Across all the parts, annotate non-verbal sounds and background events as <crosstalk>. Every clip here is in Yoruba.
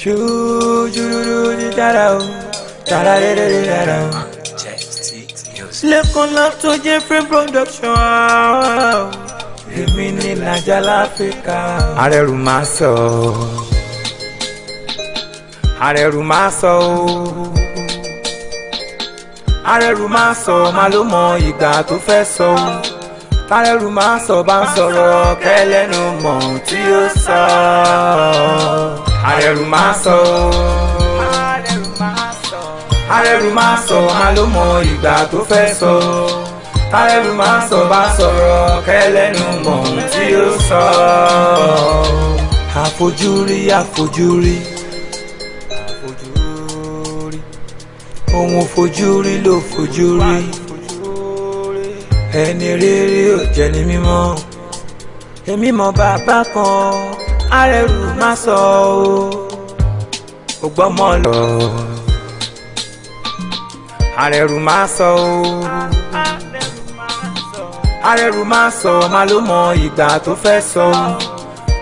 ṣùjúrúrú dára o dára rere dára o. lẹ́kàn love jẹ́ free production èmi ní làjà láfíríkà. arẹrù máa sọ arẹrù máa sọ o arẹrù máa sọ máa ló mọ ìgbà tó fẹ́ sọ o tárẹrù máa sọ bá ń sọ̀rọ̀ kẹ́lẹ́nu mọ̀ tí ó sọ arẹrù máa sọ arẹrù máa sọ máa ló mọ ìgbà tó fẹ́ sọ arẹrù máa sọ bá sọ̀rọ̀ kẹlẹ́nu mọ̀ ohun tí ó sọ. àfojúrí àfojúrí ohun fojúrí ló fojúrí ẹni rírí ò jẹ́ ní mímọ́ èmi mọ bàbá kan arẹrù má sọ o ògbọ́mọ lọ arẹrù má sọ o arẹrù má sọ má ló mọ ìgbà tó fẹ́ sọ o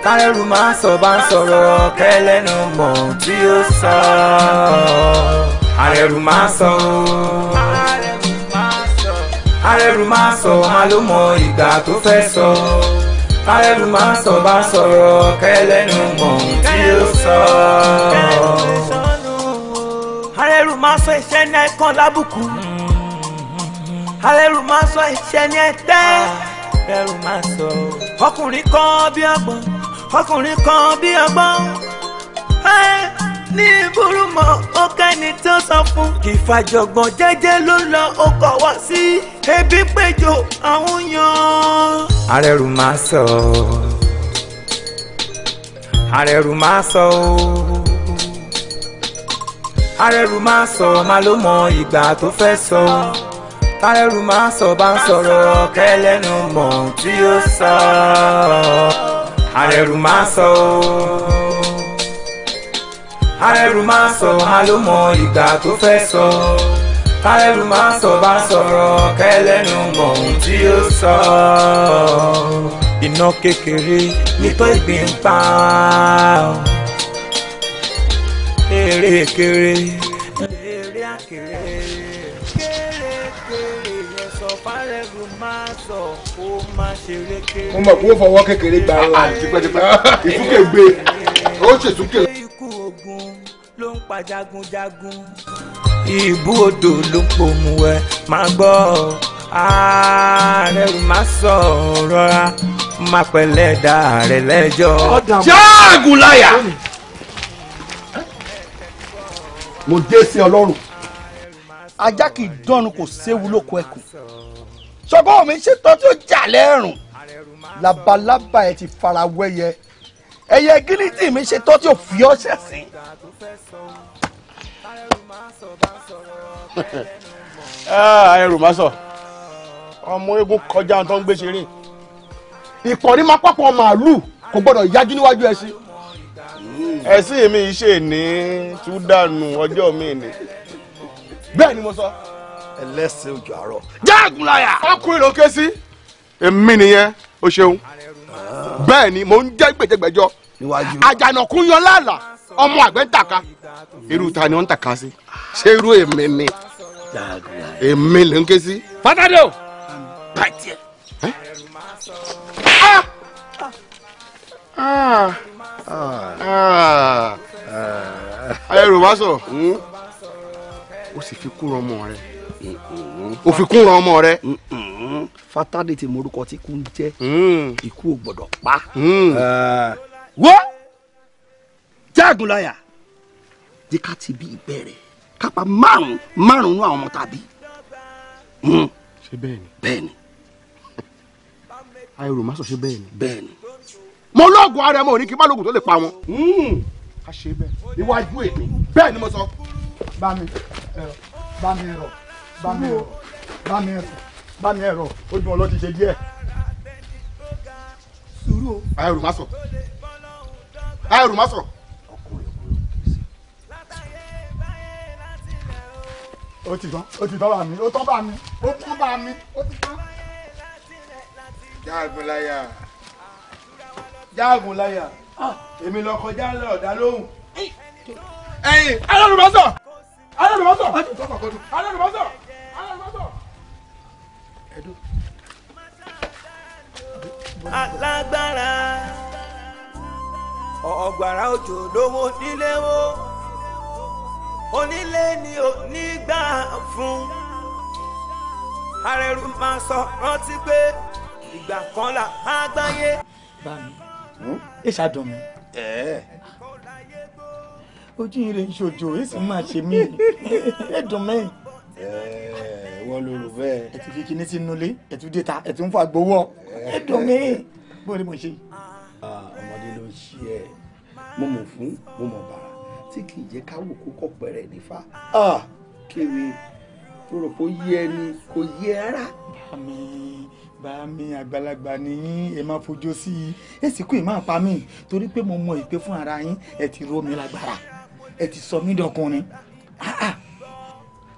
tárẹrù má sọ bá ń sọ̀rọ̀ kẹlẹ́nu mọ̀ tí ó sọ arẹrù má sọ o arẹrù má sọ má ló mọ ìgbà tó fẹ́ sọ o kárẹ́nu máa sọ bá sọ̀rọ̀ kẹ́lẹ́nu mọ̀ tí ó sọ. kárẹ́nu máa sọ iṣẹ́ ní ẹ̀kan lábùkù kárẹ́nu máa sọ iṣẹ́ ní ẹ̀tẹ́ kárẹ́nu máa sọ. ọkùnrin kan bí ọgbọ́n ọkùnrin kan bí ọgbọ́n ní ìbúrúmọ̀ ó kẹ́ni tó sọ fún ìfàjọ̀gbọ̀n jẹ́jẹ́ ló lọ ó kọ̀ wá sí ebi péjọ àwọn yan. arẹrù máa sọ arẹrù máa sọ arẹrù máa sọ máa ló mọ ìgbà tó fẹ́ sọ arẹrù máa sọ bá ń sọ̀rọ̀ kẹ́lẹ́nu mọ̀ tí ó sọ arẹrù máa sọ kárẹ́rù máa sọ a ló mọ ìgbà tó fẹ́ sọ kárẹ́rù máa sọ bá sọ̀rọ̀ kẹ́lẹ́nu mọ̀ ohun tí ó sọ. iná kékeré nítọ́ ìgbín ń pa eré kéré eré àkèrè mo mọ̀ kó fọwọ́ kékeré gba ọ ah, ah. ìfúkègbè ó ṣètúkè pa jagunjagun. ìbú odò ló ń pòmù ẹ máa gbọ́ ààrẹ rò má sọ rọra má pẹ̀lẹ́ dá rẹ̀ lẹ́jọ́. jáàgùn láyà. mo dé sí ọlọ́run ajá kì í dọ́nu kò séwu lóko ẹkùn ṣọgbọ́n mi ṣètò tó jà lẹ́rùn labalábá ẹ ti fara wẹ́yẹ ẹyẹ gírídì mi ṣe tọ́ tí ò fi ọṣẹ sí. <laughs> Ah, ẹrù má sọ ọmọ eégún kọjá tó ń gbé ṣeré ìpọ̀rí máa pápọ̀ màálù kò gbọ́dọ̀ yájú níwájú ẹṣin. ẹṣin mi ṣe ní túdánù ọjọ́ mi ni. bẹ́ẹ̀ ni mo sọ. ẹlẹ́sìn ojú àárọ̀. jágùn láyà. ọkùnrin ló ké sí. èmi nìyẹn o ṣeun bẹ́ẹ̀ ni mò ń jẹ́ gbẹ̀jẹ̀gbẹ̀jọ àjànàkú yan lálà ọmọ àgbẹ̀ ń tàka irú ta ni wọ́n ń tàka sí ṣé irú èmi ni èmi ló ń ké sí. pátádé o bàjẹ́. ayẹ̀rù bá sọ o sì fi kún ọmọ rẹ o fi kún ọmọ rẹ down fatality morúkọ tí kú ń jẹ́ hmm. ikú ò gbọ́dọ̀ pa. Hmm. Eh, wo jágunláyà jẹ́ ká ti bí ìbẹ̀rẹ̀ kápá márùn márùn nú àwọn ọmọ tàbí. Hmm. ṣé bẹ́ẹ̀ ni. bẹ́ẹ̀ ni. <laughs> ayọ̀rọ̀ má sọ ṣé bẹ́ẹ̀ ni. bẹ́ẹ̀ ni. mo lọ́ọ̀gùn ara ẹ̀ mo ò ní kí n má lóògùn tó lè pa wọn. ká ṣe bẹ́ẹ̀ níwájú èmi bẹ́ẹ̀ ni mo sọ. bá mi ẹ̀rọ bá mi ẹ̀rọ bá mi ẹ̀rọ bá mi ẹ̀rọ bá mi ẹ̀rọ ojú wọn lọ ti ṣe díẹ̀. sùúrù o. ayọ̀rù má sọ ayọ̀rù má sọ. ó ti tán ó ti tán bá mi ó tán bá mi ó tán bá mi ó ti tán. jáàgùn láyà jáàgùn láyà ah, èmi lọ kọjá lọ ọ̀dà lóhùn. ẹyin alárùbọ́sọ̀ alárùbọ́sọ̀ alárùbọ́sọ̀ alágbára ọ̀gbàrá òjò lówó nílé wo onílé ni ò ní gbà fún arẹrù máa sọ rántí pé ìgbà kan là á gbáyé. bá mi hm? ẹ ṣàdùn ojú yìí ṣojo èsì máa ṣe mí <laughs> ẹ mẹ́yìn. Eh, wọ́n ló rò bẹ́ẹ̀. ẹ ti fi kinní sí nulẹ̀ ẹ tún dé ta ẹ tún fà gbowó ẹ dùn mí bó ni mo ṣe. Ah, ọmọdé ló ń ṣí ẹ mo mọ̀ fún mo mọ̀ bàrà tí kì í jẹ́ káwọ́ kókọ̀ pẹ̀rẹ̀ nífa ah, kiri tó rò kó yí ẹni kò yí ẹ bàmí bàmí àgbàlagbà nìyín ẹ máa fojú sí i ẹ sì kú ẹ máa pa mí torí pé mo mọ ìpè fún ara yín ẹ ti ró mi lágbára ẹ ti sọ mí dọkùnrin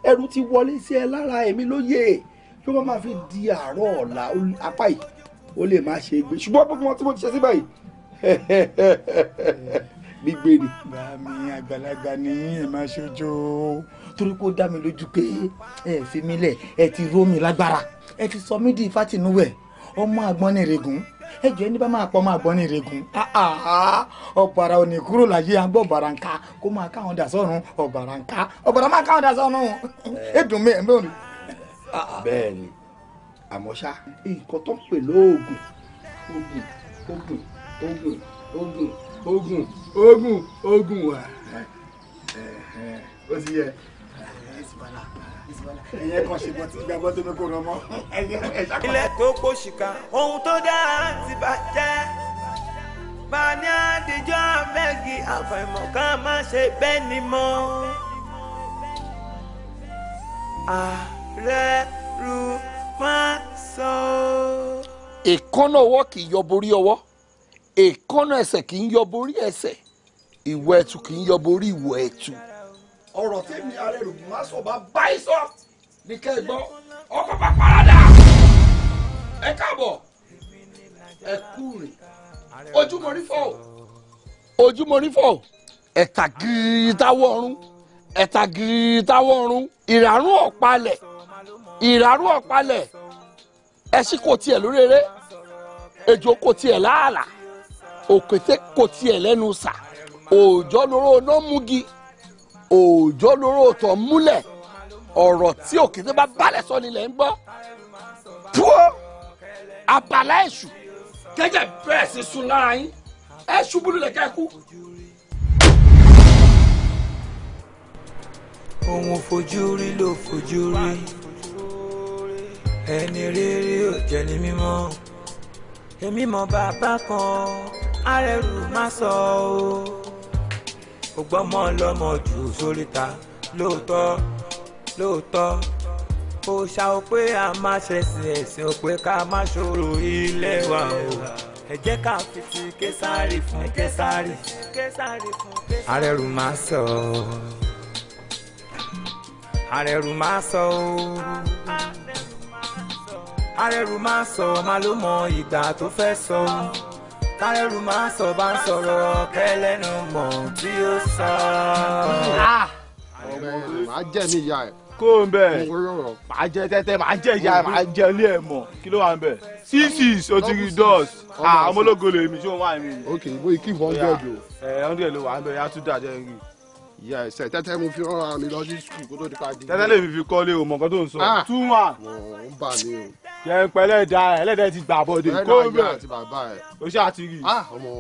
ẹrù ti wọlé sí ẹ lára èmi lóye tó bá máa fi di àárọ̀ ọ̀la apá yìí ó lè má ṣe gbé ṣùgbọ́n bí wọ́n ti mo ti ṣe sí báyìí <laughs> gbígbé ni. bàmí àgbàlagbà ni ẹ máa ṣojo torí kó dá mi lójú pé ẹ fi mí lẹ̀ ẹ ti ró mi lágbára ẹ ti sọ mí di ìfátìnúwẹ̀ ọmọ àgbọn ní ìrègùn ẹjọ́ ẹni bá máa pọ̀ máa gbọ́ ní ìrẹ́gùn ah, ah, ah. ọ̀bàrà ò kúrò láyé àbọ̀ ọ̀bàrà ńká kó máa káwọn dà sọ́run ọ̀bàrà ńká máa káwọn dà sọ́run mi ẹ̀ mẹ́rin. bẹ́ẹ̀ ni ṣá nǹkan tó ń pè lóògùn oògùn oògùn oògùn oògùn oògùn oògùn oògùn wà ó ti yẹ ẹ̀yẹ kan ṣe bọ́tí gba bọ́tí mi kò rán mọ́. ilé tó kó ṣìkà ohun tó dáa ti bàjẹ́ bani adijọ́ abẹ́gi àfàìmọ̀ ká má ṣe bẹ́ẹ̀ ni mọ́. ààrẹ ru máa sọ. èkánná ọwọ́ kì í yọ borí ọwọ́ èkánná ẹsẹ̀ kì í yọ borí ẹsẹ̀ ìwọ ẹ̀tù kì í yọ borí ìwọ ẹ̀tù ọ̀rọ̀ tèmi ààrẹ rògbò má sọ bá báyìí sọ ní kẹgbọ́ ọkọ̀ bá parada ẹ káàbọ̀ ẹ kú rìn ojúmọ́ rí fọ́ ojúmọ́ rí fọ́ ẹ̀ta gírí táwọ̀ ọ̀run ẹ̀ta gírí táwọ̀ ọ̀run ìràrún ọ̀palẹ̀ ìràrún ọ̀palẹ̀ ẹṣin kò tiẹ̀ lórí ejò kò tiẹ̀ láàlà òkété kò tiẹ̀ lẹ́nu sà òòjọ́ lóró náà múgi òòjọ́ lóró òtọ̀ múlẹ̀ ọ̀rọ̀ tí òkété bá balẹ̀ sọ nílẹ̀ ń gbọ́ púọ́ abala èṣù gẹ́gẹ́ bẹ́ẹ̀ sì sun lára yín èṣù búlù lẹ̀kẹ́ kú. ohun fojú rí ló fojú rí ẹni rírí ò jẹ́ ní mímọ́ èmi mọ bàbá kan arẹrù má sọ o ó gbọ́mọ lọ́mọ jù sóríta lóòótọ́ lóòótọ́ ó ṣá o pé a má ṣẹ̀sìn ẹ̀sìn o pé ká má ṣòro ilé wa o ẹ jẹ́ ká fi ti késàrì fún késàrì arẹrù máa sọ arẹrù máa sọ o arẹrù máa sọ má ló mọ ìgbà tó fẹ́ sọ o kárẹ́rù máa ń sọ bá ń sọ̀rọ̀ kẹ́lẹ́nu mọ̀ tí ó sọ. Ah! ọmọ rẹ màá jẹ ní ìyá ẹ. kó o ń bẹ màá jẹ tẹ́tẹ́ màá jẹ ìyá ẹ màá jẹ ilé ẹ mọ̀ kí ló wà ń bẹ sixes ah, o ti rí dust àwọn ọmọlógo lèmi tí wọn wà ní. ok ìbò ìkí one hundred o. ẹ hundred ló wà ń bẹ yàtú dájẹ́ rí ìyá ẹsẹ tẹtẹ mo fi rán mi lọ sí sukùl kó tó di pa di. tẹtẹ lè fi fi kọ́lé o mọ̀ nǹkan tó ń sọ. Ah. tún wà. ń bà mí o. jẹ pẹ̀lẹ́ da ẹ ẹlẹ́dẹ̀ ti gbà bọdẹ kó bẹ o ṣe àti rí. Ah, ọmọ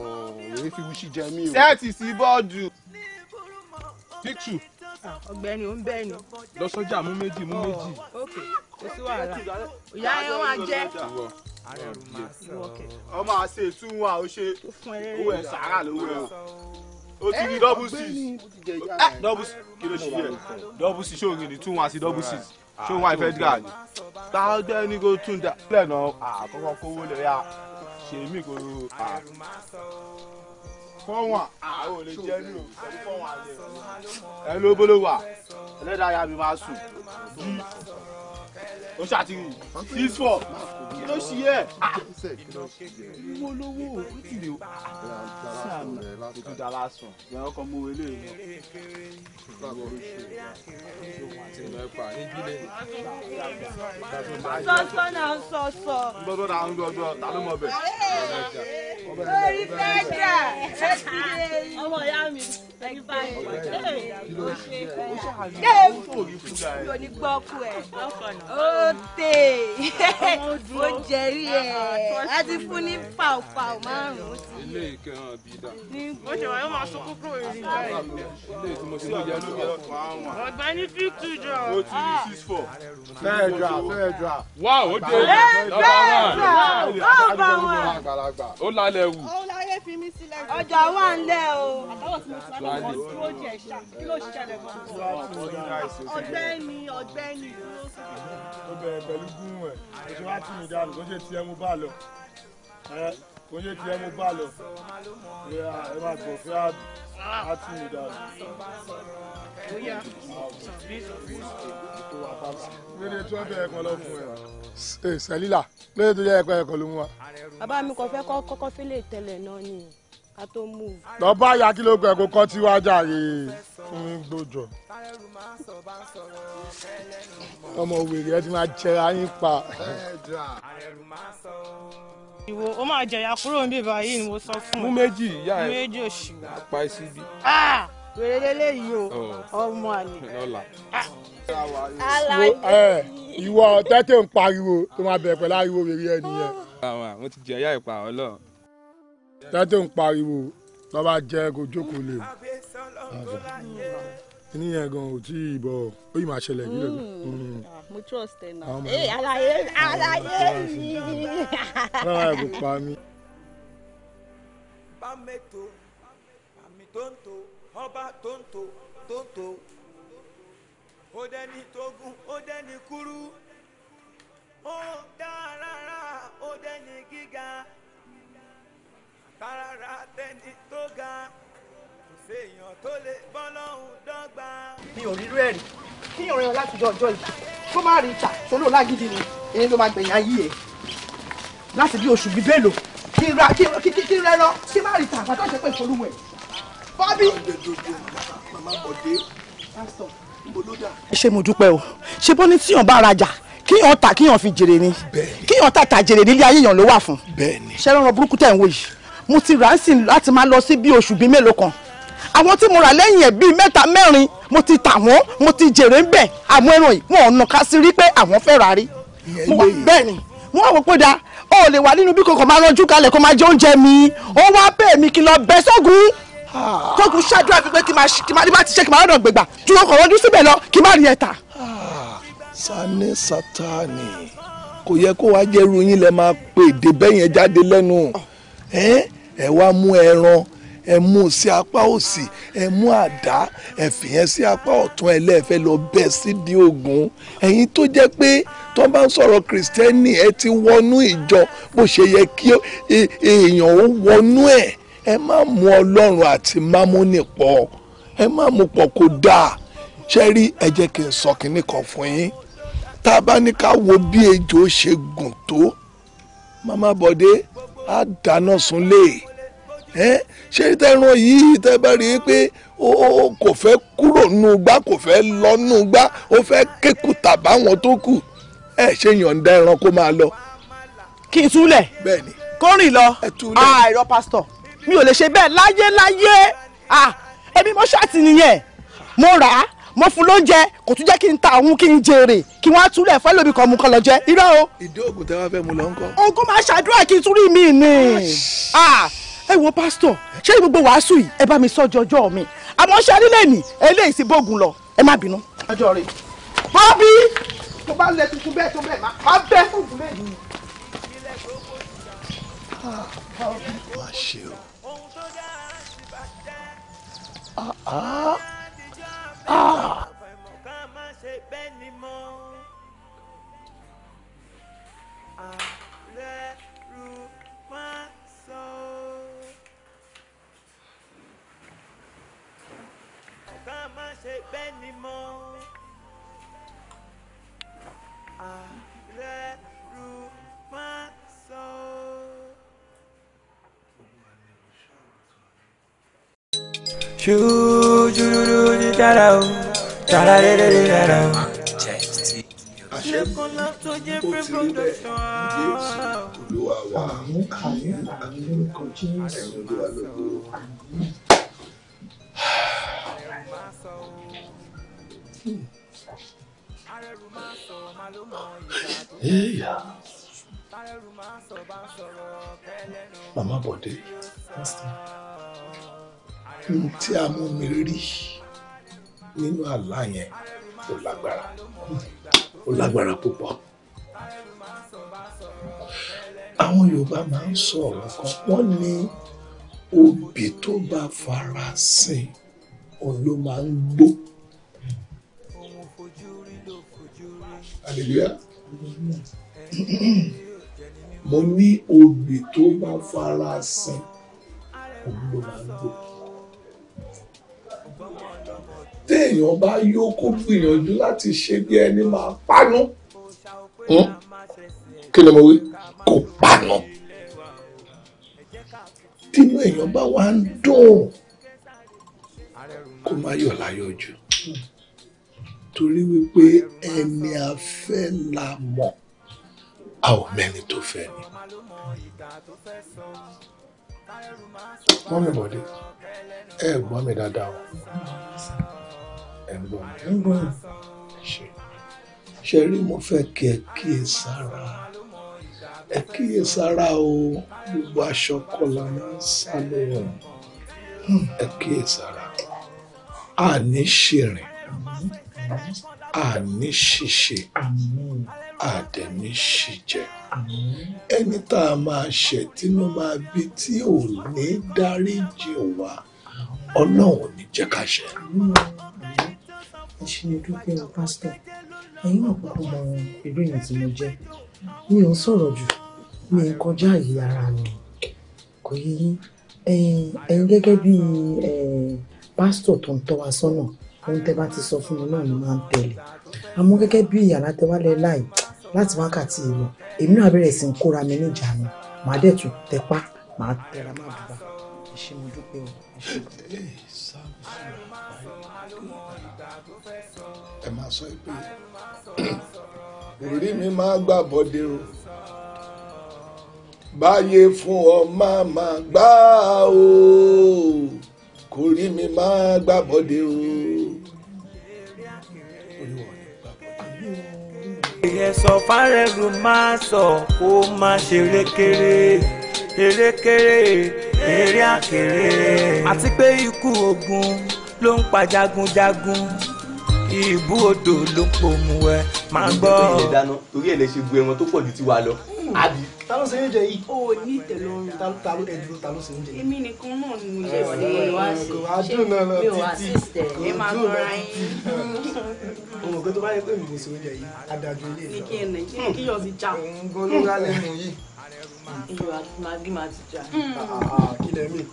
òwe fi wúṣí jẹ mí o. sẹẹtì sí bọọdù. píktù. ọ̀gbẹ́ni ò ń bẹ ni. lọ sọ́jà mú méjì mú méjì. Oh, ok kò sí wàhálà ìyá yẹn wà jẹ ọmọ àṣẹ ìtúwà ó ṣe owó ẹ sàárà lówó ẹ o o ti di double six ah, double six kí ló ṣe yẹ double six ṣé òyìn ni two one sí double six ah, ṣé òun wà ìfẹ́ dìgbà ni táwọn ẹni kò tún dà sílẹ̀ náà ah, àkọ́kọ́ kówó lè yá ṣe mí kò fọ́wọ́n àwọn ò lè jẹ́ ní o pẹ̀lú fọ́wọ́n àlẹ́ ẹ̀ ló bolo wà ẹlẹ́dàá yà mí máa sùn yí o ṣàtìrì six four kí ló ṣí ẹ. owó lówó òkú ti lè sàmì ètò ìdálá sùn. ìyá ọkọ mú wọlé rẹ. sọ́sọ́ náà sọ́sọ́. gbọ́dọ̀ náà ń gbọ́dọ̀ ta ló mọ̀ bẹ́ẹ̀ lórí fẹ́jà ọmọ ìyá mi ẹni báyìí ṣe é ṣe ṣe é ṣe ṣe é ṣe é ṣe é ṣe é ṣe é ṣe é ṣe ó tè ó jẹrí ẹ a ti fún ní pàòpàò márùn-ún sí i. ilé ìkẹhàn bíi dà. mo ṣe wáyé máa sunkún kúrò ìrìn báyìí. ilé ìtumọ̀ sí ìlú yẹn ló wà wà. ọ̀gbẹ́ni fíìk tù jọ. ó ti rí six four. fẹ́ẹ̀ dra fẹ́ẹ̀ dra. wá ó dé lọ́wọ́ wọn. ó bá wọn. ó lálẹ́ wù. ó láyé fi mí sílẹ̀. ọjà wà ń lẹ̀ o. àtàwọn tí mo ti wá lọ́wọ́ sí ó jẹ̀ ṣá kí ló ṣẹlẹ̀ gan-an. ọ̀gbẹ́ni ó bẹ̀rẹ̀ pẹ̀lú gún ẹ̀ kò ṣe wá tì mí dànù kò ṣe tiẹ̀ mú bá lọ kò ṣe tiẹ̀ mú bá lọ ẹ máa gbọ̀ fẹ́ àbí á dànù. Gbéde tí wọ́n bẹ̀rẹ̀ kan lọ fún ẹ. Ṣé Sẹ́lílà tó yẹ ẹ̀kọ́ ẹ̀kọ́ ló mú wa. Bàbá mi kò fẹ́ kọ́kọ́ fílẹ̀ tẹ́lẹ̀ náà ni ká tó move. lọ bá ya kí ló gbẹ kó kọ́ tí wájà yìí fún mi gbòjọ. ọmọ wèrè ẹ ti máa jẹra yín pa. ìwọ ó máa jẹyà kúrò níbí báyìí ni mo sọ fún ẹ. mú méjì ìyá ẹ méjì òṣì. apá ẹ síbí. Ah! wèrè lélẹ́yìí o oh. ọmọ àlè. alaye. ìwọ eh, tẹ́tẹ̀ ń pariwo tó máa bẹ̀ pẹ̀lú ariwo wèrè ẹ nìyẹn. Ah, àwọn ti jẹ ẹyà ìpa ọlọ́run tẹ́tí ń pariwo lọ́ba jẹ́ kó jókòó lè ní yẹn gan ò tí ì bọ̀ ó yìí máa ṣẹlẹ̀ yìí lọ́dún. Mm. Ah, mo trust ẹ náà. ee eh, àlàyé àlàyé yìí. ọlọ́run ẹ̀ kò pa mí. bá mẹ́tò àmì tó ń tò ọba tó ń tò tó ń tò ó dẹ́ni tógún ó dẹ́ni kúrú ó dára rárá ó dẹ́ni gíga kárara dẹni tó ga kò séèyàn tó lè bọ́ lọ́hùn dọ́gba. mi ò rírú ẹ̀ rí kí ọ̀rẹ́ ọ ọjọ́ yìí kó má rí ìta sọ́nà ọ̀làgídí ni èyí ló máa gbẹ̀yìn ayé ẹ̀ láti bí oṣù bíi bélò kí ra kí n rẹ lọ kí má rí ìta àgbàdo àṣẹ pé ìfọlùwọ̀ bábí. màmá bọ̀dé pásítọ̀ ṣé mo dúpẹ́ o ṣe bọ́ ní tíyàn bá rajà kíyàn ta kíyàn fi jèrè ni kíyàn ta ta jèrè nílé ayé yàn ló wà fún. bẹ́ẹ̀ni. ṣẹ́rán burúkú tẹ̀ ń wò yìí mo ti rà á sí láti máa lọ sí bí oṣù bíi mélòó kan àwọn tí mo rà lẹ́yìn ẹ̀ bíi mẹ́ta mẹ́rin mo ti tà wọ́n mo ti jèrè ń bẹ̀ àwọn ẹran yìí wọn ò nà ká sí rí pé àwọn fẹ́ rà rí bẹ́ẹ̀ ni wọ́n wò pé da ó lè wà nínú bí kòkò máa ranjú kalẹ̀ kó máa jẹ oúnjẹ mi ó wá bẹ́ẹ̀ mi kí lọ bẹ sọ́gun sọ́gun ṣáàdúrà fi pé kí máa ní bá ti ṣe kí máa rọ̀nà gbègbà ju ọkọ̀ rọ́jú síbẹ̀ lọ kí má rí ẹ̀ tà. sani Sátánì kò yẹ kó wàá jẹ́rú yín lẹ máa pè dé ẹ wá mú ẹran ẹ mú sí apá òsì ẹ mú àdá ẹ fi yẹn sí apá ọ̀tún ẹlẹ́ẹ̀fẹ́ lọ bẹ́ sídìí ogun ẹ̀yin tó jẹ́ pé tó bá ń sọ̀rọ̀ kìrìsìtẹ́nì ẹ ti wọnú ìjọ bó ṣe yẹ kí e, èèyàn ó wọnú ẹ̀ ẹ má mú ọlọ́run àti mámúnì pọ̀ ẹ má mú pọ̀ kó dáa ṣe rí ẹ jẹ́ kí n sọ kínní kan fún yín tá a bá ní ká wo bí ejò ṣe gùn tó mama bọ̀dé á dáná sunlé ṣé tẹran yìí tẹ bá rí i pé ó kò fẹ́ kúrò nù gbá kò fẹ́ lọ nù gbá ó fẹ́ kékùtà báwọn tó kù ẹ ṣe yọ̀ǹda ẹran kó máa lọ. kì í túlẹ̀ kó rìn lọ àìrọ ah, pásítọ̀ mi ò lè ṣe bẹ́ẹ̀ láyé láyé ẹbí ah, mo ṣáàtì nìyẹn mo rà á mo fún lóúnjẹ kò tún jẹ́ kí n ta òun kí n jèrè kí wọ́n á túlẹ̀ fẹ́ kan mú kan lọ jẹ́ irọ́ o. ìdí òògùn tẹ́wọ́ fẹ́ mu lọ ń kọ́. òun máa ṣàdúrà kí n tún rí mi nì ẹ wo pásítọ̀ ṣé gbogbo wàásù yìí ẹ bá mi sọ jọjọ́ mi àmọ́ ṣe nílé nì eléyìí sì bógun lọ ẹ má bínú. ọjọ́ rẹ̀ bọ́bí tó bá lẹ tuntun bẹ́ẹ̀ tó bẹ́ẹ̀ má bẹ́ẹ̀ fún ìdílé yìí. ah ah ah. má ṣe bẹ́ẹ̀ ni mọ́ ààrẹ rú má sọ. ṣùjúrú ní dára o dára rere dára o. Lẹ́kọ̀ọ́lá tó jẹ́ pé production Mama Màmá Bọ̀dé, n tí a mú mi rí nínú àlá yẹn ó lágbára, ó lágbára púpọ̀. Àwọn Yorùbá máa ń sọ ọ̀rọ̀ kan, wọ́n ní obì tó bá farasin, òun ló máa ń gbó. hallelujah mo ní obì tó bá fara sin òun ló máa ń gbò téèyàn bá yó kó gbìyànjú láti ṣe bí ẹni máa pánú hmm? kí ni mo wí kò pánú tínú èèyàn bá wá ń dùn kó má yọ̀ láyọ̀ jù torí wípé ẹni a fẹ́ la mọ̀ a ò mẹ́ni tó fẹ́ ni. mọ́mí bọ̀dé ẹ gbọ́ mi dáadáa o ẹ gbọ́ mi ẹ gbọ́ mi ṣe rí mo fẹ́ kí ẹ kíyè sára ẹ kíyè sára o gbogbo aṣọ kọlà náà sálẹ̀ hmm. ẹ kíyè sára a ní ṣèrìn àní ṣìṣe àdẹ̀mí ṣìjẹ ẹni tá a máa ṣẹ̀ tínú máa bí tí ò ní dáríjì wá ọlọ́run ní jẹ́ ká ṣẹ̀. ìṣèlú dúpẹ́ o pásítọ̀ ẹ̀yin náà kúkú mọ irú èèyàn tí mo jẹ́ mi ò sọ̀rọ̀ jù mi ò kọjá yìí ara mi kò yí ẹ̀yin gẹ́gẹ́ bí pásítọ̀ tó ń tọ́ wa sọ́nà ohun tẹ́ bá ti sọ fún mi náà ni máa ń tẹ̀lé àmọ́ gẹ́gẹ́ bí ìyàrá tẹ́ wálé láì láti wákàtí ìlọ èmi náà bẹ̀rẹ̀ sí ń kóra mi níjàánu màá dẹ̀ tún tẹpá màá tẹra má bàbá ẹ mo dúpẹ́ o. ẹ máa sọ pé ìrírí mi máa gbà bọ́dé o báyé fún ọ máa máa gbà o kò rí mi má gbàbọ́dé o. ìyẹ̀sọ̀ fárẹ́rù máa sọ kó má ṣe rékéré erékéré eré àkèré àti pé ikú ogun ló ń pa jagunjagun ìbú odò ló ń pomú ẹ máa gbọ́. torí ẹ̀ lè ṣe bu ẹran tó pọ̀ ju tiwa lọ àbí ta ló ṣe oúnjẹ yìí. o ní ìtẹ̀lọ́rùn. ta ló ẹ̀dúró ta ló ṣe oúnjẹ yìí. èmi nìkan náà ni mo ṣe ṣe é wá sí. kò wá dùn náà lọ títí kò dùn lọ títí. òun ò gbé tó bá yẹ pé mi ní ṣe oúnjẹ yìí adájọ ilé ìlọ. kí ni kí yọ sí já. òun gbóló lálẹ́ mu yìí. iyọ̀ àti magi máa ti já. Ah, ah, ah, kílẹ̀ mi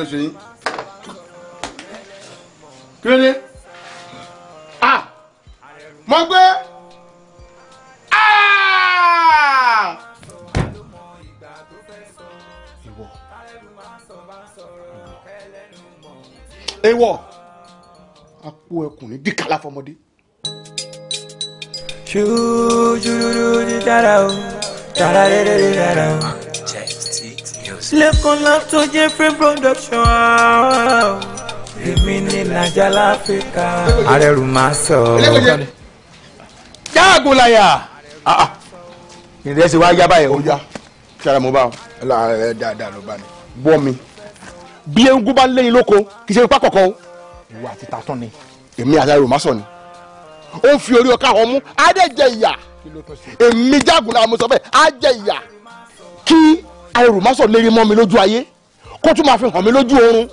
ló ṣe yín ah mo gbé ah ìwọ ìwọ apò ẹkùn ní dìkàlà fọmọdé. ṣùjú dídára o dára dédé dídára o. Lẹ́kàn Láptọ̀ Jeffrey production èmi ní nàjà láfíríkà. arẹrù máa sọ. jáàgùn láyà ah, ah. ìrẹsì wa yá báyìí. ó yá sára mo bá ọ la ẹ dáadáa ló bá mi. bọ́ mi bí eégún bá léyìn lóko kì í ṣe ipá kọ̀ọ̀kan o. ìwà àti tatán ni. èmi àtàrà òmásọ̀ ni ó ń fi orí ọkà ọ̀hún mú á dẹ̀ jẹ ìyà èmi jágùn náà mo sọ bẹ́ẹ̀ á jẹ ìyà kí àìrò má sọ lérí mọ́ mi lójú ayé kó tún máa fi hàn mí lójú oorun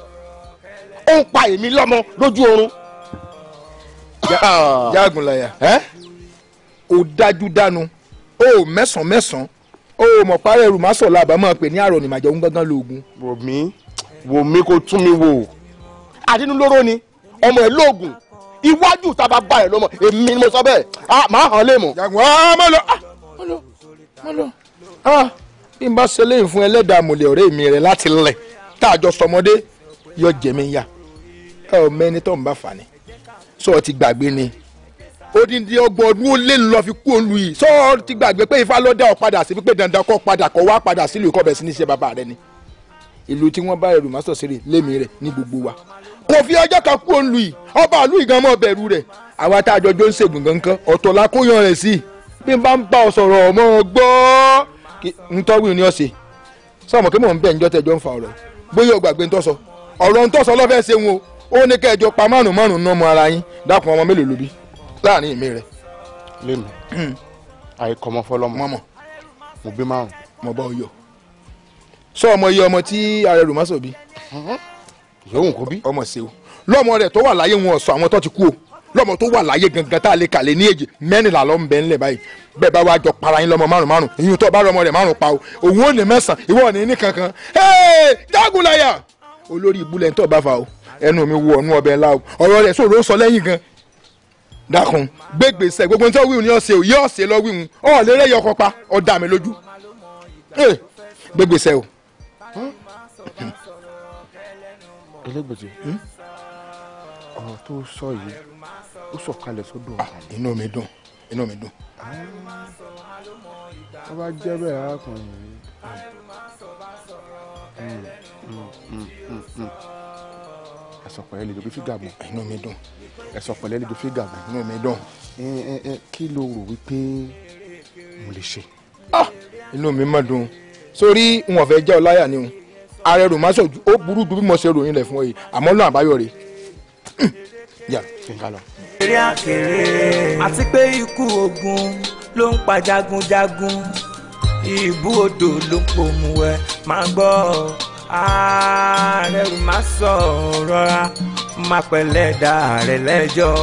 ó ń pa èmi lọ́mọ lójú oorun. jágun láyà ó dájú dánu ó mẹ́sàn-án mẹ́sàn-án ó mọ̀ parẹ́ ẹrù má sọ̀ làbá máa pè ní àrò nìmàjọ ń gángan lóògùn. wò mí wò mí kó tún mi wò. àdínú lóró ni ọmọ ẹ lóògùn iwájú tá bá ẹ lọmọ èmi ni mo sọ bẹ́ẹ̀ ah, máa hàn án lè mọ. jágun ọmọ ah, lọ ọmọ ah, lọ ọmọ lọ bí n bá ṣe léyìn fún ẹlẹ́dàá mọ̀lẹ́ ọ̀rẹ́ mi rẹ̀ láti lẹ̀ tá a jọ sọmọdé yọ jẹ̀mí ya ẹ ò mẹ́ni tó ń bá fà ni sọ ọ ti gbàgbé ni odindi ọgbọ̀n ọdún ó lé lọ fi kú olú yìí sọ ọ ti gbàgbé pé ifá ló dá ọ padà sí pípé dandan kó padà kó wá padà sílùú kó bẹ̀ sí ní ṣe bàbá rẹ ni ìlú tí wọ́n bá ẹrù mọ́sọ̀ sí rè lémi rẹ̀ ní gbogbo wa kò fi ọjọ́ kan kú olú yìí ọba àlú ìgan mọ́ bẹ̀rù rẹ̀ àwa tá a jọjọ́ ń ṣègùn gangan ọ̀tọ̀ la kó rẹ̀ sí bí n bá ń bá ọ sọ̀rọ̀ ọmọ gbọ́ọ́ ntọ́wìn ni ọ̀sẹ̀ sọmọ kí mò ń bẹ̀ ń jọ́ tẹ̀jọ́ ń fa ọ̀rọ̀ bóyá o gbàgbé ntọ́sọ ọ̀rọ̀ ntọ́sọ lọ́fẹ̀ẹ́ ṣe wọn o ó ní kẹjọ pa márùn márùn náà mọ ara yín dákun ọmọ mélòó lóbi láàrin ìmí rẹ. lèmi àìkọmọ fọlọmọ mọ mo bí márùn. mo bá o yọ sọ ọmọ iye ọmọ tí ààrẹ rò mọ́sọ̀ bí. yòówù kó bí. ọmọ ṣe o lọ́mọ rẹ̀ tó wà láyé wọn ọ̀sọ̀ àwọn tó ti kú o lọ́mọ tó wà láyé gangan tá a lè kàlẹ́ ní èjì mẹ́rìnlá ló ń ńlẹ̀ báyìí bẹ́ẹ̀ bá wàá jọ para yín lọ́mọ márùn márùn ìyún tó bá rọmọ rẹ̀ márùn pa o òun ò ní mẹ́sàn ìwọ ní ní kankan jágùnláyà olórí ìbúlẹ̀ ńtọ́ bá fa o ẹnu mi wo ọ̀nù ọbẹ̀ ńlá o ọ̀rọ̀ rẹ̀ sòrò sọ lẹ́yìn gan dákun gbégbèsè gbogbo nítorí wíwù ni ọ̀sẹ̀ ò ọ̀ tó sọ yìí ó sọ̀kalẹ̀ sọ́dọ̀ ọ̀gá ni. inú mi dùn inú mi dùn. tó bá jẹ́ bẹ́ẹ̀ arákùnrin mi. àsọpẹ̀lẹ̀ lè do fífi gàgbọ́n. inú mi dùn ẹ̀sọpẹ̀lẹ̀ lè do fífi gàgbọ́n inú mi dùn. kí ló rò wípé mo lè ṣe. Ah! inú mi má dùn sórí n ò fẹ́ jẹ́ ọláyà ni o ààrẹ rọmásọ ó burú ju bí mo ṣe ròyìn rẹ̀ fún ọ yìí àmọ́ lọ́n àbáyọ rẹ̀ <clears throat> yà kí n ká lọ nàìjíríà kéré. àti pé ikú ogun ló ń pa jagunjagun ìbú odò ló ń pòmùwẹ̀ máa gbọ́ ààrẹ ò má sọ rọra má pẹ̀lẹ́ dá ààrẹ lẹ́jọ́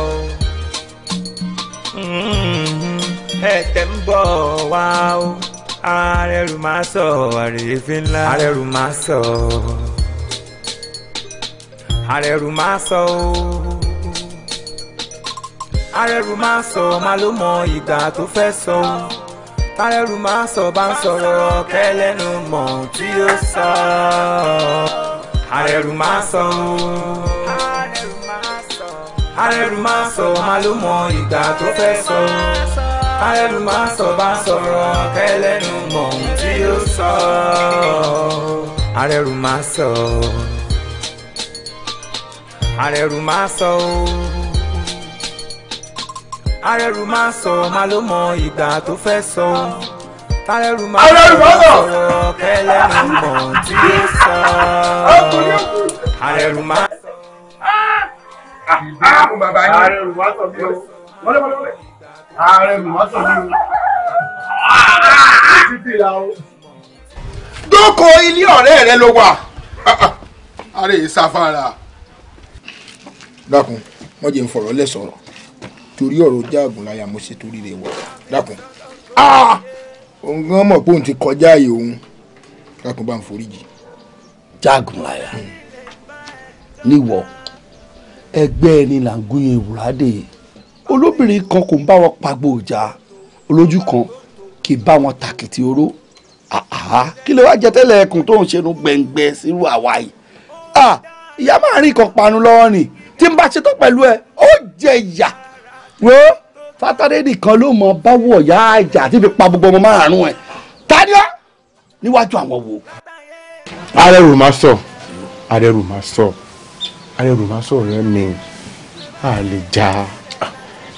ẹ̀tẹ̀ ń bọ̀ wá o ààrẹ ò má sọ àrèéfín ńlá ààrẹ ò má sọ ààrẹ ò má sọ o arẹrù máa sọ máa ló mọ ìgbà tó fẹ́ sọ o tárẹrù máa sọ bá ń sọ̀rọ̀ kẹlẹ́nu mọ̀ tí ó sọ arẹrù máa sọ o arẹrù máa sọ máa ló mọ ìgbà tó fẹ́ sọ o arẹrù máa sọ bá ń sọ̀rọ̀ kẹlẹ́nu mọ̀ tí ó sọ arẹrù máa sọ arẹrù máa sọ o arẹrù máa sọ máa ló mọ ìgbà tó fẹ́ sọ tárẹrù máa sọ ọ̀rọ̀ kẹlẹ́ ń mọ̀ tí ó sọ arẹrù máa sọ. ìdílé ah, ah, bàbá yín arẹrù máa sọ bí o wọléwọlé arẹrù máa sọ bí o títí la o. dóko ilé ọ̀rẹ́ rẹ ló wà ààrẹ ah, ìsáfárà. dákun wọ́n jẹ́ ń fọ̀rọ̀ lẹ́sọ̀rọ̀ torí ọ̀rọ̀ jáàgùn láyà mo ṣe torí rẹ̀ wọ̀ dákun ah! òun gan mọ̀ pé òun ti kọjá àyè òun dákun bá ń foríjì. jáàgùn láyà hmm. níwọ ẹgbẹ́ ẹni là ń gún ewúrádé olóbìnrin kan kò ń bá wọn pagbo ìjà olójú kan kì í bá wọn tàkìtì oró kí ló wá jẹ tẹ́lẹ̀ ẹkùn tó ń ṣerun gbẹ̀ngbẹ̀ sírú àwa yìí ah, ìyá máa rí kan panu lọ́wọ́ ni tí n bá ṣetán pẹ̀lú ẹ ó jẹ ìyà wo fatade nìkan ló mọ báwọ̀ ya àjà àti fi pa gbogbo ọmọ márùn-ún ẹ̀ tania níwájú àwọn wo. arẹrù máa sọ arẹrù máa sọ arẹrù máa sọ ọ̀rẹ́ mi a lè jà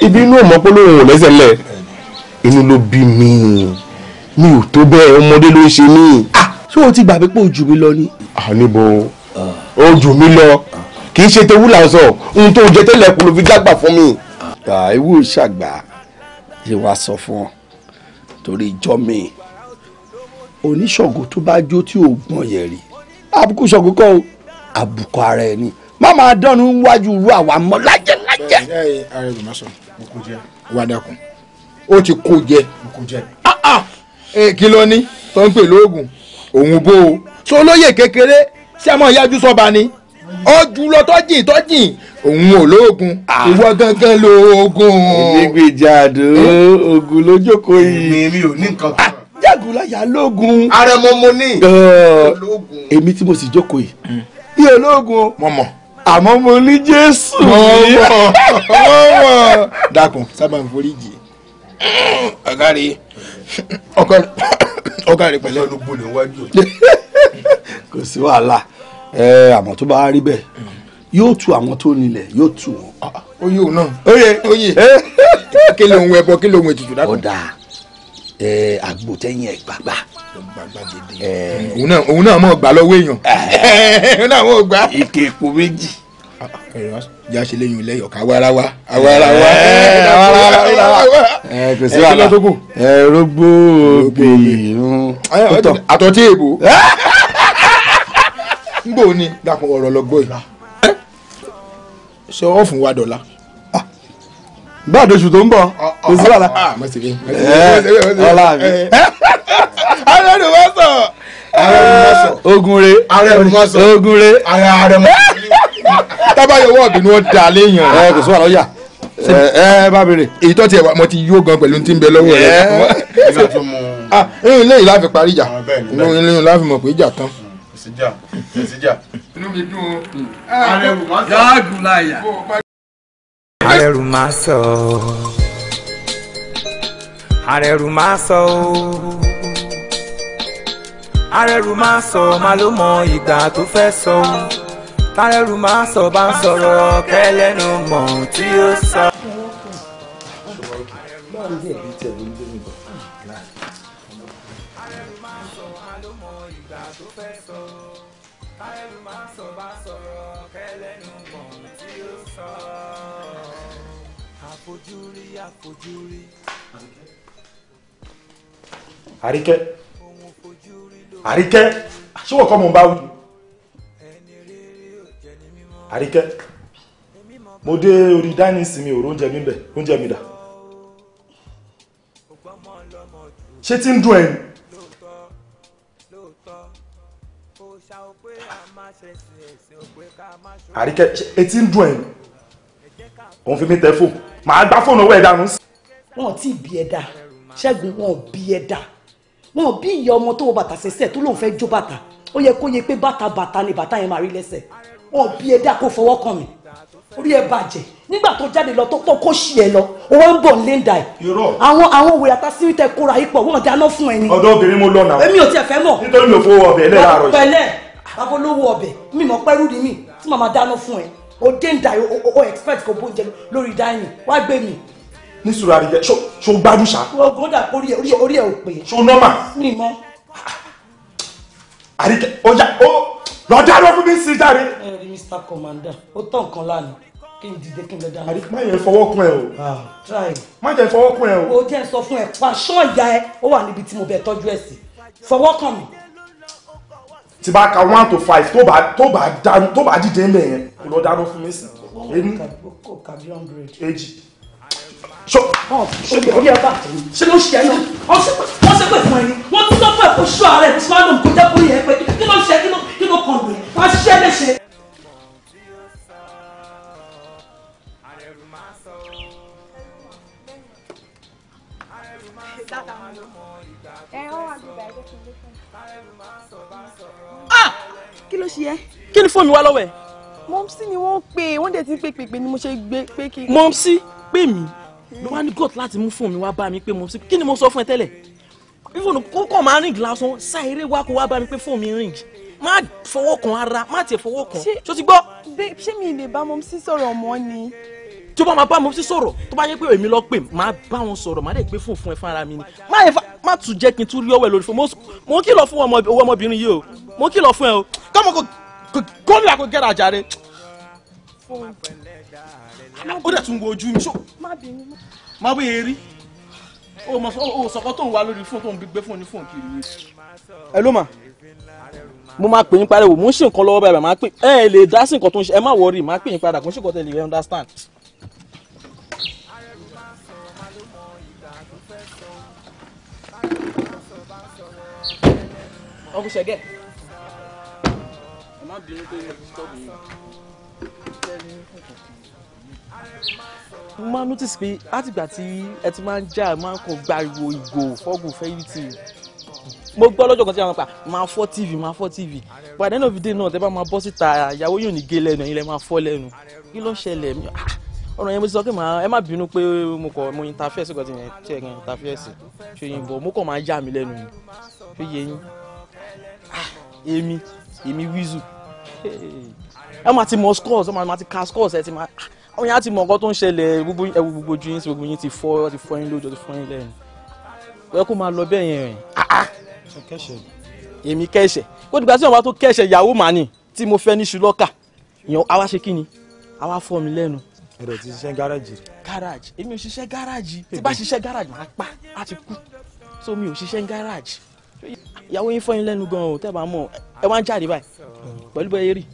ibi inú ọmọ ò lẹ́sẹ̀ inú ló bí mi mi ò tó bẹ́ẹ̀ ọmọdé ló ṣe mí. ṣé o ti gbàgbé pé o jù mí lọ ni. àníbo o jù mí lọ kì í ṣe tewúlà sọ ohun tó jẹ tẹ́lẹ̀ kù fi dàgbà fún mi tàìwò ṣàgbà ṣe wá sọ fún ọ torí ìjọ mi oníṣọ̀gùn tó bá jó tí ò gbọ́n yẹn rí àbùkù ṣọ̀gùn kọ́ o àbùkù ara ẹ̀ ni má máa dánú wájú irú àwa mọ́ lájẹ́ lájẹ́. ẹ ẹ ara ẹ lọ́sọ̀ mo kò jẹ wà dákun ó ti kó jẹ mo ah, ah. kí ló ní tó ń pè lóògùn òun bó o so olóyè kékeré sí àmọ́ ìyájú sọ́ba ni ojú lọ tọ́jìn tọ́jìn òun ò lóògùn ah. ìwọ gangan lóògùn. ìgbìjàdó ogun ló jókòó yìí. mi ò ní nǹkan kan. Ah, jágun láyà lóògùn. ara mo mo ní. èmi tí mo sì jókòó yìí. bí mm. olóògùn. mo mọ̀. àmọ́ mo ní jésù. mo mọ̀ <laughs> mo mọ̀. dákun sábà ń forí jì. <coughs> ọ̀gá rèé <coughs> <coughs> ọ̀gá rèé pẹ̀lú. ọ̀gá rèé pẹ̀lú. kò sí wàhálà ẹ àmọ́ tó bá rí bẹ́ẹ̀ yóò tu àwọn tó nílẹ̀ yóò tu wọn. oyè òun náà oyè oyè kí ló ń wọ ẹbọ kí ló ń wọ ètùtù dákun. ọ̀dà àgbo tẹ́yìn ẹ̀ gbàgbà. òun náà mọ̀ gbà lọ́wọ́ èèyàn <laughs> òun náà mọ̀ gbà. ike epo méjì. ìjà ṣe lẹ́yìn ilé ọ̀ka awarawa awarawa awarawa. kò sí wàhálà ẹ rọgbó obì. àtọ̀tí èbó. <laughs> ngbò ni dàpọ̀ ọ̀rọ̀ lọ́gbọ́ yìí ṣe ọ́ fún wa dọ̀la. Ah, gbàdo oṣù tó ń bọ̀ kò sí wàhálà. ọlá mi. Eh, eh, <laughs> ààrẹ ni wọ́n sọ. ààrẹ ni wọ́n sọ. ogun re. ààrẹ ni wọ́n sọ. ogun re. ààrẹ ààrẹ mọ̀. tábà yọ wọ́ọ̀bì ni wọ́n da léèyàn. ẹ eh, kò sí wàhálà ọ̀yà ẹ ẹ bá bèrè. èyí tó tiẹ̀ wá mo ti yó gan pẹ̀lú ti ń bẹ lọ́wọ́ rẹ̀. ah inú ilé yìí láfi parí ìjà ah, inú ilé yìí láfi mọ̀ pé ìjà tán síjà ẹ síjà. inú mi dùn o hmm. ah, arẹwù má sọ gáàgùn láyà. arẹrù má sọ arẹrù má sọ arẹrù má sọ má ló mọ ìgbà tó fẹ́ sọ tárẹrù má sọ bá ń sọ̀rọ̀ kẹlẹ́nu mọ̀ tí ó sọ. àfojú rí. àríkẹ́ àríkẹ́ ṣíwọ kọ́ mo ń bá wí. àríkẹ́ mo dé orí dánínsì mi ò róúnjẹ mi bẹ̀ róúnjẹ mi dà. ṣé tí ń dùn ẹ̀yìn. àríkẹ́ etí ń dùn ẹ̀yìn òun fi mí tẹ́ fóònù màá gbá fóònù owó ẹ̀ dànù. wọn ò tí ì bí ẹ dà ṣẹ́gun wọn ò bí ẹ dà wọn ò bí ìyá ọmọ tó wọ bàtà sẹ́sẹ̀ tó lóun fẹ́ jó bàtà ó yẹ kó yẹ pé bàtà bàtà ni bàtà yẹn máa rí lẹ́sẹ̀ wọn ò bí ẹ dà kó fọwọ́ kàn mí orí ẹ bàjẹ́ nígbà tó jáde lọ tó pọ̀ kó ṣì ẹ lọ ó wá ń bọ̀ nílé ń da ẹ̀. irọ́ àwọn àwọn òwe ata sí tẹ kóra ipò wọn dáná fún ẹni. ọ̀dọ̀ obìnrin mo lọ nà. èmi ò tiẹ̀ fẹ́ mọ̀. nítorí mi ò fowó ọbẹ̀ ẹ̀ lẹ́yìn àárọ̀ yìí. pẹ̀lẹ́ babolówó ọbẹ̀ mi ni mi tí màmá dáná fún ẹ o déńdà o expect kò bó jẹ lórí dání wá gbé mi. ní sùúrù àríyá ṣó gbádùn ṣá. ọgọ́dà orí ẹ orí ẹ ò pè. ṣó nọ́mà. mi mọ. O. ọjà ó lọ́dà ló fún mi sí jáde. ẹ rí Mr. Commander ó tán nǹkan lánàá kí n dìde kí n lọ dáná. àríkẹ́ má yẹn fọwọ́ kún ẹ o. Ah, try. má jẹ́ fọwọ́ kún ẹ o. o jẹ́ sọ fún ẹ pàṣọ ìyá ẹ ó wà níbi tí mo bẹ tọ́jú ẹ sí fọwọ́ kàn mí tí bá ka one to five tó bá tó bá dáná tó bá dìde ńlẹ̀ yẹn kò lọ dáná fún mi sí. ẹni èjì. so ṣe ló ṣe ẹnu wọ́n ṣe pé fún ẹni wọ́n ti sọ fún ẹ̀ kó ṣọ́ ara ẹ̀ tí wọ́n á lòun kó jẹ́ kó yẹ pé kí ló ṣe kí ló kàn lóye wọ́n á ṣiṣẹ́ léṣe. ẹ ọ wà gbígbà ẹgbẹ́ tó ń gbé fún mi ah kí ló ṣe yẹ. kí ni fóònù wa lọ́wọ́ ẹ̀. mọ̀mísí ni wọ́n pè wọ́n dẹ̀ ti pè pèpè ni mo ṣe gbé pé kí. mọ̀mísí pè mí ló wá ní gọ́t láti mú fóònù mi wá bá mi pé mọ̀mísí kí ni mo sọ fún ẹ tẹ́lẹ̀ fóònù kókò máa ríǹgì lásán ṣáìrè wá kó wá bá mi pé fóònù mi ríǹgì má fọwọ́ kan ara má tiẹ̀ fọwọ́ kan ṣó ṣé mi ì lè bá mọ̀mísí sọ̀rọ̀ mọ́ ni tí ó bá máa bá mo sí sọ̀rọ̀ tó bá yẹ pé èmi lọ pè máa bá wọn sọ̀rọ̀ máa dẹ̀ pé fún fún ẹ fún ara mi ni má yẹ má tún jẹ́ kí n tún rí ọwọ́ ẹ lórí fún mo kìlọ̀ fún owó ọmọbìnrin yìí o mo kìlọ̀ fún ẹ o kọ́mọ kò gómìnà kò gẹ́ra àjàre. ó dẹ̀ tún wo ojú mi ṣó má bí eré o sọ̀kọ́ tó ń wá lórí fóònù tó ń gbé fóònù ní fóònù kiri. ẹ ló mà mo máa pè yín padà wò mo ń ṣe nǹkan lọ́wọ́ báyìí máa pè ẹ lè dá sí nǹkan tó ń ṣe ẹ má wọrí máa pè yín padà kò ń ṣe nǹkan tẹ̀lé ẹ understand. ọkùn ṣẹ̀gẹ̀. ẹ má bínú pé mo ti stop you. mo máa notice pé látìgbà tí ẹ ti máa ń já ẹ máa ń kàn gbariwo ìgò fọ́gùn fẹ́yìntì mo gbọ́ lọ́jọ́ kan tí àwọn pa máa fọ́ tv máa fọ́ tv But the end of the day náà tẹ́ bá máa bọ́ síta ìyàwó yóò ní gé lẹ́nu ẹ̀yin lẹ́ máa fọ́ lẹ́nu kí ló ń ṣẹlẹ̀ mi ah, ọ̀rọ̀ yẹn mo ti sọ pé ẹ má bínú pé mo kọ̀ mo interfere sí ọ̀gá tí yẹn tí ẹ̀ kan interfere sí ṣòyìnbó mo kọ̀ máa yà mí lẹ́nu ṣòyìn yín. Ah, èmi èmi wizu. ẹ máa ti mọ scores ẹ máa ti ka scores ẹ ti máa ah, àwọn yẹn á ti mọ nǹkan tó ń ṣẹlẹ̀ ẹwù gbogbo ojú yín tí gbogbo yín ti fọ́ ọ ti fọ́ yín lójú ọ ti fọ́ yín lẹ́yìn ẹ kó máa lọ bẹ́ẹ̀ yẹn rìn. Ah, èmi kẹ́sẹ̀ kó dìgbà tí wọn bá tó kẹ́sẹ̀ ìyàwó màá tí mo fẹ́ ní ṣùlọ́kà yẹn àwa ṣe kí ni àwa fọ́ mi lẹ́nu. ẹ̀rọ ti ṣiṣẹ́ gáràjì. gáràjì èmi ò ṣiṣẹ́ gáràjì tí bá ṣiṣẹ́ gáràjì máa pa á ti kú so mi ò ṣiṣẹ́ gáràjì ìyàwó yín fọyín lẹ́nu gan o tẹ́ bá mọ̀ ẹ wá ń jáde báyìí pẹ̀lú bẹ́ẹ̀ rí.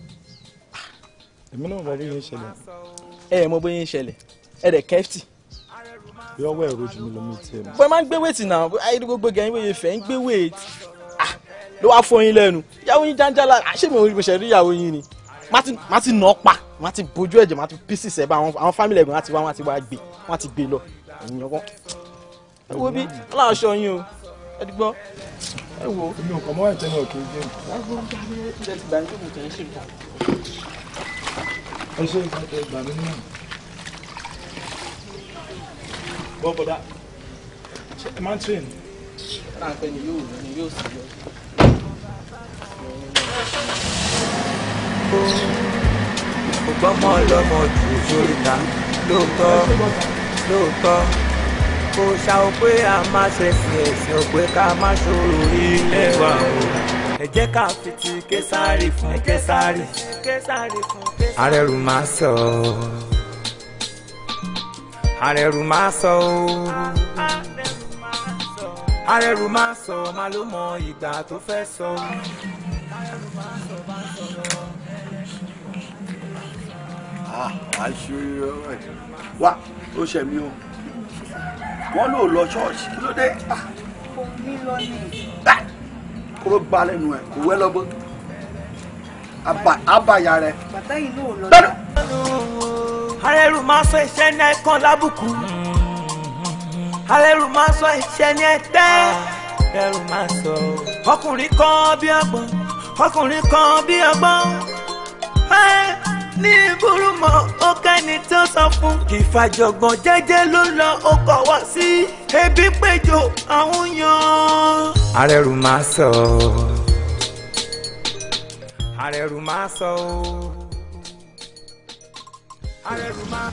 èmi náà bá yín ṣẹlẹ̀. ẹ ẹ mọ bóyá yín ṣẹlẹ̀ ẹ dẹ̀ kẹ́fìtì. bí ọwọ́ ẹ̀rọ jù mí lọ mí tiẹ̀ bọ́ẹ̀ máa ń gbé wéètì náà ayédègbò gbẹ̀gẹ̀ yín wòye fẹ́ ń gbé wéètì ah, ló wá fọyín lẹ́nu ìyàwó yín jáńjálá àṣé ah, mi ò rí bẹ̀ṣẹ̀ ìyàwó yín ni má ti nà ọ́ pa má ti bójú ẹ̀jẹ̀ má ti pieces ẹ̀ bá àwọn fámìlì ẹ̀gbọ́n láti wá wọn àti wá gbé wọn àti gbé lọ ẹ wo bí ọlọ́run aṣọ yín o ẹ dúgbọ́ ẹ wo èmi ò kàn mọ́ ẹ̀tẹ́ yẹn ò kì í jẹun. ẹ ṣe ìgbà mi náà. bọ́ bọ́dá ṣe ẹ máa ń tírè ní. láǹpẹ́ ni yóò ní yóò sì lọ. ògbọ́n mọ́ ọlọ́mọ jù sórí ta lóòótọ́ lóòótọ́ kò ṣá o pé a máa ṣe sí ẹ̀sìn o pé ká má ṣòro ilé wa o. ẹ jẹ́ ká fi ti késàrì fún késàrì. arẹrù máa sọ arẹrù máa sọ o arẹrù máa sọ máa ló mọ ìgbà tó fẹ́ sọ. Ah, àṣírí ọ̀rẹ́ wa ó ṣẹ̀mí o wọ́n lò lọ ṣọ́ọ̀ṣì kí ló dé. kò ní lọ ní. kóró gba lẹ́nu ẹ̀ kò wẹ́ lọ́gbọ́n abàyà rẹ̀. bàtà yìí ló lọ. bẹ́ẹ̀ arẹ́rù máa sọ iṣẹ́ ní ẹ̀kan lábùkù arẹ́rù máa sọ iṣẹ́ ní ẹ̀tẹ́ ẹ̀rù máa sọ ọkùnrin kan bí ọgbọ́n ọkùnrin kan bí ọgbọ́n ẹ níbo ẹni tó sọ fún ìfàjọ̀gbọ̀n jẹ́jẹ́ ló lọ ó wá sí ebi péjọ àwọn yan. arẹrù máa sọ arẹrù máa sọ o arẹrù máa.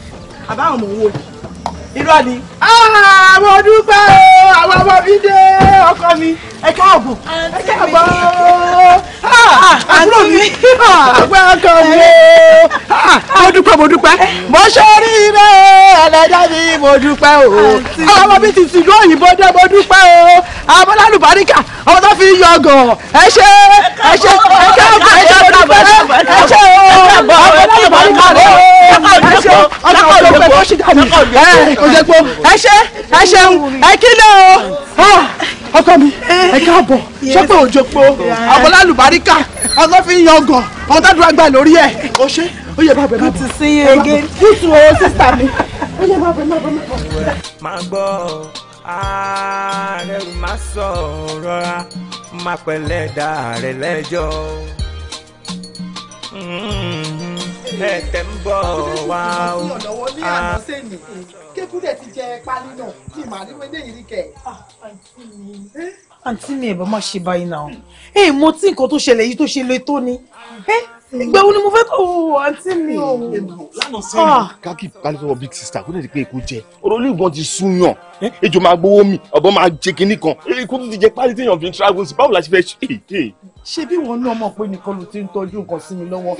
àbá àwọn ọmọ wo irọ́ ni. Ah, àwọn dúpẹ́ o àwọn ọmọ mi dé ọkọ mi ẹ káàbọ̀ ẹ káàbọ̀ àbúrò mi àgbẹ̀ ọkọ mi mo dúpẹ́ mo dúpẹ́ mo ṣe rí ilé ẹlẹ́jà mi mo dúpẹ́ o ọmọ mi ti tìlú òyìnbó dé mo dúpẹ́ o abọ́lálù baríkà ọmọ tó fi ń yọ ọgọ̀ ẹ ṣe ẹ ṣe ẹ ṣe ọgbà ẹ ṣe ọgbà ẹ ṣe o abọ́lálù baríkà rẹ o ẹ ṣe ọgbà ọgbà tó ṣì dànù ẹ ṣe ẹ ṣeun ẹ kí lé o ọkọ mi eh, eh, ẹ káàbọ̀ sọpẹ òjòpó àbọlálùbáríkà ọlọfin yangàn ọ̀n tá dúró gbà lórí ẹ̀ o ṣe ó yẹ bàbá bàbá. good to see you again good to all sister mi ó yẹ bàbá bàbá bàbá. máa gbọ́ ààrẹ ò máa sọ rọra máa pẹ̀lẹ́ dá rẹ̀ lẹ́jọ́. Mm-hmm ẹ̀tẹ̀ ń bọ̀ wá o. ọ̀dọ̀wọ́ ní àná sẹ́ni kébùdẹ̀ ti jẹ pálí náà kí màá ní wẹ́lẹ́ yìí kẹ̀. àǹtí mi ẹ̀bà má ṣe báyìí náà ẹ̀ eh, mo tí nǹkan tó ṣẹlẹ̀ yìí tó ṣe lè tó ni eh, ìgbà wo ni mo fẹ́ tó wò àǹtí mi o. lánàá ah. sẹ́yìn káàkì pálífọ̀wọ̀ big sister kó lè rí pé èkó jẹ ọ̀rọ̀ ilé ìgbọ̀n ti sún yàn eh, ejò máa gbowó mi ọ̀bọ máa jẹ kinní kan èkó tó ti jẹ pálí téèyàn fi ń travel sí báwo la ṣe fẹ́ ṣe é ṣé bí wọn náà mọ̀ pé nìkan ló ti ń tọ́jú nǹkan sí mi lọ́wọ́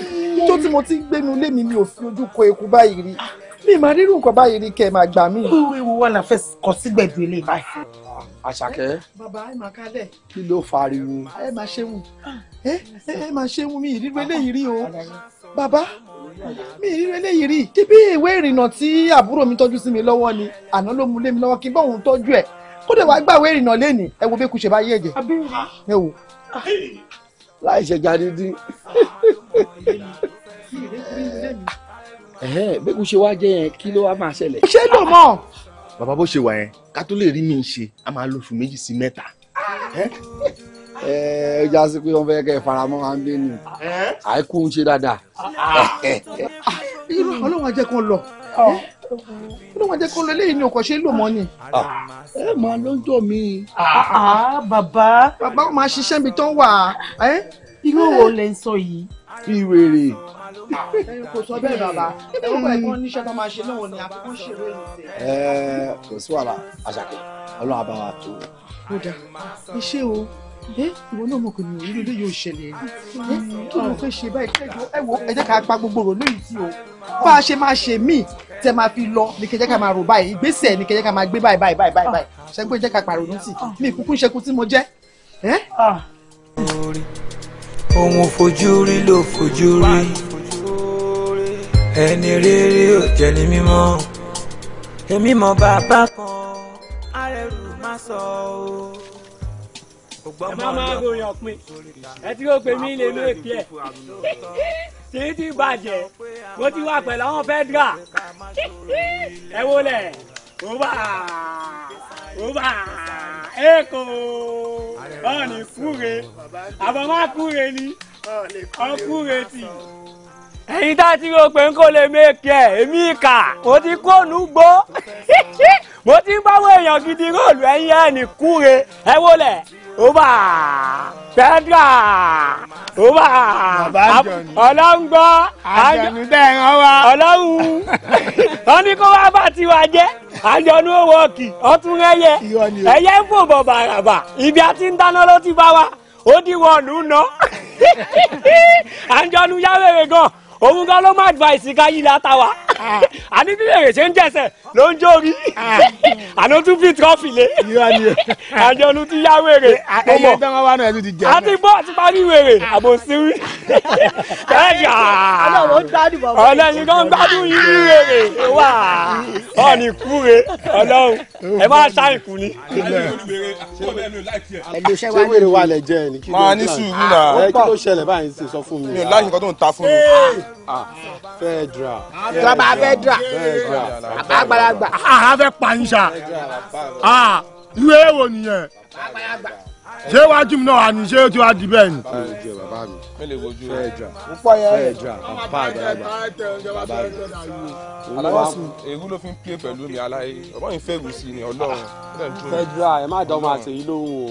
tó tí mo ti ń gbénu ilé mi mi ò fi ojú kọ eku báyìí rí mi máa rírun nǹkan báyìí rí kẹ́ ẹ máa gbà mí. irú ewu wà náà fẹ́ kọ sígbẹ̀dù ilé báyìí. àṣàkẹ́. bàbá ẹ máa kálẹ̀. kí ló fa ariwo. ẹ máa ṣe wù ẹ ẹ máa ṣe wù mí ìrírí eléyìí rí o bàbá mi ìrírí eléyìí rí. kíbi ìwé ìrìnnà tí àbúrò mi tọ́jú sí mi lọ́wọ́ ni àná ló mú lé mi lọ́wọ́ kí bọ́ọ̀hún tọ́jú ẹ̀ kó lè wá gbàwé ìrìnnà lẹ́nìí ẹ wo bí kú bá yé ẹ̀jẹ̀ ẹ wò láì ṣe jáde bẹ́ẹ̀ kó ṣe wá jẹ́ yẹn kí ló wá máa ṣẹlẹ̀. ṣé ló mọ̀. bàbá bó ṣe wà yẹn ká tó lè rí mi ṣe a máa lóṣù méjì sí mẹ́ta. ẹ ẹ já sí pé wọn fẹ́ kẹ́ ẹ faramọ́ wa ń lé nu àìkú ń ṣe dáadáa. irú ọlọ́wọ́ ajẹ́kan lọ kí ló wọ́n jẹ́ kó lọ eléyìí ni òkò ṣe ń lò mọ́ ni. Ah. ẹ máa lọ́jọ́ mi. Ah, ah, bàbá. bàbá ó máa ṣiṣẹ́ mi tán wà. irú wo lẹ ń sọ yìí. ìwèrè. kò sọ bẹ́ẹ̀ bàbá ẹ̀rọ ẹ̀kọ́ níṣẹ́ tó máa ṣe lọ́wọ́ ni àfikún ṣèrè ní. ẹ kò sí wàhálà àṣàkẹ́ ọlọ́run àbáwá tó. ó dà iṣẹ́ o ìwọ náà mọ̀ pé mi ò rí lóde yóò ṣẹlẹ̀ ẹ́ kí ló fẹ́ ṣe báyìí kẹjọ ẹ wo ẹ jẹ́ ká pa gbogbo rò lóyìí tí o bá a ṣe máa ṣe míì tẹ máa fi lọ ní kẹjẹ ká máa rò báyìí ìgbésẹ̀ ní kẹjẹ ká máa gbé báyìí báyìí báyìí báyìí ṣẹ́gun ká pàrọ̀ lóṣì mi ìkúkú ṣekú tí mo jẹ́. ohun fojú rí ló fojú rí ẹni rere ò jẹ́ ní mímọ́ èmi mọ bàbá kan arẹrù má sọ ọ́ màmá máa ròyìn ọ̀pin ẹ tí yóò pè mí lè mí èpì ẹ̀ tí tí bàjẹ́ mo ti wà pẹ̀lú àwọn fẹ́dra ẹ wo lẹ̀ òbá òbá èkó ọ̀nì kúre àbámá kúre ni ọkúre tì ẹ̀yin tá a ti rò pé n kò lè mèkì ẹ èmi kà mo ti kó ònú gbó <laughs> mo ti ń báwọn èèyàn gidi róòlù ẹ̀yin ẹ nìkúre ẹ wọlé ọba tẹ́ńdà ọba ọlọ́ngbọ́ àjọ̀nù tẹ̀ràn wa ọlọ́run <laughs> wọn ní kó wá bá tiwa jẹ́ àjọ̀nù owó ọkì ọtún ẹyẹ ẹyẹ ń fò bọ̀ bàràbà ibi àti ń dáná ló ti bá wa ó di wọ̀ọ̀lù ná <laughs> àjọ̀nù yáwèrè gan òun gan ló má advice ká yí látàwa. Ah. àní bí èrè ṣe ń jẹsẹ̀ ló ń jórí ah. àná tún fi trọ́fì lé àjọ ló ti yá wèrè ẹyẹ tẹ́ wọ́n wá náà ẹ̀sùn ti jẹ́ àti bọ́ àti parí wèrè àbò sírí ẹ̀yà ọlọ́yin kan gbádùn yìí wèrè wà ọ̀nì kúre ọlọ́run ẹ máa ṣá ìkú ni. ṣé wèrè wà lẹ jẹ ẹ ní kí ló ń ta eh, kí ló ṣẹlẹ̀ báyìí ṣe sọ fún mi. mi ò láyé nǹkan tó ń ta fún mi. Eh fẹ́ẹ̀dra. tọ́ba fẹ́ẹ̀dra. àgbàlagbà. Ah, a fẹ́ pàǹṣà. ìwé èwo nìyẹn. àgbàlagbà ṣé wájú mi náà ni ṣé o ti wá di bẹ́ẹ̀ ni. èyí ló fi ń pè pẹ̀lú mi aláyé ọ̀bọ̀n yìí fẹ́ẹ̀gù sí ni ọlọ́run. fẹ́ẹ́dúrà ẹ má dá ọmọ àtẹ̀yìn lóhùn o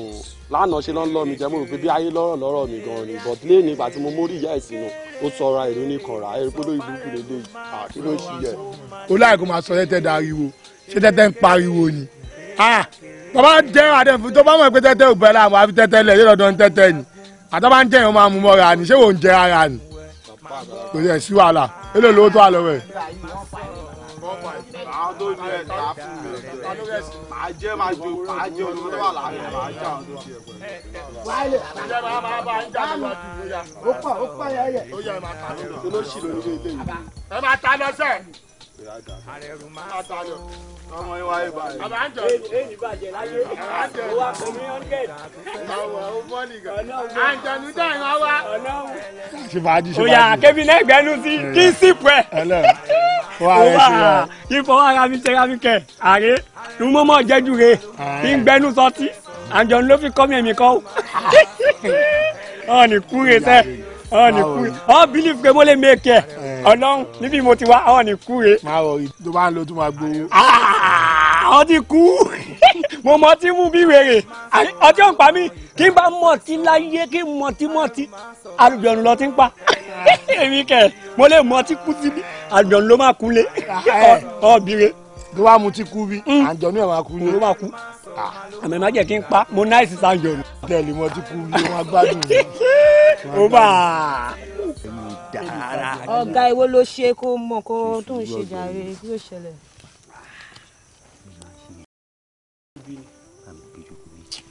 lánàá ṣe lọ́nlọ́ mi jẹ́ mo rò pé bí ayé lọ́rọ̀ lọ́rọ̀ mi gan-an ni but lẹ́yìn ìgbà tí mo mórí ìyá ìsìn nù ó sọra ìlú nìkanra ẹ̀rí pé lóyún burúkú lè léyìí àti ló ń ṣiyẹ. ó láì kó máa sọ tẹ́tẹ́ dariwo ṣé tẹ́tẹ́ ń pariwo ni tó bá ń jẹ́ àdẹ̀fù tó bá mọ̀ pé tẹ́tẹ́ ò bẹ́ẹ̀ láàmú àfi tẹ́tẹ́ lẹ̀ yóò dán tẹ́tẹ́ ni àtọ́bá ń jẹ́ ìwọ́n máa mú mọ́ra ni ṣé wò ń jẹ ara ni kò yẹ sí wàhálà èlò lówó tó wà lọ́wọ́ ẹ̀. ó pọ̀ ó ẹ máa ta lọ ọmọ ìwà ìbà yìí. bàbá ń tọ́jú. èyí náà gbẹnu sí kí n sì pẹ́. ìfọwọ́ ara mi ṣe ra mi kẹ̀ àrè jẹ́jú re kí n gbẹnu sọtí àǹtọ̀nù ló fi kọ́ mi èmi kọ́ <laughs> ọ̀ ní kúre sẹ́ẹ̀ ọ ní kú ọ bílíf pé mo lè mẹ́kẹ́ e. ọlọ́run níbi mo ti wá ọ ní kú rẹ. máa wọ ìdó bá ń lo tó máa gbowó. ọ ah, ti kú <laughs> mo mọ tí mú bí wèrè ọjọ́ ń pa mí kí n bá mọ̀tí láyé kí n mọ̀tí mọ̀tí alùjọ̀nù lọ ti ń pa <laughs> èmi kẹ mo lè mọ̀tí kú síbi alùjọ̀nù ló máa kú lé eh. ọ bìrè. tó bá mu ti kú bí hmm. àjọ ní ẹ̀ máa kú lé. Ah, àmì má jẹ́ kí n pa mo náìsì sáyọ̀ ni. bẹ́ẹ̀ni wọn ti kú lé wọn gbádùn mi. <laughs> ó bà á. ọ̀gá ìwọ ló ṣe kó mọ̀ kó tó ń ṣe jàre kí ló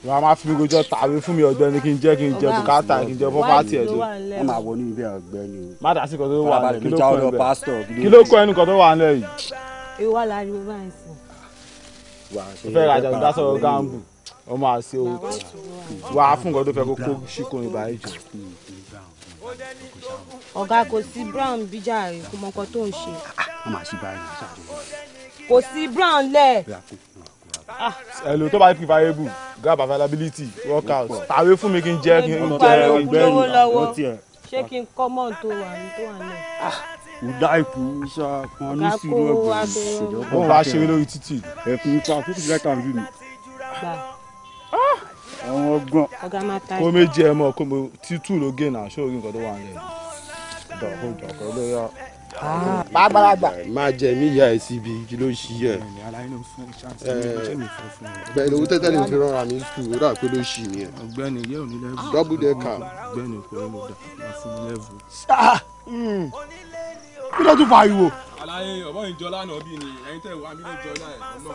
wọ́n a máa fi mi gojọ́ tàbí fún mi ọ̀gbẹ́ni kí n jẹ́ kí n jẹ bùkátà kí n jẹ pọ́pátì ẹ̀ tó. wọ́n máa wọ níbi ọ̀gbẹ́ni o. má dàá sí tó wà lẹ́yìn kí ló kọ́ ẹnu kan tó wà lẹ́yìn. ìwà làá rí o báyìí sìn o fẹ́ rajà o dá sọ̀rọ̀ gáàmù o máa ṣe o wà á fún nǹkan tó kó kó ṣíkò ìbá ìjọ. ọ̀gá kò sí brown bíjà rẹ̀ kó mọ tó ń ṣe. Ah, ah, kò sí brown lẹ̀. Ah. ẹ̀lò tó bá yẹ kí variable grab availability workout tàwé fún mi kí n jẹ́ kí n jẹ́ ìgbẹ́rù ṣé kí n kọ́ mọ́ tó wà ní tó wà náà kò dáì kú kan ní sùúrù ọgbẹ ìṣèjọba ọgbẹ bá lórí títì ẹkùn pa fífi lẹ́tà ń bí mi. Ah! àwọn ọgbọ́n kó méjì ẹ mọ kó mo títù ló gé náà ṣé orí nǹkan tó wà ń lẹ dọkọ dọkọ jẹ mí ìyá ẹ síbi kí ló ṣí eh, ẹ. bẹ́ẹ̀ lówó tẹ́tẹ́ ni mo fi rọra mi sùn ó dà pé ló ṣì ni ẹ. ọ̀gbẹ́ni yẹ ò ní lẹbù. double decker. ọ̀gbẹ́ni kò ní mo dà mo fún mi kí ló tún fa ariwo. alaye ọbọ yìí jọlá náà bí ni ẹ̀yin tẹ wá mi ló jọlá ẹ ọmọ.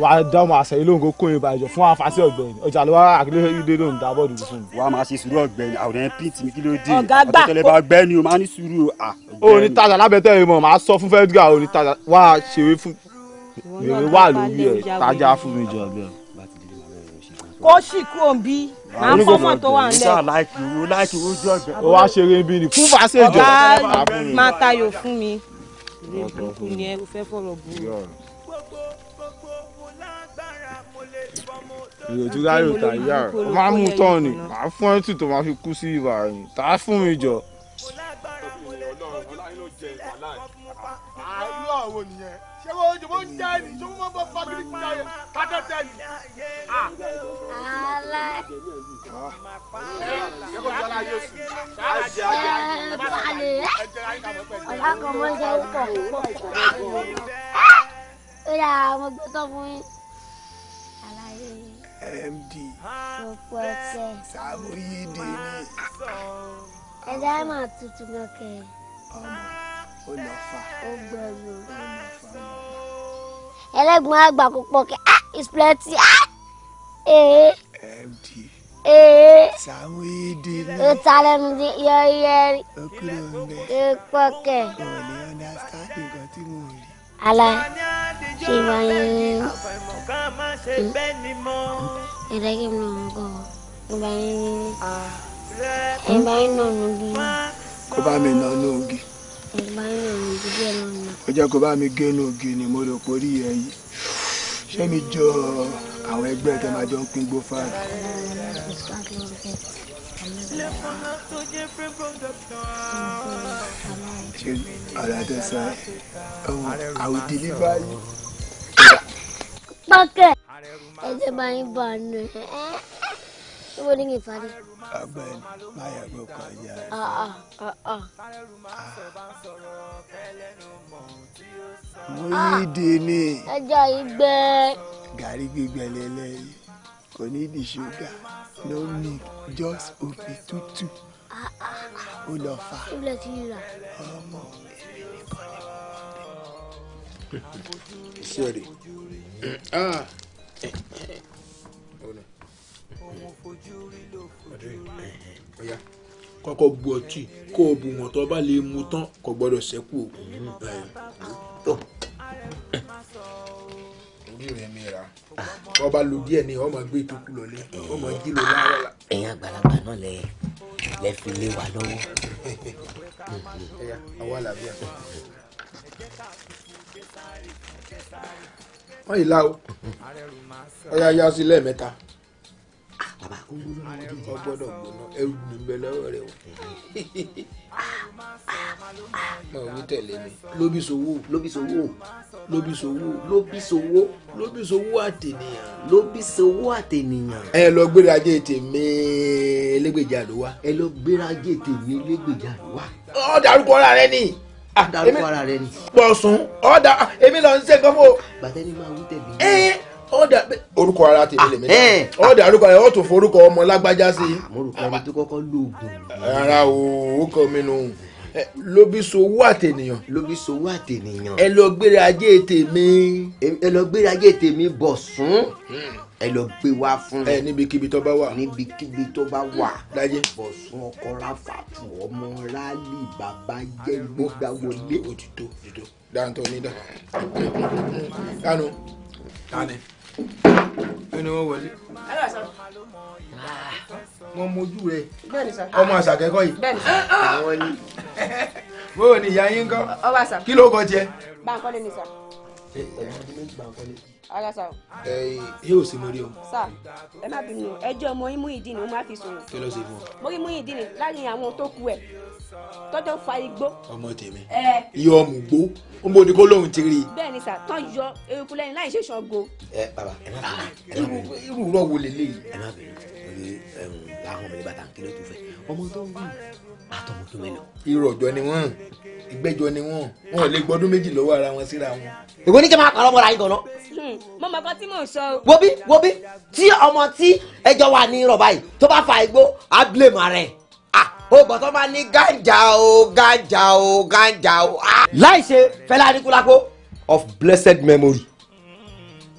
wà á dá ọmọ àṣẹ ilé òǹkó kóyin ìbàjọ fún àfàṣẹ ọ̀gbẹ́ni ọjà ló wá àkílẹ ìdè lóhùn dá bọọdù fún mi. wàá máa ṣe sùúrù ọ̀gbẹ́ni àwọn ẹni píìtì mi kí ló dé ọtọtẹlẹ bá gbẹni o máa ní sùúrù o. o ní tajà lábẹ́tẹ̀ rẹ mọ̀ máa sọ fún fẹ́ẹ́ dúgà o ní tajà wá ṣeré fún wà lórí ẹ̀ tajà fún mi jọ̀ọ́ bẹ́ẹ̀ kó sì kú òǹbí máa fọ́ mọ̀ tó wà ńlẹ̀. láìkì wo láìkì wo jọ ọgbẹ. ó wá ṣeré ibi ni fún fàṣẹjọ. ọ̀gá máa tayò fún mi. ìrè burúkú ni ẹ fẹ́ fọ̀rọ̀ bu. ìrètí láyò tàyà ọ máa mú tán ni màá fún ẹ tù tó máa fi kú sí ibà yìí tá fún mi jọ. ọlọ́run ọlá ló jẹ ìwà láàyè. àlọ́ àwọn nìyẹn ewo òjòwò ń jẹ́ ẹni tó wọ́n bọ́ fagiri kúta yẹ kájọ tẹ ẹni. ala. ọ̀la kan mọ jẹ́ pọ̀ ó yà àwọn gbé tán fún yín. MD. Gbogbo ẹsẹ̀. Sàmúyí dè ní. Ẹ dá máa tutù náà kẹ́. Ọmọ ó lọ fà. Ó gbẹ̀rù. Ó lọ fà náà ẹlẹ́gbọ̀n àgbà kò pọ̀ kẹ́ ah it's plenty ah ee. Eh, md. ee. Eh. sàwọn èdè ni. o ta lẹnu di yọyẹri. okuro mbẹ. epo kẹ. o lè understand nǹkan tí mo rí. ala ṣe wá yẹn. ẹ dẹ́ kí n lọ nǹkan ìgbà yẹn. ìgbà ah. yẹn nà nù bí. kó bá mi nà nù ògì ó jẹ́ bá mi gẹnu ògì ni mo rò kórí ẹ yìí ṣé mi jọ àwọn ẹgbẹ́ tẹ máa jọ ń pín gbó ṣe ọ̀rọ̀ àtẹ̀sà I will deliver you. pákẹ́ ẹ ti bá yín bá a nù Níbo ni kì í parí? Àgbẹ̀ máa yàgbé ọkọ̀ ayé rẹ̀. Mo rí ìdè ni. Ẹja ìgbẹ́. Gàrí gbígbẹ lẹ́lẹ́yìn kò ní ìdí ṣúgà no milk just òfì tútù. Ah, ah, ah. Ó lọ fà. Ó lọ ti rà. Ọmọ èmi nìkan ni mo mọ̀ bẹ́ẹ̀. Iṣẹ́ Eh, eh, kọ́kọ́ bu ọtí kó o bù wọ́n tó bá lè mu tán kò gbọ́dọ̀ ṣẹ́kù o. orí rẹ̀ mi ra wọ́n bá lu díẹ̀ ní ọmọ gbé ìtòkù lọlé ọmọ jí lọ láàárọ̀ la. ẹ̀yin àgbàlagbà náà lẹ lẹ fi lé wa lọ́wọ́. wọ́n yìí la o ọ̀ya ya sí lẹ́ẹ̀mẹ́ta bàbá ó gbóná ọmọdé ó gbọ́dọ̀ gbóná ẹrù ní bẹ lọ́wọ́ rẹ o mọ wí tẹ̀lé mi lóbi sowó lóbi sowó lóbi sowó lóbi sowó lóbi sowó àtẹnìyàn lóbi sowó àtẹnìyàn. ẹ lọ gbéra ajé tèmi lẹgbẹjà ló wá. ẹ lọ gbéra ajé tèmi lẹgbẹjà ló wá. ọ dárúkọ ara rẹ ni dárúkọ ara rẹ ni. pọ̀sùn ọ̀dà èmi lọ ń ṣe gọ́fọ̀. bàtẹ́ni máa wí tẹ̀lé ọ̀dà orúkọ ara tèmi lèmi náà ọ̀dà ah, eh. orúkọ rẹ̀ ọ̀tún forúkọ ọmọ lágbájá sí i. morúkọ mi tó kọ́kọ́ lóògùn. ara o ó kọ mi nù eh, lóbi sowó àtẹnìyàn. lóbi sowó àtẹnìyàn. ẹ lọ gbére ajé tèmi. ẹ lọ gbére ajé tèmi bọ̀ sún hmm. ẹ lọ gbé wá fún. ẹ eh, níbikíbi tó bá wà. níbikíbi tó bá wà. dájẹ́. bọ̀sùn ọkọ ráfàtú ọmọ rálì bàbá jẹ́ gbígbà wọlé. òtítọ́ òtítọ́ dáńtọ́ ní dá. dánú. dání ẹni wọn wọlé. mo ah, mojú rẹ ọmọ àṣàkẹ́kọ̀ọ́ yìí. àwọn ni. bó <laughs> o ní ìyá yín kọ́ kí ló kọ tiẹ̀. ni sà. ara sà o. ẹ yóò sì mórí o. sà ẹ má bínú ẹjọ́ ọmọ yín Muyideen ni mo máa fi sọ̀rọ̀. kí ló ṣe fún ọ. mo rí Muyideen láàrin àwọn tó kù ẹ̀ tọ́jọ́ fa igbó. ọmọ tèmi iye ọmọ gbó ń bò ní kó lóun ti rí i. bẹ́ẹ̀ni sà tán yọ eruku lẹ́yìn láì ṣe ṣọgo. ẹ bàbá ẹ má bẹ̀rẹ̀ ah, irú irú ọwọ́ lélẹ̀ yìí. ẹ má bẹ̀rẹ̀ orí làwọn ọmọ ìbàdàn kí ló tún fẹ́ ọmọ tó ń wí àtọmọ tó mẹlọ. irọ́ ọjọ́ ni wọ́n ìgbẹ́jọ́ ni wọ́n wọn ò lè gbọ́dún méjì lọ́wọ́ ara wọn síra wọn. ìwé ní kí n máa pàrọ̀ mọ́ra yín gan-an. Hmm, mo mọ̀ kan tí mò ń sọ. wo bí wo bí tí ọmọ tí ẹjọ́ wà ní rọ̀bà yìí tó bá fa igbó á blame ara ẹ̀ ó bọ̀ tó máa ní ganja o ganja o ganja o. láì ṣe Fẹlá Aníkúlápó of blessed memory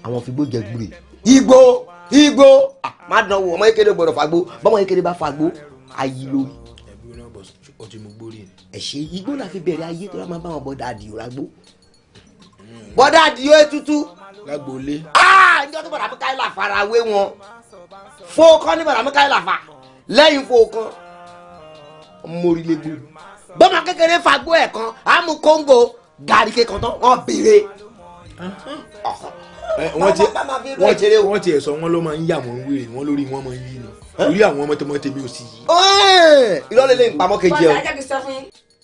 àwọn fìgbó jẹ gbúre igbó igbó ah, má dán wò ọmọ ekele gbọ́dọ̀ fàgbó bọmọ ekele bá fàgbó ayé lórí. ẹ ṣe igbó la fi bẹ̀rẹ̀ ayé tó máa bá wọn bọ́dà àdìo la gbó bọ́dà àdìo ètùtù. lágbóolé. aa ah, njọ́ tó bọ̀dà mi káyọ̀ la fara wé wọn fo kán ní bọ̀dà mi káyọ̀ la lẹ́yìn fo kán mórílégù bọ́mọ kékeré fagbó ẹ̀ kan àmú kóńgò gàrí kékan tán wọ́n béèrè. Eh, wọ́n ti wọ́n ti wọ́n ti ẹ̀sọ́ wọn ló máa ń yà wọ́n wéèrè wọ́n lórí wọn máa ń yí ni orí àwọn ọmọ tó mọ tèmi ò sí yí. ìrọ̀lẹ́lẹ́ ìpamọ́ kejì ẹ̀ o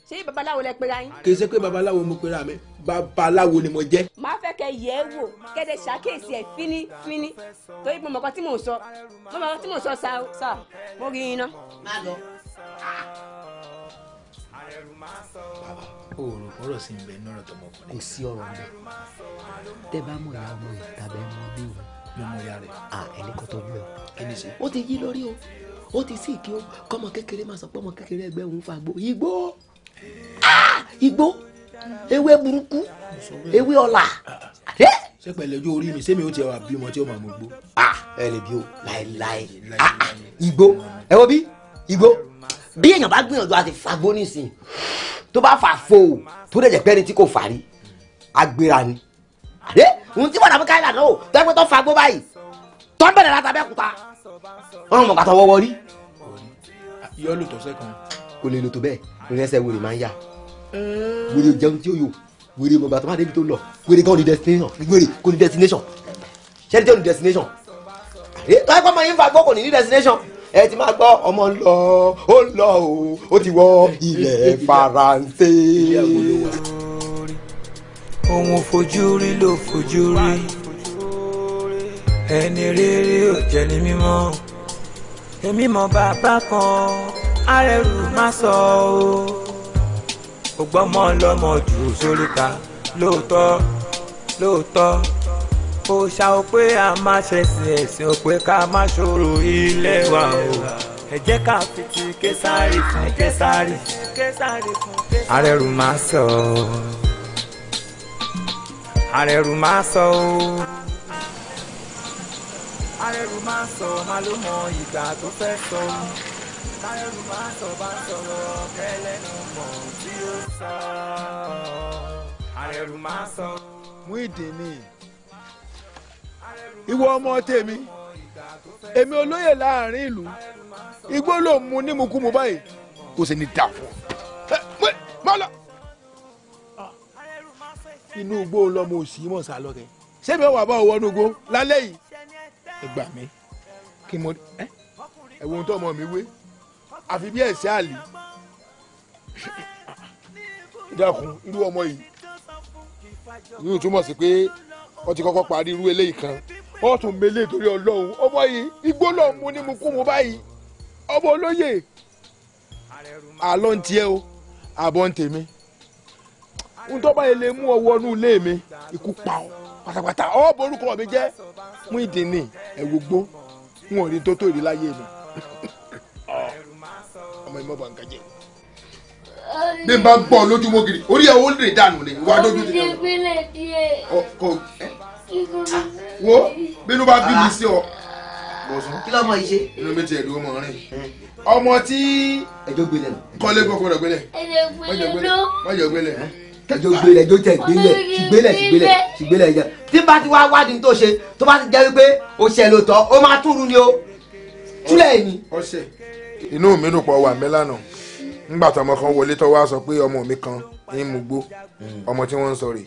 ṣé babaláwo lẹ pera yín. kì í ṣe pé babaláwo mo pera mi babaláwo ni mo jẹ. máa fẹ́ kẹ yẹ̀ ẹ́ wò kẹ́dẹ̀ ṣàkíyèsí ẹ̀ fínífíní torí mo mọ̀ kan tí mò ń sọ mo mọ̀ kan tí mò ń sọ sáà mo rí iná. má lọ o rò pọ̀rọ̀ sí ń bẹ nọ́rọ̀ tọmọkùnrin. kò sí ọ̀rọ̀ mi tẹ bá mọ̀ ìyá ọmọ yìí tàbí ẹni bí òun. ló mọ ìyá rẹ̀. à ẹni kò tọ́jú ẹ̀. ẹni sè. ó ti yí lórí o ó ti sí kí ó kọ́mọ kékeré máa sọ pé ọmọ kékeré ẹgbẹ́ òun fa gbó igbó eh. ah! igbó ewé burúkú ewé ọ̀la. ṣé eh! pẹ̀lẹ́ ojú orí mi sẹ́mi ó ti wà bímọ tí ó máa mú gbó. Ah! ẹ lè bí o láéláé ah! igbó ẹ wo bí igbó bí èèyàn bá gbìyànjú àti fagbó nísìn tó bá fà fo tó dẹ̀ jẹ́ pé ẹni tí kò fà rí agbéra ni àdé ohun tí wọn àbúkà yìí lànà o tẹ́gbẹ́ tó fagbó báyìí tó ń bẹ̀rẹ̀ láti Abẹ́òkúta wọn mọ̀ kàtọ́ wọ́wọ́ rí. yọ lò tó sẹ́kàn. kò lè lò tó bẹ́ẹ̀ lórí ẹsẹ̀ wèrè máa ń yá wèrè jẹun tí ó yò wèrè mọ̀gbà tó má débi tó lọ wèrè kan ò destination wèrè kò ní destination ṣẹ́ni tí ò ní destination àdé tó ẹ̀kọ́ mọ̀ yín fagbó kò ní ní destination ẹ ti máa gbọ́ ọmọ ń lọ ó ń lọ o ó ti wọ ilẹ̀ faransé. ohun fojú rí ló fojú rí ẹni rere ò jẹ́ ní mímọ́ èmi mọ bàbá kan arẹrù má sọ o ògbọ́n mọ́ lọ́mọ jù sóríta lóòótọ́ lóòótọ́ kò ṣá o pé a má ṣẹ̀sìn ẹ̀sìn o pé ká má ṣòro ilé wa o ẹ jẹ́ ká fi ti késàrì fún késàrì arẹrù máa sọ arẹrù máa sọ o arẹrù máa sọ má ló mọ ìgbà tó fẹ́ sọ arẹrù máa sọ bá sọ̀rọ̀ kẹlẹ́nu mọ̀ tí ó sọ arẹrù máa sọ. Muyideen ni ìwọ ọmọ tèmi èmi olóyè láàrin ìlú igbó ló mu nímukúmu báyìí kò sì ní dà fún ọ. má lọ. inú igbó lọmọ òsì mọ̀ sá lọ́kẹ́ sẹ́mi ọ̀wà bá ọwọ́ nugbó lálẹ́ yìí ẹ gbà kí mo ẹ wo ohun tó ọmọ mi wé àfi bí ẹ̀sẹ̀ àlè dákun irú ọmọ yìí yóò túmọ̀ sí pé wọ́n ti kọ́kọ́ parí irú eléyìí kan wọ́n tún mele torí ọlọ́run ọmọ yìí igbó lọ́hùn mú ní mu kú mu báyìí ọmọ olóyè àlọ́ ń tiẹ́ o àbọ̀ ń tèmi ntọ́ba yẹn lè mú ọ wọnú ilé mi ikú pa ọ pátápátá ọ borúkọ mi jẹ́ mú ìdìní ẹ̀wò gbó n ò rí tó tó ìrí mi <laughs> ọmọ ìmọ̀ bàǹkà jẹ́ bí n bá gbọ́ lójúmọ́ gidi orí ẹ̀ ó lè dànù ni wà á ti dànù. wo bínú bá bí mi sí ọ. kí lọ́mọ yìí ṣe. inú mi ti ẹ̀dùn ọmọ rìn. ọmọ tí. ẹjọ́ gbélé. kọ́lé gbọ́ gbọ́dọ̀ gbélé. ẹjọ́ gbélé mọ́jọ́ gbélé. ẹjọ́ gbélé ẹjọ́ tẹ gbélé tìgbélé tìgbélé tìgbélé ẹjọ́ tí bá ti wá wádìí tó ṣe tó bá ti jẹ́ wípé o ṣẹ̀ lóòótọ́ o máa túrú ni o túlẹ̀ ni. ọṣẹ inú mi dùn pọ̀ wà mí lánàá ńgbà tọmọ kan wọlé tó wá sọ pé ọmọ mi kan ní mugbó ọmọ tí wọ́n ń sọ rè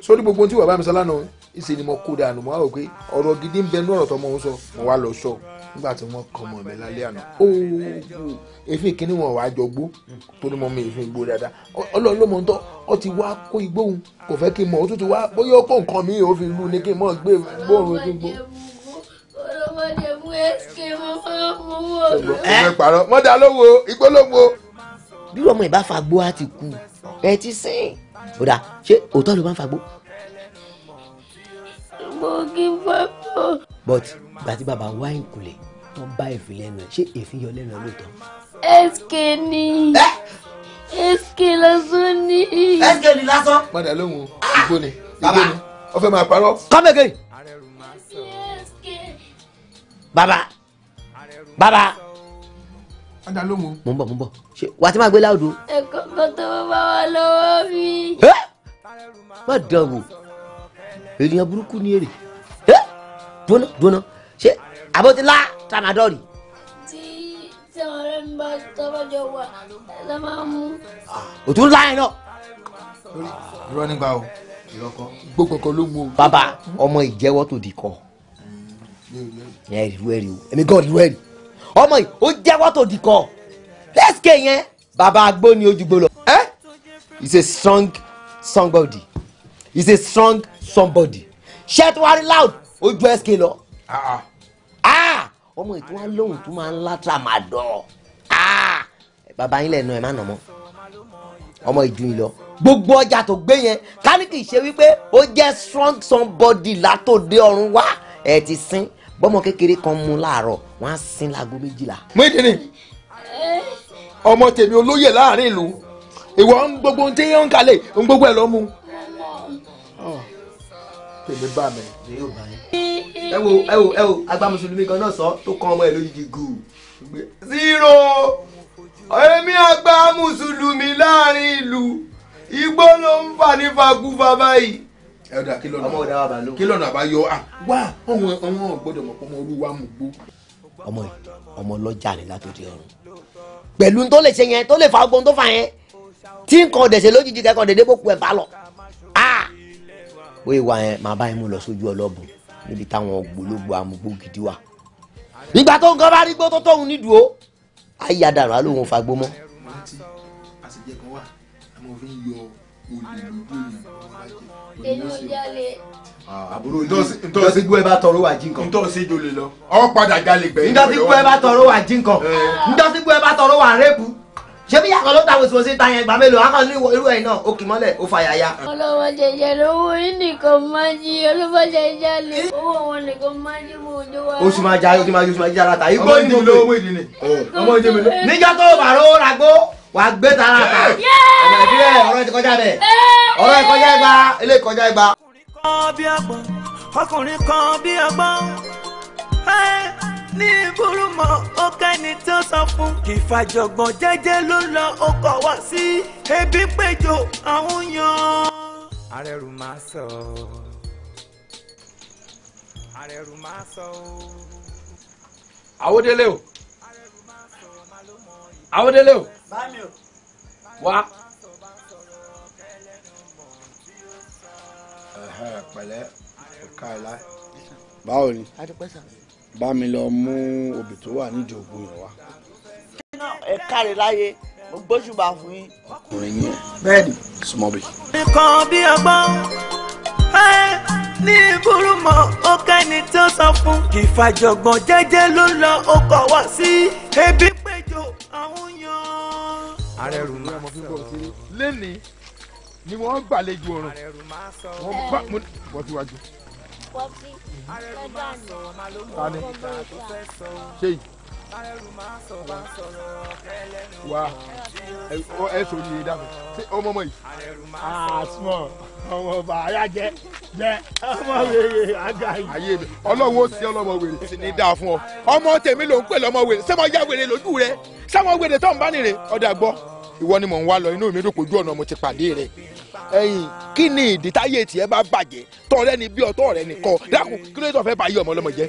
sórí gbogbo tí bàbá mi sọ lánàá ìṣe ni mo kó dànù mo wá rò pé ọ̀rọ̀ gidi ń bẹ ní ọ̀rọ̀ tọmọ ń sọ mo wá lọ sọ nígbà tí wọ́n kọ ọmọ mi lálẹ́ àná ooo èéfín kínní wọn wàá jọ gbó torí mo mi èéfín gbó dáadáa ọlọ́run ló mọ̀ ń tọ́ ọ ti wá kó igbó òun kò fẹ́ kí n mọ̀ ó tún ti wá bóyá ó kó nǹkan mi ò fi lù ní kí n mọ̀ gbé bóòrùn ojú gbó ọlọ́mọdé mú ẹ́sìkè mọ́ fún ọmọ owó rẹ̀. ẹ ẹ pàrọ̀ mọ́dà lówó igbó lówó bí ọmọ ẹ bá fagbó á ti kú ẹ ti sìn bùdà ṣé òótọ́ ló máa ń fagbó. mo kí n fagbó. but gbàtí bàbá wá ìkùlẹ̀ tó bá èéfín lẹ́nu ẹ̀ ṣé èéfín yọ lẹ́nu ẹ̀ lóòótọ́. sk ni sk lásán ni. sk ni lásán. padà lóhùn ah! igbó ni igbó ni wọ́n fẹ́ máa parọ́. come again. Baba. Baba ọ̀dà ló mú. mo ń bọ̀ mo ń bọ̀ ṣe wà á ti máa gbé láwùjọ. ẹ̀kọ́ kan tó bá wà lọ́wọ́ mi. má dán wò ènìyàn burúkú ni èrè dúnà dúnà ṣe àbótilá tramadọ́ọ̀lì. tí tí àwọn ọ̀rẹ́ mi bá tọ́wọ́ jọ wà ló máa mú. òtún ńlá yẹn náà. irọ́ nígbà o irọ́ kọ́ gbogbo kan ló mú o. bàbá ọmọ ìjẹ́wọ́ tòdì kọ. ẹ̀rí wẹ́rí o èmi gan-an ni wẹ́rí ọmọ yìí ó jẹ́wọ́ tó di kọ́ lẹ́sìkè yẹn bàbá agbó ni ojúgbó lọ. Eh? ẹ he's a strong somebody he's a strong somebody ṣẹ́tí wá loud ojú sk lọ. Ah! ọmọ ètò wa lóhùn tó máa ń látara máa ah! dọ̀ bàbá yín lẹ́nu ẹ̀ má nà mọ́ ọmọ ìdun yìí lọ gbogbo ọjà tó gbé yẹn ká ní kì í ṣe wípé ó jẹ́ strong somebody látòdé ọ̀run wá ẹ̀ ti sin bọ́mọ kékeré kan mu láàárọ̀ wọ́n á sin láago méjìlá. Muyideen ọmọ tèmi olóyè láàrin ìlú ìwọ ń gbogbo ohun tí yẹn ń kalẹ̀ ń gbogbo ẹ̀ lọ́ mu. Oh, tèmi bá mi. ẹ wo ẹ wo ẹ wo àgbà mùsùlùmí kan náà sọ tó kàn ọmọ ẹ lójijì gù. zero èmi àgbà mùsùlùmí láàrin ìlú igbó ló ń fà ní fagbúfa báyìí ẹ̀dà kí lọ́nà kí lọ́nà àbáyọ ah, wá ọmọ ọmọ gbọ́dọ̀ mọ̀ pé ọmọ olúwa mú gbó. ọmọ yìí ọmọ ọlọ́jà ni látòdì ọ̀run pẹ̀lú tó lè ṣe yẹn tó lè fa ọgbọ́n tó fa yẹn tí nǹkan ọ̀dẹ̀ṣẹ̀ lójijì kẹ́kọ̀ọ́ dédé bó ku ẹ̀ bá lọ. Ah! bóyá ìwà yẹn màá bá yẹn mú lọ sójú ọlọ́bùn níbi táwọn ògbólógbò amúgbó gidi wà. ìgbà tó ń gan bá rí gbó tó tóun nídùú ó ayé adarun alóhùn fagbó mọ́ àbúrò ntọ́sí gbọ́ ẹ bá tọrọ wà jí nǹkan. ntọ́sí jolè lọ. ọ padà jalè gbẹ̀yìn. ntọ́sí gbọ́ ẹ bá tọrọ wà jí nǹkan. ntọ́sí gbọ́ ẹ bá tọrọ wà rẹ́pù. ṣé bí yàtọ̀ ló ta wòsàn sí ta yẹn gbà mélòó akọ ní irú ẹ̀ náà ó kì mọ́lẹ̀ ó fà yàyà. ọlọ́wọ́ jẹjẹ lówó yín nìkan máa ń jí olówó jẹjẹ lè owó wọn nìkan máa ń jí mú ojú wa. oṣù máa jẹ oṣù máa jẹ oṣù máa jẹ ara ta. ọmọ ìdílé owó ìdílé. ọmọ ìdílé wàá gbé tara ta ọ̀nà ìbílẹ̀ ọ̀rọ̀ ti kọjá bẹ̀ ọ̀rọ̀ ìkọjá igba ilé ìkọjá igba. ọkùnrin kan bí ọgbọ́n ní burúmọ ó kẹ́ni tó sọ fún ìfàjọ̀gbọ̀n jẹ́jẹ́ ló lọ ó kọ̀ wá sí ebi péjọ àwọn yan. arẹrù máa sọ arẹrù máa sọ o. àwòdélé o àwòdélé o wá. pẹ̀lẹ́ ọ̀ka ẹ̀ láì. báwo ni bá mi lọ mú obì tó wà nídìí ògùn yẹn wá. ẹ káre láyé mo gbójúbà fún yín. ọkùnrin yẹn bẹ́ẹ̀ ni súnmọ́ bí. nǹkan bí ọgbọ́n ní ìbúrúmọ ó kẹ́ni tó sọ fún. ìfàjọ̀gbọ̀n jẹ́jẹ́ ló lọ ó kọ̀ wá sí ebi péjọ àwọn arẹrù máa sọ lẹ́ni ni wọ́n gbàlejò ọ̀run wọ́n bá mo wọ́n ti wájú. tani seyi wa ẹ sọ yìí dàbí ṣé ọmọ ọmọ yìí. àsùnwọ̀n ah, ọmọ ọba àyà jẹ jẹ ọmọ wèrè àga yìí. ayé mi ọlọ́wọ́ sí ọlọ́mọ wèrè sì ní dáa fún ọ ọmọ tèmi ló ń pè lọ́mọ wèrè sẹ́mọ̀ ya wèrè lójú rẹ sẹ́mọ̀ wèrè tó ń bá nìrè ọ̀dà gbọ́ ìwọ ni mò ń wá lọ inú mi dùn pé ojú ọ̀nà mo ti pàdé rẹ ẹ̀yin kí ni ìdí táyé tiẹ̀ bá bàjẹ́ tọrẹ ni bí ọtọ rẹ nìkọ dákun kí ló tó fẹ́ bá yí ọmọ ọlọ́mọ jẹ́.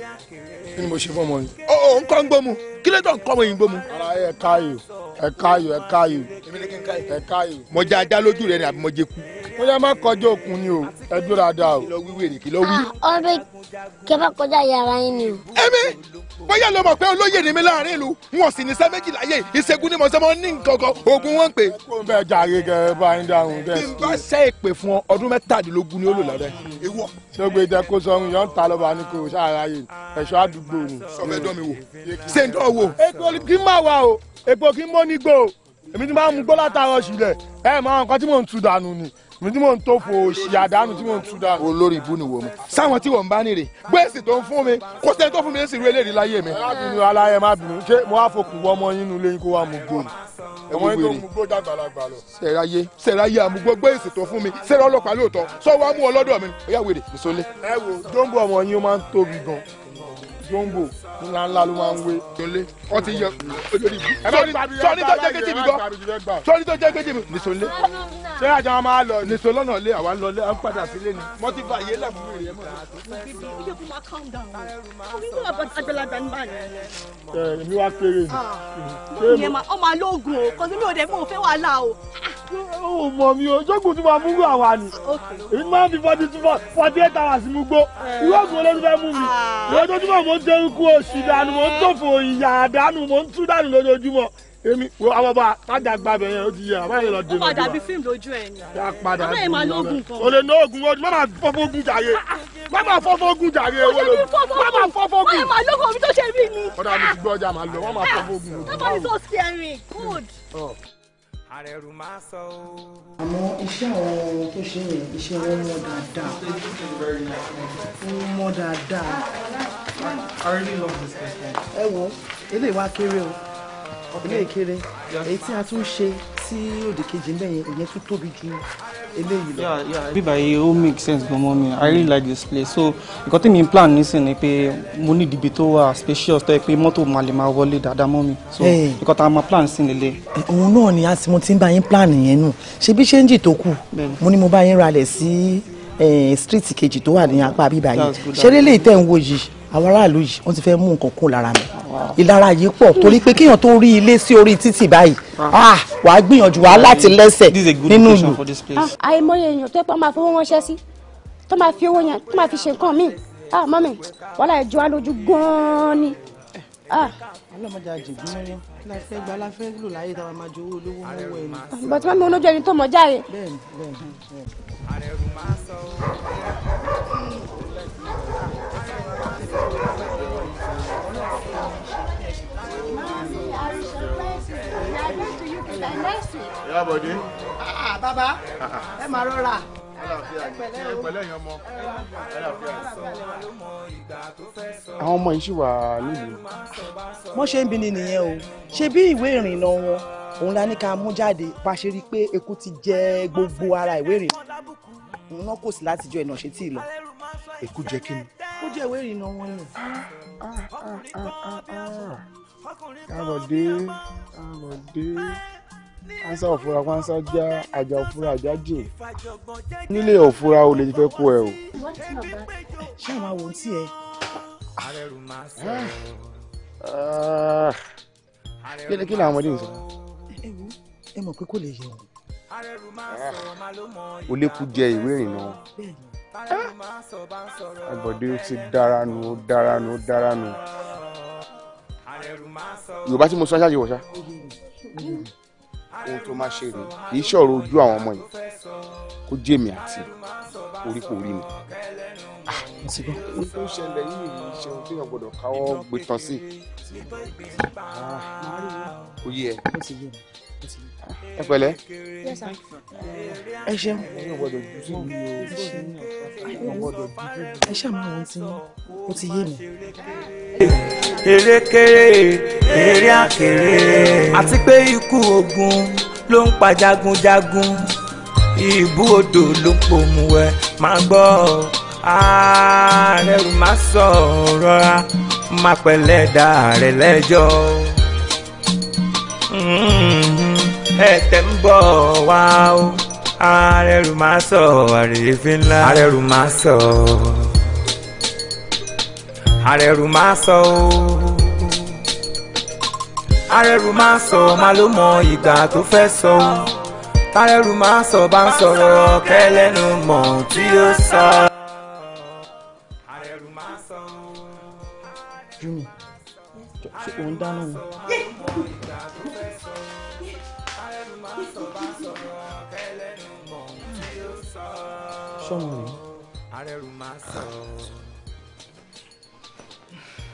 kí ni mo ṣe fọmọ yìí. ó ó nǹkan ń gbómu kí ló tó ń ọmọ yìí ń gbómu. ara ẹ káyò ẹ káyò ẹ káyò ẹ káyò. mo jẹ ajá lójú rẹ ni àbí mo jẹ kú. mo yẹ má kọjá òkun ni o ẹ dúró dáadáa o. kí ló wí wèrè kí ló wí. Ah, ọ̀rẹ́ kẹ kọjá yàrá yín ni ẹ iṣẹ́ èpè fún ọ ọdún mẹ́tàdínlógún ni ó lò lọ́rẹ́. ewọ. sọgbẹ ìdẹkùn sọrun yọ ń ta lọba ní kò sáàráyè ẹ̀ṣọ́ àdúgbò ni. sọfẹdọ mi wò ṣé ń dọ wò. epo kí n máa wà o epo kí n mọ́ nígbò èmi ti máa ń mú gbọ́ látara ọ̀ṣù ẹ̀ máa nǹkan tí mò ń tu dànù ni mi tí mò ń tó fò òsì àdánù tí mò ń tú dànù. olórí ibú ni wò mí. sáwọn tí wọ́n ń bá nìrè gbèsè tó ń fún mi kò sẹ́ni tó fún mi èsì ìrú eléyìí láyé mi. alábìnrin aláyẹ má bínú ṣé mo wá fokùn wọ ọmọ yín nu lẹ́yìn kó wá mu gbó ọmọ yín tó mu gbó dàgbàlagbà lọ. sẹ̀ráyé sẹ̀ráyé àmúgbó gbèsè tó fún mi sẹ̀rá ọlọ́pàá lóòótọ́ sọ wá mú ọlọ́dọ̀ mi ó yá wèrè ńlá ńlá ló máa ń wé tónlé wọ́n ti yọ ojúlé ibu. ẹ bá mi sọ́ni tó jẹ́ kejì mi gbọ́ sọ́ni tó jẹ́ kejì mi nìṣó ńlé. ṣé àjọ wọn máa lọ nìṣó lọ́nà lé àwa ń lọlé à ń padà sílé ni. mo ti bá lẹ́kùn rẹ̀ mọ́. ẹ mi wá péré ni. ọmọ alóògùn o kọ́sí mi ò dé mọ̀ fẹ́ wàhálà o o mọ mi o jogun tí wọn mú gbà wá ni èmi máa ń forty two forty eight hours mú gbó irú ọ̀sùn olórí fẹ́ mú mi lọ́jọ́ tí mo ń èsì dànù mò ń tòfò ìyá dànù mò ń tú dànù lójoojúmọ́ èmi wo àwọn ọba tájà gba abẹ yẹn ó ti yẹ àbá yẹn lọ dé lójú wa. ó padà bí fíìmù lójú ẹ ni. yà á padà bí fíìmù lójú ẹ. o lè ná oògùn o má máa fọ́fọ́ ogun jàre má máa fọ́fọ́ ogun jàre owó lò má máa fọ́fọ́ ogun. wọ́n máa lóko omi tó ṣe mí ni. ọ̀dà mi ti gbọ́ ọjà máa lọ wọ́n máa fọ́fọ́ ogun. tábà ní sọ́ọ̀sì ẹ̀rìn kóòdù àrẹ̀rù máa àwọn tó ṣe yẹn iṣẹ́ wọn mọ́ dáadáa wọ́n mọ́ dáadáa. I really love this person. ẹ wo eléyìí wá kéré o eléyìí kéré èyí tí a tún ṣe sí òdì kejì ń bẹ̀yẹn ìyẹn tún tóbi ju eléyìí lọ. bíbá yìí ó make sense gan mọ́ mi i really like this place so nǹkan tí mi ń plan nísìn ni pé mo ní ìdìbò tó wà spacious tó yẹ pé mọ́tò máa lè máa wọlé dáadáa mọ́ mi so nǹkan tá a máa plan sí nílé. Eh, òun náà ni a sì mo ti ń bá yín plan yẹn nù ṣe bí ṣéǹjì tó kù mo ní mo bá yín ralẹ̀ sí eh, street kejì tó wà ní apá bíbá yìí ṣeré lè tẹ̀ ń wo yìí àwọn aráàlú yìí wọ́n ti fẹ́ mú nǹkan kó lára mi ìlara yìí pọ̀ torí pé kéèyàn tó rí ilé sí orí títì báyìí ah, wà á gbìyànjú wà á láti lẹ́sẹ̀ nínú ìlú. Ah, àìmọye èèyàn tó pọ̀ máa fi owó ránṣẹ́ sí tó máa fi owó yẹn tó máa fi ṣe nǹkan míì ah, mọ́mì wàhálà ẹ̀jọ́ á lójú gan-an ni ọlọmọdé àjègún mẹ́rin la fẹ́ gba la fẹ́ lò láyé táwa máa jowó olówó owó ẹni. bọ̀dé mọ́mí olójú ẹni tó mọ̀ jáde. bẹ́ẹ̀ni bẹ́ẹ̀ni. káàbọ̀dé. Ah, bàbá <laughs> ẹ máa rọra àwọn ọmọ yìí ṣì wà nílùú. wọ́n ṣe ń bi ni nìyẹn o ṣe bí ìwé ìrìnnà wọn òun la ní ká mú jáde bá ṣe rí i pé eku ti jẹ gbogbo ara ìwé ìrìnnà òun náà kò sí látijọ́ ìnà ṣe tí ì lọ. eku jẹ kí ni. ó jẹ ìwé ìrìnnà wọn ni. Ah, ah, káàbọ̀ dé káàbọ̀ dé ansa òfura kó ansa já àjà òfura àjà jìn nílé òfura o lè fẹ́ kó ẹ o. ṣé àwọn àwọn tí ẹ. Ah, kí ni àwọn ọmọdé ń sọ. ẹ mọ̀ pé kò lè yẹ ah, o. o lè kú jẹ ìwé ìrìnnà. àgbọ̀dé ti dára nu dára nu dára nu. yorùbá tí mo sọ ṣáà wọ̀ ṣá ohun tó máa ṣe rèé kì í ṣọ̀rọ̀ ojú àwọn ọmọ yìí kó jẹ́ èmi àti orípo orí mi. Ah, ó ṣẹlẹ̀ yìí ní ìṣe tí èèyàn gbọ́dọ̀ káwọ́ gbé tán sí. Ah, ó yẹ. ó ẹ pẹ̀lẹ́. ẹ ṣeun. ẹ ṣáà máa wọ́n ti ó ti yé mi. erékeré eré àkèrè àti pé ikú ogun ló ń pa jagunjagun ìbú odò ló ń pòmùwẹ̀ máa gbọ́ ààrẹ má sọ̀rọ̀ ra má pẹ̀lẹ́ dá rẹ̀ lẹ́jọ́. Mm-hmm ẹ̀tẹ̀ ń bọ̀ wá o arẹrù máa sọ àrèéfé ńlá arẹrù máa sọ arẹrù máa sọ o arẹrù máa sọ má ló mọ ìgbà tó fẹ́ sọ o tárẹrù máa sọ bá ń sọ̀rọ̀ kẹlẹ́nu mọ̀ tí ó sọ. arẹrù máa jumi ṣé òun dáná ni. sọmọ ni. arẹrù máa sọ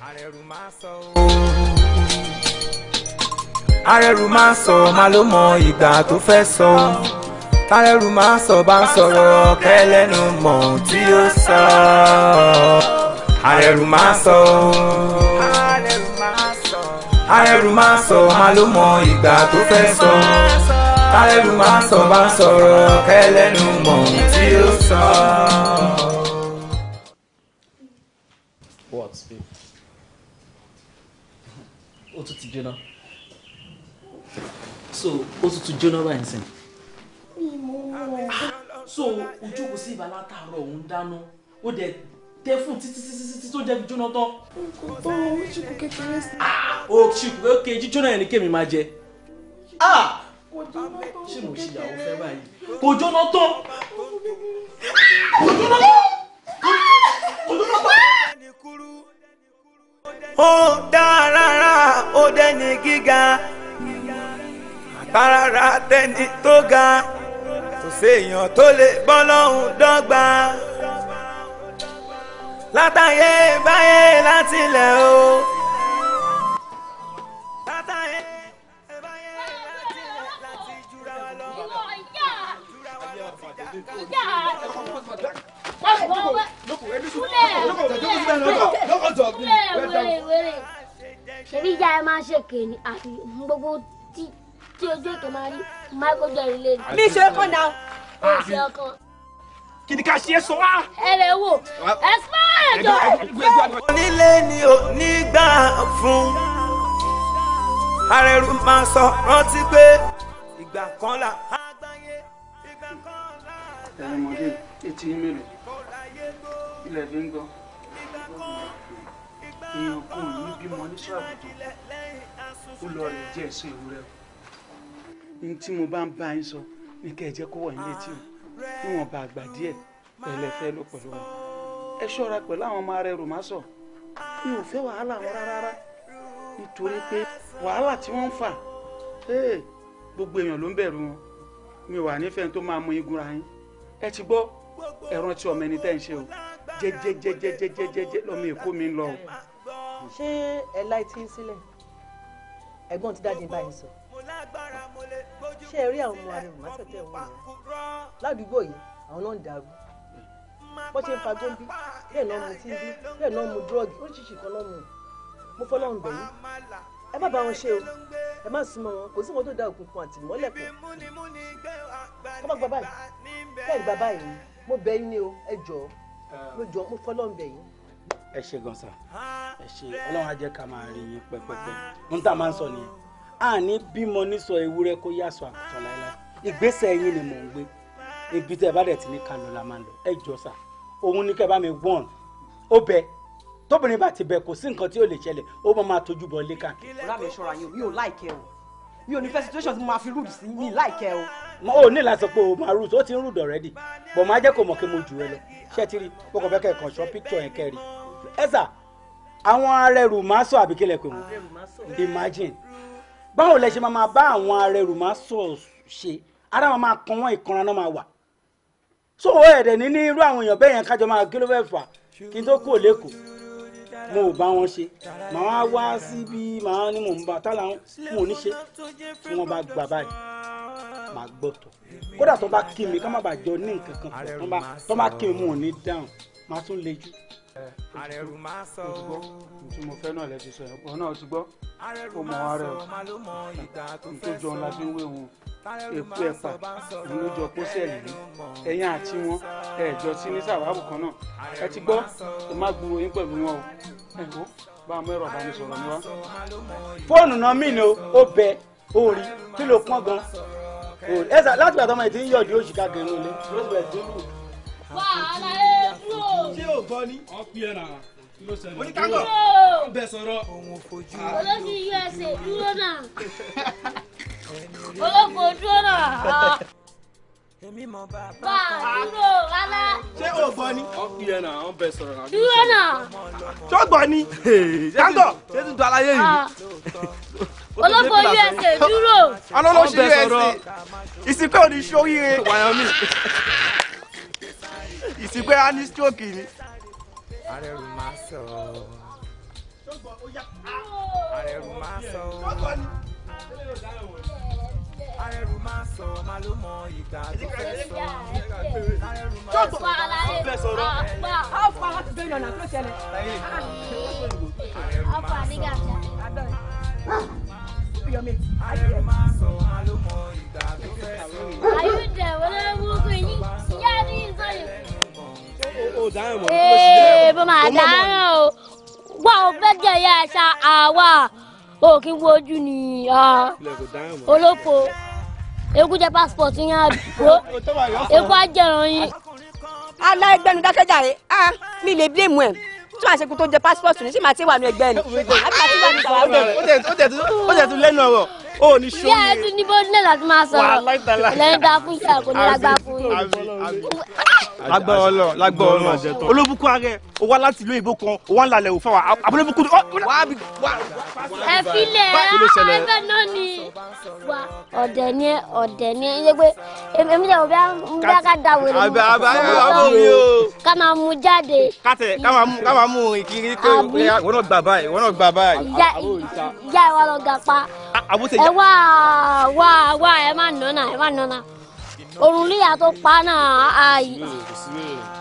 arẹrù máa sọ arẹrù máa sọ máa ló mọ ìgbà tó fẹ́ sọ tárẹrù máa sọ bá ń sọ̀rọ̀ kẹ́lẹ́nu mọ̀ tí ó sọ arẹrù máa sọ arẹrù máa sọ máa ló mọ ìgbà tó fẹ́ sọ kálẹ́nu máa ń sọ máa ń sọ̀rọ̀ kẹ́lẹ́nu mọ̀ tí ó sọ. what babe ó tún ti jóná so ó tún ti jóná báyìí sìn. so ojú kò sí ìbálá tààrọ̀ òun dáná ó dẹ̀ tẹ fún títí títí títí tó jẹ́ jóná tán. nǹkan tó ń ṣùkú kékeré sí. ó ṣùkú kékeré jíjóná yẹn ni kémi máa jẹ. ah ṣé mo ṣe ìyàwó fẹ́ báyìí kò jóná tán kò jóná tán kò jóná tán. ó dá ó dẹni gíga àtàràrà tẹni tó ga kò séèyàn tó lè bọ́ lọ́hùn dọ́gba látàyè báyé látilẹ̀ o. ṣèlú ìjà ẹ máa ń ṣèké ni àfi gbogbo tí tí ojú èké máa rí michael jerry lé ní. mi ṣe é kàn náà. ọ̀sẹ̀ ọkàn. kí ni ká sọ wá. ẹ lè wò ẹ ẹjọ. onílé ni ò ní gbà fún arẹrù máa sọ rántí pé ìgbà kan là á ẹ̀yin ọmọdé etí yín mélòó ilẹ̀ fi ń gbọ́ èèyàn kan ní bímọ ní tó ó lọ rẹ̀ díẹ̀ sí ìwúrẹ́ o ní tí mo bá ń bá yín sọ ní kẹ́ ẹ jẹ́ kó wọ̀ ní létí o níwọ̀n bá àgbà díẹ̀ pẹ̀lẹ́ fẹ́ ló pẹ̀lú wọn ẹ ṣọ́ra pẹ̀lú àwọn ọmọ rẹ̀ rọ̀másọ̀ mi ò fẹ́ wàhálà wọn rárá nítorí pé wàhálà tí wọ́n ń fà gbogbo èèyàn ló ń bẹ̀rù wọn mi ò wà nífẹ̀ẹ́ tó máa mú igun ra yín ẹ ti gbọ́ ẹ̀rọ tí ọmọ ẹni tẹ́ ń ṣe o jẹ́jẹ́jẹ́jẹ́jẹ́jẹ́ lọ́mọ èkó mi ń lọ o. ṣé ẹ láì tí ń sílẹ̀ ẹ̀gbọ́n ti dáadé báyìí sọ ṣé ẹ rí àwọn ọmọ àrùn mọ́tẹ́tẹ́ wọn yẹn ládùúgbò yìí àwọn náà ń dàrú wọ́n ṣe ń fa góńbí bẹ́ẹ̀ náà mu tíńbí bẹ́ẹ̀ náà mu dúrọ́ọ̀gì oríṣiríṣi kan náà mu mo fọ́ lọ́run bẹ̀yìn ẹ má bá wọn ṣe o ẹ má súnmọ́ wọn kò sí wọn tó da òkùnkùn àti ìmọ́lẹ̀ pọ̀ kọ́ bá gba báyìí kẹ́ gba báyìí mo bẹ̀ yín ni o ẹ jọ̀ọ́ mo jọ̀ọ́ mo fọlọ́run bẹ̀ yín. ẹ ṣe gan sa ẹ ṣe ọlọ́run á jẹ́ ká máa rí yín pẹ́pẹ́pẹ́ ń tà máa ń sọ nìyẹn a ní bímọ nísọ ewúrẹ́ kó yàsọ àkùtàn láéláé ìgbésẹ̀ yín ni mò ń gbé ibi tẹ́ ẹ bá dẹ̀ ti ní kánú la máa lọ ẹ jọ̀ọ́ sa òun ní kẹ́ bá mi wọ́n ó bẹ́ẹ̀ tóbìnrin bá ti bẹ kò sí nǹkan tí yóò lè ṣẹlẹ̀ ó máa máa tójú bọ ilé káàkiri. ọ̀rá mi ṣọ́ra yín mi ò láìkẹ́ o mi ò ní situation tí mo máa fi rude sí mi láìkẹ́ o. mo ò ní láti pé o máa rude ó ti ń rude already bọ̀ máa jẹ́ kó mọ̀ kí mo jù ẹ lọ ṣé ti rí mo kàn fẹ́ kẹ́ kàn ṣọ́ picture yẹn kẹ́rì. ẹ sà àwọn arẹrù máa sọ àbí kílẹ̀ pé wọ́n imagine báwo lẹ ṣe máa máa bá àwọn arẹrù máa sọ ṣe ara wọn máa kan wọn ìkanra náà máa wà so ẹ̀ẹ́dẹ̀ ní ní irú àwọn èèyàn bẹ́ẹ̀ yẹn kájọ máa kí fà kí n tó kú òlẹ́kùn mo ò bá wọn ṣe màá wá síbi màá ní mò ń bá tálà mò ní ṣe tí wọ́n bá gbà báyìí màá gbọ́tọ̀ kódà tó bá kí mi ká má bàa jọ ní nǹkan kan tó bá kí mi mò ní dáhùn màá tún le jù arẹrù máa sọ ooo. tí mo fẹ́ náà ti sọ ọ̀pọ̀ náà ti gbọ́ ó mọ ara ẹ̀ tó jọ ńlá sí wéwu èkó ẹ̀pà ló pósẹ̀lì yìí ẹ̀yìn àti wọn ẹ̀jọ sí ní sàwábù kan náà ẹ ti gbọ́ ẹ má gbúrò yín pẹ̀lú wọn o bá a mọ ẹ̀rọ ìbánisọ̀rọ̀ ni wá. fóònù náà mí ni ó bẹ orí kí ló pọ́n gan láti gbàtọ́ ọmọ ẹ̀ ti ń yọ̀dí ṣé o gbọ́ ni. ọ pí ẹ nà oníkàkọ bẹ sọ̀rọ̀. òun fojú rẹ olóṣù usa dúró náà <laughs> olóko dúró náà. èmi mọ bàbá kan. bá a dúró rárá. ṣé o gbọ́ ni. ọ pí ẹ nà ọ bẹ sọ̀rọ̀ náà. dúró náà. sọgbọ ni kánkọ ṣé tuntun aláyé yìí olóko usa dúró. ọlọ́lọ́sí usa ìsìnkú ò ní sóríire. wàyọ̀mí ìsìnkú ẹ̀rá ní stroke ni. arẹrù máa sọ arẹrù máa sọ arẹrù máa sọ máa ló mọ ìgbà tó fẹ́ sọ arẹrù máa sọ fẹ́ sọ̀rọ̀. a ó fa láti bẹ́ẹ̀ lọ́nà tó ṣẹlẹ̀. a ó fa nígbà tí a bẹ̀rẹ̀. arẹrù sọ máa ló mọ ìgbà tó fẹ́ sọ. àyùdẹ̀ wọlé wúkú yín yá ní ìsọyìn ee bó máa dáràn o wà ó fẹ́ jẹ ìyá ẹ̀ṣá àwa o kì í wojú ni olóko eku jẹ passport yẹn àdúgbò eku ajẹran yín. aláìgbẹ́nu dákẹ́jà rẹ̀ á mi lè blame ẹ̀ tí màá ṣe kó tó jẹ passport ní sí màá ti wà ní ẹgbẹ́ ni. ó tẹ̀ tún lẹ́nu ọ̀rọ̀ ó ní sóyè. ìyá ẹtú ní bọ́dún náà láti máa sọ̀rọ̀ lẹ́yìn tá a fún ìṣàkóso lágbá fún yìí. lágbá ọlọ lágbá ọlọ olóbùkún ààrẹ o wá láti ìlú ìbò kan o wá ń lalẹ̀ òfin wa abúlé bukú. Oh, ẹ filẹ̀ ẹ̀fẹ̀ náà ni wa ọ̀dẹ̀ ni ẹ ọ̀dẹ̀ ni ẹ ṣe pé èmi dẹ̀ òbí àbí ká da wèrè mu ká máa mu jáde. kátẹ ká máa mú ìkiri pé wọn náà gbà báyìí wọn náà gbà báyìí. ìyá ẹ wá lọ gà pa ẹ wá wá wá ẹ má nọ náà ẹ má nọ náà òrùlé yàtọ̀ pa náà àyè.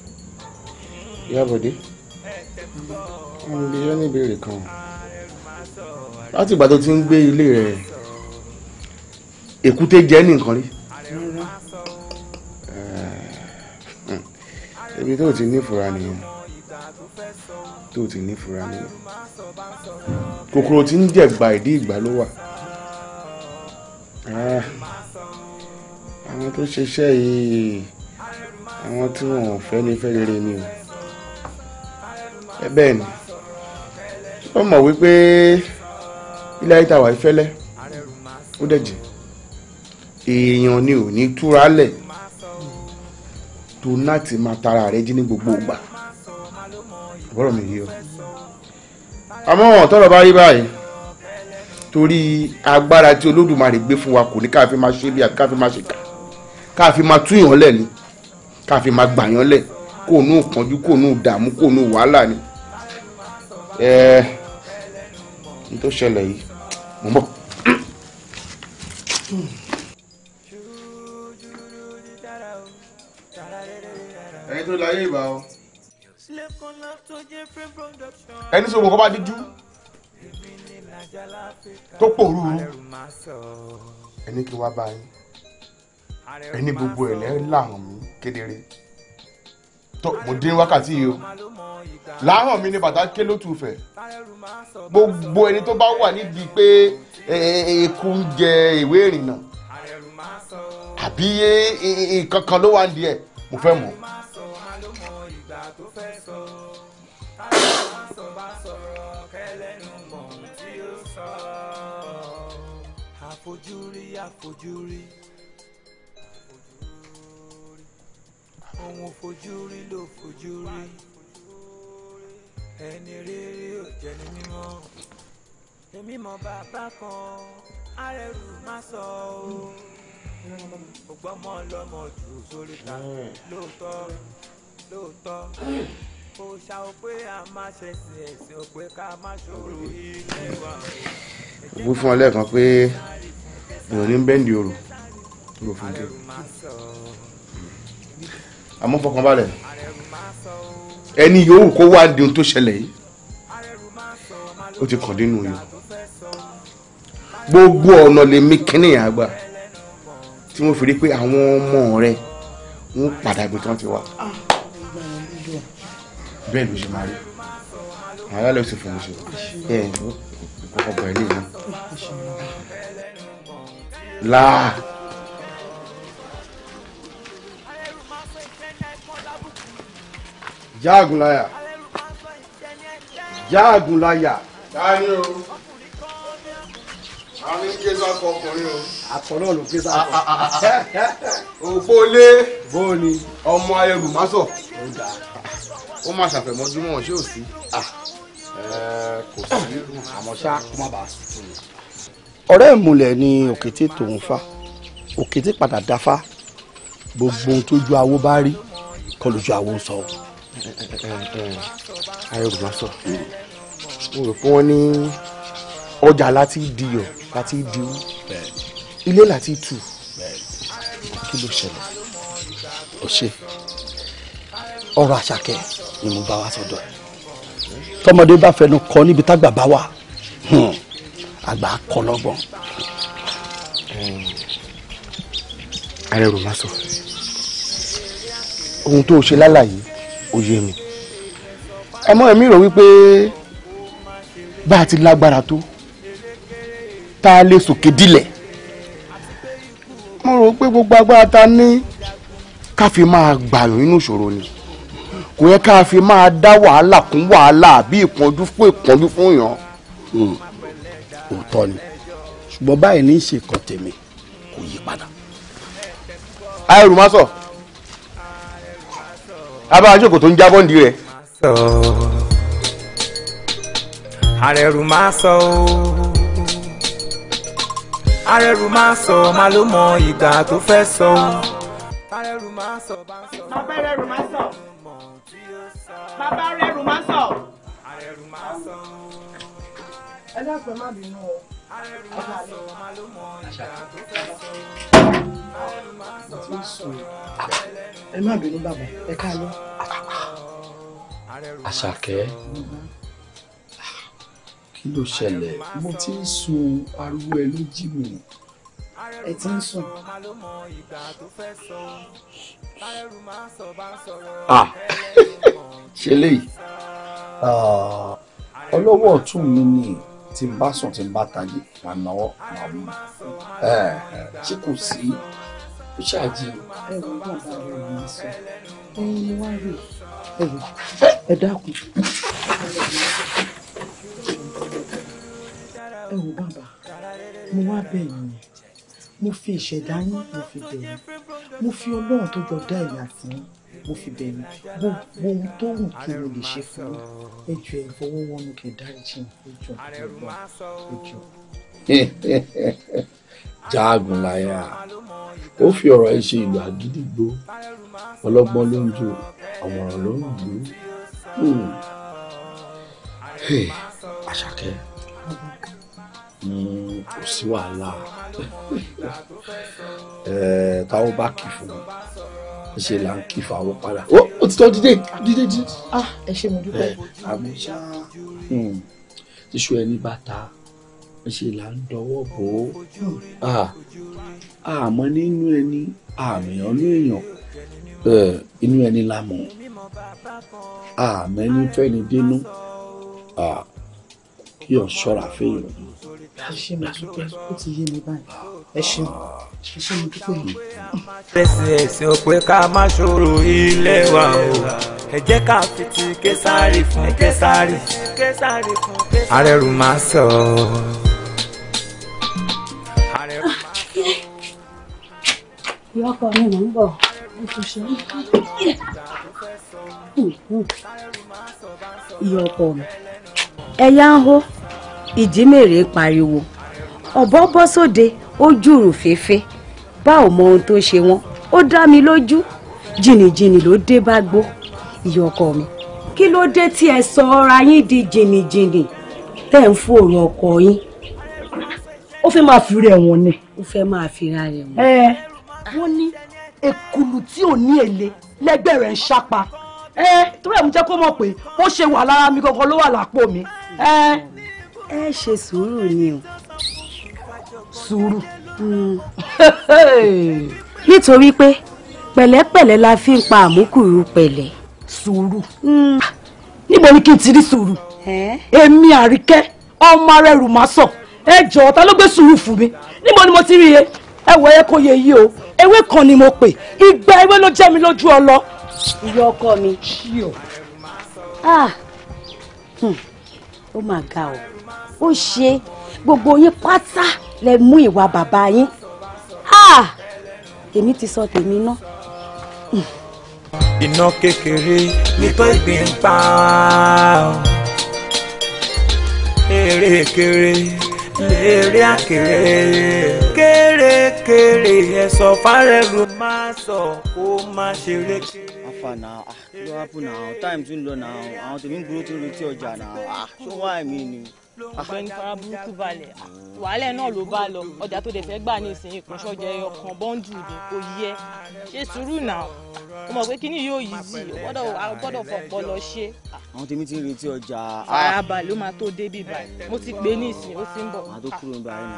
Ìyábọ̀dé mo lè yọ ní ìbéèrè kan láti ìgbà tó ti ń gbé ilé rẹ èkúté jẹ nìkan rí hmm, ibi tó ti nífura nìyẹn tó ti nífura nìyẹn kòkòrò tí ń jẹ̀gbà ìdí ìgbà ló wà àwọn tó ṣiṣẹ́ yìí àwọn tí wọn ò fẹ́ ní fẹ́ rere ni o ẹ bẹ́ẹ̀ ni ó mọ̀ wípé ilé ayé tàwa ìfẹ́lẹ́ ó dẹ̀jẹ̀ èèyàn ni ò ní túra lẹ̀ tó láti máa tara rẹ jí ní gbogbo ìgbà bọ́rọ̀ mi yí o àmọ́ tọ́rọ̀ bá rí báyìí torí agbára tí olódùmarè gbé fún wa kò ní káàfin máa ṣe bí àti káàfin máa ṣe kà káàfin máa túyàn lẹ̀ ni káàfin máá gbàyàn lẹ̀ kò nù kánjú kò nù dààmú kò nù wàhálà ni ẹ n tó ṣẹlẹ̀ yìí mo mọ̀. ẹni tó láyé ìbá o. ẹni sọ wọn kọ́ bá díjú tó pòrúurú ẹni kí wá bá yín ẹni gbogbo ẹ̀ lẹ́ ń là kedere tó mo dín wákàtí yìí o láhàn mi ni bàtà ké lótú fẹ gbogbo ẹni tó bá wà nídìí pé eku ń jẹ ìwé ìrìnnà àbí kankan ló wà ń di ẹ mo fẹ́ mọ̀. àfojúrí ohun fojú rí ló fojú rí ẹni rere ò jẹ́ ní mímọ́ èmi mọ bàbá kan arẹrù má sọ o ògbọ́mọ lọ́mọ jù sórí ta lóòótọ́ lóòótọ́ kò ṣá o pé a má ṣe ẹ̀sìn o pé ká má ṣòro ilé wa. wí fún ọ lẹ́ẹ̀kan pé èèyàn ní bẹ́ǹdì òrò ló fi dé àmọ́ fọkànbalẹ̀ ẹni yòówù kó wá di ohun tó ṣẹlẹ̀ yìí ó ti kàn nínú yìí gbogbo ọ̀nà lèmi kínní àgbà tí mo fi rí pé àwọn ọmọ rẹ ń padà ibi tán ti wá bẹ́ẹ̀ ló ṣe máa rí àwọn alálẹ̀ òsì fún mi ṣe ẹ̀ ẹ̀ kọ́kọ́ bọ̀ ẹ́ lé mi láà. jáàgùnláyà jáàgùnláyà. dání o a ní kéésà kọ ọkùnrin o. àkọ́nà ló kéésà kọ. <laughs> òpólé. bóòni. ọmọ ayẹlù másọ. ó dà. ó máa ṣàfẹ̀mọ́júmọ́ ṣé ò sí. kò sí àmọ́ ṣá kó má bàa sùn. ọ̀rẹ́ ìmùlẹ̀ ni òkété tòun fa òkété padà dáfá gbogbo ohun tó ju awo bá rí kọ́ ló ju awo sọ. So ayọ̀rùmásọ mo rò pé wọ́n ní ọjà láti diyọ̀ láti diwú ilé láti tù kí ló ṣẹlẹ̀ ó ṣe ọ̀rọ̀ àṣàkẹ́ ni mo bá wa sọ́dọ̀ ẹ̀ tọmọdé bá fẹnu kọ níbi tágbà bá wà hmm. àgbà kọ lọ́gbọ̀n. ayọ̀rùmásọ ohun tó o ṣe lálàyé ó yé mi àmọ́ èmi rò wípé bá a ti lágbára tó tá a lè sòkè dilẹ̀ mo rò pé gbogbo agbára ta ní ká fi máa gbàyàn nínú ìṣòro ni kò yẹ ká fi máa dá wàhálà kún wàhálà àbí ìpọ́njú fún ìpọ́njú fún yàn. Hmm. òótọ́ ni ṣùgbọ́n báyìí ní í ṣe kàn tèmi kò yí padà. ayọ̀rùmásọ̀ abájòkò tó ń jábọ́ ǹdí rẹ̀. àrẹ̀rù máa sọ ọ́ àrẹ̀rù máa sọ máa ló mọ ìgbà tó fẹ́ sọ ọ́. àrẹ̀rù máa sọ bá ń sọ. bàbá rẹ̀rù máa sọ. bàbá rẹ̀rù máa sọ. àrẹ̀rù máa sọ. ẹ dákun má bínú o arẹrù máa sọ ọmọ ló mọ ìjà tó fẹ́ sọ ẹ má bínú bàbá ẹ ká lọ. àṣàkẹ́ kí ló ṣẹlẹ̀ mo ti ń sun ariwo ẹ ló mi ẹ ti ń sùn. ah ṣe léyìí ọlọ́wọ́ ọ̀tún mi ni tí n bá sùn tí n bá tají màá náwó màá mú ẹ ẹ tí kò sí ó ṣáàjì. ẹ wò ó bàbá rẹ ò ní sọ ẹyin wá rè ẹ wò ẹ dákun. ẹ wò bàbá mo wá bẹ̀ yín mo fi ìṣẹ̀dá yín mo fi bẹ̀ yín mo fi ọlọ́run tó jọ dá ẹ̀yà sí yín mo fi bẹ̀ mí tó wù kí mo lè ṣe fún mi ẹjọ́ ẹ fọwọ́ wọn nù kẹ dáríjì ẹjọ́ ẹjọ́. jáàgùn láyà ó fi ọ̀rọ̀ ẹ ṣe ìlú àgídìgbò ọlọ́gbọ́n ló ń jò ọ̀mọ̀ràn ló ń jò hmm. àṣàkẹ́ hmm, kò sí wàhálà <laughs> eh, táwọn bá kì fún mi ṣe là ń kí fàwọ́ padà ó ó ti tọ́ dídé dídé dídé. ah ẹ ṣe mo dúpẹ́. àmì ṣá hmm. tíṣu ẹni bá ta ṣe là ń dọwọ́ bò ó àmọ́ ah, nínú ẹni àmì ọ̀nà èèyàn inú ẹni la mọ̀ àmọ́ ẹni fẹ́ni dénú ah, kí ọ̀ ṣọ́ra fẹ́yìn. ẹ ṣe mo dúpẹ́ ó ti yé mi báyìí ẹ ṣeun ẹ ṣe mo dúpẹ́ yìí. ẹsẹ̀ ẹsẹ̀ ọ̀pẹ ká má ṣòro ilé wa o ẹ jẹ́ ká fi ti késàrì fún késàrì arẹ́rù máa sọ. ìyá ọkọ mi mò ń bọ̀ mo kò ṣe é. ìyá ọkọ mi ẹ̀yà ń hó ìjímèrè pariwo ọ̀bọ bọ́ sóde ó jùrù féfé bá ò mọ ohun tó ṣe wọn ó dá mi lójú jìnnìjìnnì ló dé bá gbó ìyọkọ mi kí ló dé tí ẹ sọ ọra yín di jìnnìjìnnì tẹ́ ń fòrò ọkọ yín. ó fẹ́ máa fi rẹ̀ wọ̀n ni. ó fẹ́ máa fi ra rẹ̀ wọ̀n. ẹ wọ́n ní èkùlù tí ò ní èlé lẹ́gbẹ́ rẹ̀ ń ṣapa ẹ torí ẹ̀ mú jẹ́ kó mọ̀ pé ó ṣe wà lára mi gangan ló wà lápò mi. ẹ ṣe sùúrù ni o sùúrù. Hmm. <laughs> nítorí pé pẹ̀lẹ́pẹ̀lẹ́ la fi ń pa àmúkùrú pẹ̀lẹ́. sùúrù hmm. níbo ni kí n ti rí sùúrù èmi àríkẹ́ ọmọ rẹ̀ rùmásọ̀ ẹ jọ̀ọ́ ta ló gbé sùúrù fún mi níbo ni mo ti rí e ẹ wọ ẹ kó yẹ yí o ewé kan ni mo pè igba ewé ló jẹ́ mi lójú ọlọ. ìyá ọkọ mi ah. hmm. ó mà ga o ó ṣe gbogbo yín pátá lẹ mú ìwà bàbá yín èmi ti sọ tèmi ná. iná kékeré nítọ́ ìgbín ń pa eré kéré léré àkèré kéré ẹ sọ fárẹ́rù má sọ kó má ṣeré kéré. afa na ah ló happen na time tún lọ na àwọn tèmi ń gbúrò tó retí ọjà na ah ṣó why me. ni àfẹ ní burúkú balẹ̀ wàhálẹ̀ náà ló bá lọ ọjà tó dẹ̀ fẹ́ gbà ní ìsìn ìpínṣọ́ ọkàn bọ́ńdù ni kò yẹ ṣé sùúrù náà o mọ̀ pé kíní yóò yí sí i gbọ́dọ̀ fọ̀pọ̀ lọ ṣe. àwọn tèmi ti ń retí ọjà. àràbà ló máa tó dé bíbá mo ti pè ní ìsìn ó ti ń bọ̀. màá tó kúrò ń bá yín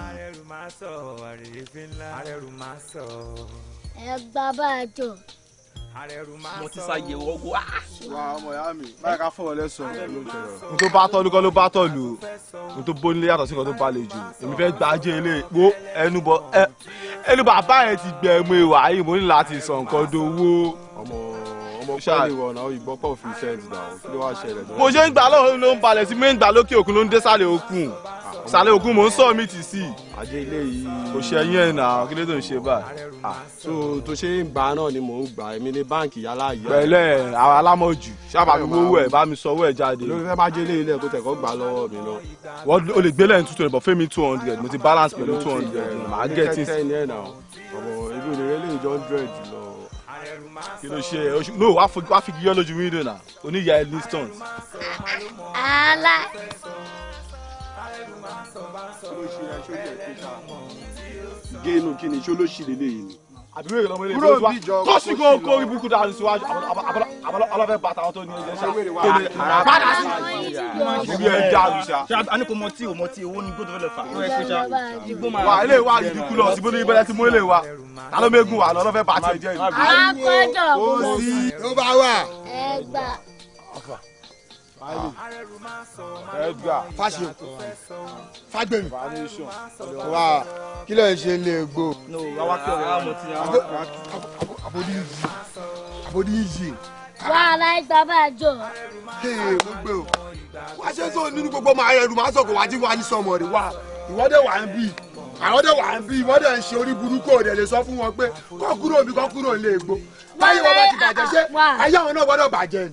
náà. ẹ gbá bá a jọ mo ti sáyé ọgọ. Ah! wà á mọ̀ mi báyìí ká fọwọ́ lẹ́sọ̀ ló n tó bá tọ́ kọ́ ló bá tọ̀ n tó bó nílé yàtọ̀ sí nǹkan tó bá lè jù èmi fẹ́ gba ilé ìpó ẹnu bọ ẹnu bàbá yẹn ti gbẹ ẹmu ìwà yìí mo ní láti sàn nǹkan dowó. ọmọ ọmọ pẹ́ẹ́lí wọ̀ náà ìgbọ́ pọ̀ fi iṣẹ́ dà kí ló wá ṣẹlẹ̀. mo ṣe ń gbà lọ́wọ́ ló ń balẹ̀ sí mi ń gbà lókè òkun ló ń dé sálẹ̀ òkun sàlẹ̀ ògùn mò ń sọ mi ti sí i. àdé ilé yìí. kò ṣe ẹyin ẹ̀ nà kí tó ń ṣe báyìí. tó tó ṣe ń gbà náà ni mò ń gbà èmi ní báǹkì yálà yìí. pẹ̀lẹ́ àwọn alámọ̀jù sábà mi wówó bá mi sanwó ẹ̀ jáde. lórí fẹ́ bá jẹ́ ilé ilé kó tẹ̀ gbà lọ́wọ́ mi lọ. wọ́n o lè gbé lẹ́yìn two twenty but fẹ́mi two hundred mo ti balance pẹ̀lú two hundred màá get it. kí ló ṣe no wàá fi yọ lójú wíńdò náà oníyà ẹ̀ ní stones gé inú kí ni ṣó ló ṣì lélẹ̀ yìí ni. àbúrò ìlú ọmọ ilé ìlú wa tọ́sí kó kó ibùkún dáa ní síwájú ọlọ́fẹ́ bàtà àwọn tó ní ilé ṣá tó lè padà sí ibi ẹ̀ dá lu ṣá. mọ tí o mọ tí owó ní gbọdọ̀ lè fà. wà ilé wa yìí dúkú lọ síbó ní ibẹ̀rẹ̀ tí mo lè wa ta wà lọ́lọ́fẹ́ bàtà ìjẹ́ yìí. akọ́jọ̀ kò sí. ló edgar fashion fagbemi wa kí ló ṣe lè gbó. àbòdì yìí àbòdì yìí. wà á láì gbà bá jọ. ee mo gbé o wá ṣe sọ nínú gbogbo máa rẹ ẹrù máa sọ kò wá jí wá ní sọmọ rẹ wá ìwọ́dẹ̀ wà ń bì àwọn dẹ̀ wà ń bí wọ́n ń ṣe orí burúkú òde lè sọ fún wọn pé kọ́ kúrò mi kọ́ kúrò lè gbó. láyé wọn bá ti bàjẹ́ ayé àwọn náà gbọ́dọ̀ bàjẹ́ ni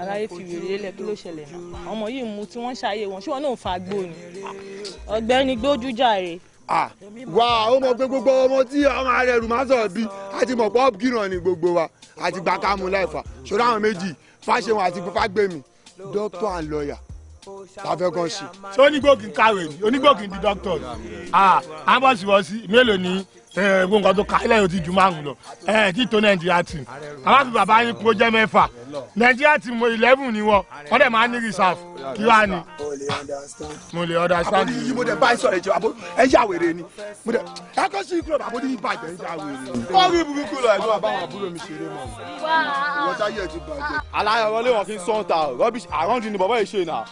aráyé fi wèrè lélẹ̀ kí ló ṣẹlẹ̀ náà ọmọ yìí mu tí wọ́n ṣàyè wọn ṣé wọn náà fa gbó ni ọ̀gbẹ́ni gbójú jàre. wà á ó mọ pé gbogbo ọmọ tí ọmọ rẹ rù má sọ̀rọ̀ bí a ti mọ̀ pọ́ọ̀bù kìnnà ni gbogbo wa a ti gba kámú láìfà ṣòro àwọn méjì fáṣẹ̀wọ̀n àti fágbèmí dókítà and lọ́ọ̀yà tàfẹ́ kan sí. ṣé onígbòkì ń kàwé ni onígbòkì ń di doctor ni àbọ̀sibọ̀sí mélòó ni gbogbo nǹkan tó ka ilé yóò ti ju márùn lọ ẹ ti tó nàìjíríà tì àwọn àti bàbá yín kó jẹ́ mẹ́fà nàìjíríà ti mọ eleven ni wọ wọn dẹ máa ní reserve kí wàá ní. mo lè understand. àbórí mo dẹ bá sọ̀rọ̀ ìjọba ẹ yà wèrè ni mo dẹ ẹ sí ikúrò àbórí yìí bàjẹ́ ẹ yà wèrè ni. wọ́n rí burúkú lọ ẹ̀dùn àbáwọn àbúrò mi ṣeré mọ́ wọ́n táyé ẹ̀ ti bàjẹ́. aláyọ̀ wọlé wọn fi ń sọ́n ta rubbish àrọ́ǹdì ni bàbá yìí ṣe náà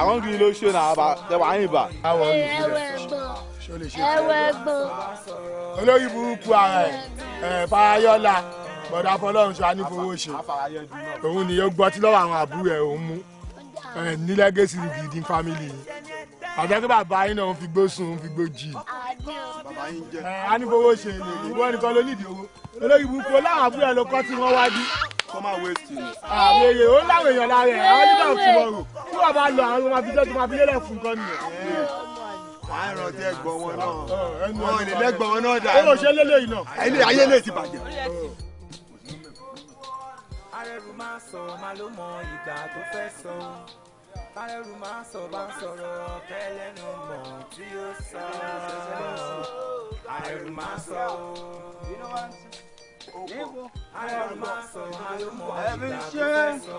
àrọ́ǹdì ni ló ṣe náà àbá àyìnbá. ẹwẹ́ gbọ́n. olórí burúkú ara ẹ̀ ẹ̀ fàáyọ́lá bọ̀dà afọlọ́run ṣe anífowó ṣe òun nìyẹn gbọ́ tí lọ́wọ́ àwọn àbúrò ẹ̀ òun mú ní lẹ́gẹ̀sì gidi fámìlì yìí àtẹ́kẹ́ bàbá yín náà ń fi gbó sùn ń fi gbó jì anífowó ṣe ìwọ nìkan ló nídìí owó olóyìn burúkú láwọn àbúrò ẹ̀ ló kọ́ tí wọ́n wá dí. àwọn èèyàn ó láwọn èèyàn lára ẹ̀ àwọn nígbà òkú wọn rò kí wọ́n bá lọ àwọn ọmọ abijọ́ tó máa fi lélẹ̀ fún kan nìyẹn àárọ̀ tẹ gbọ́ wọn náà wọn ò lè lẹ́gbọ̀n wọn náà dà. ó lọ ṣe lélẹ́yìn náà. ayé lè ti bàjẹ́ arẹrù máa sọ máa ló mọ ìgbà tó fẹ́ sọ arẹrù máa sọ bá ń sọ̀rọ̀ kẹlẹ́nu mọ̀ tí ó sọ arẹrù máa sọ arẹrù máa sọ máa ló mọ ìgbà tó fẹ́ sọ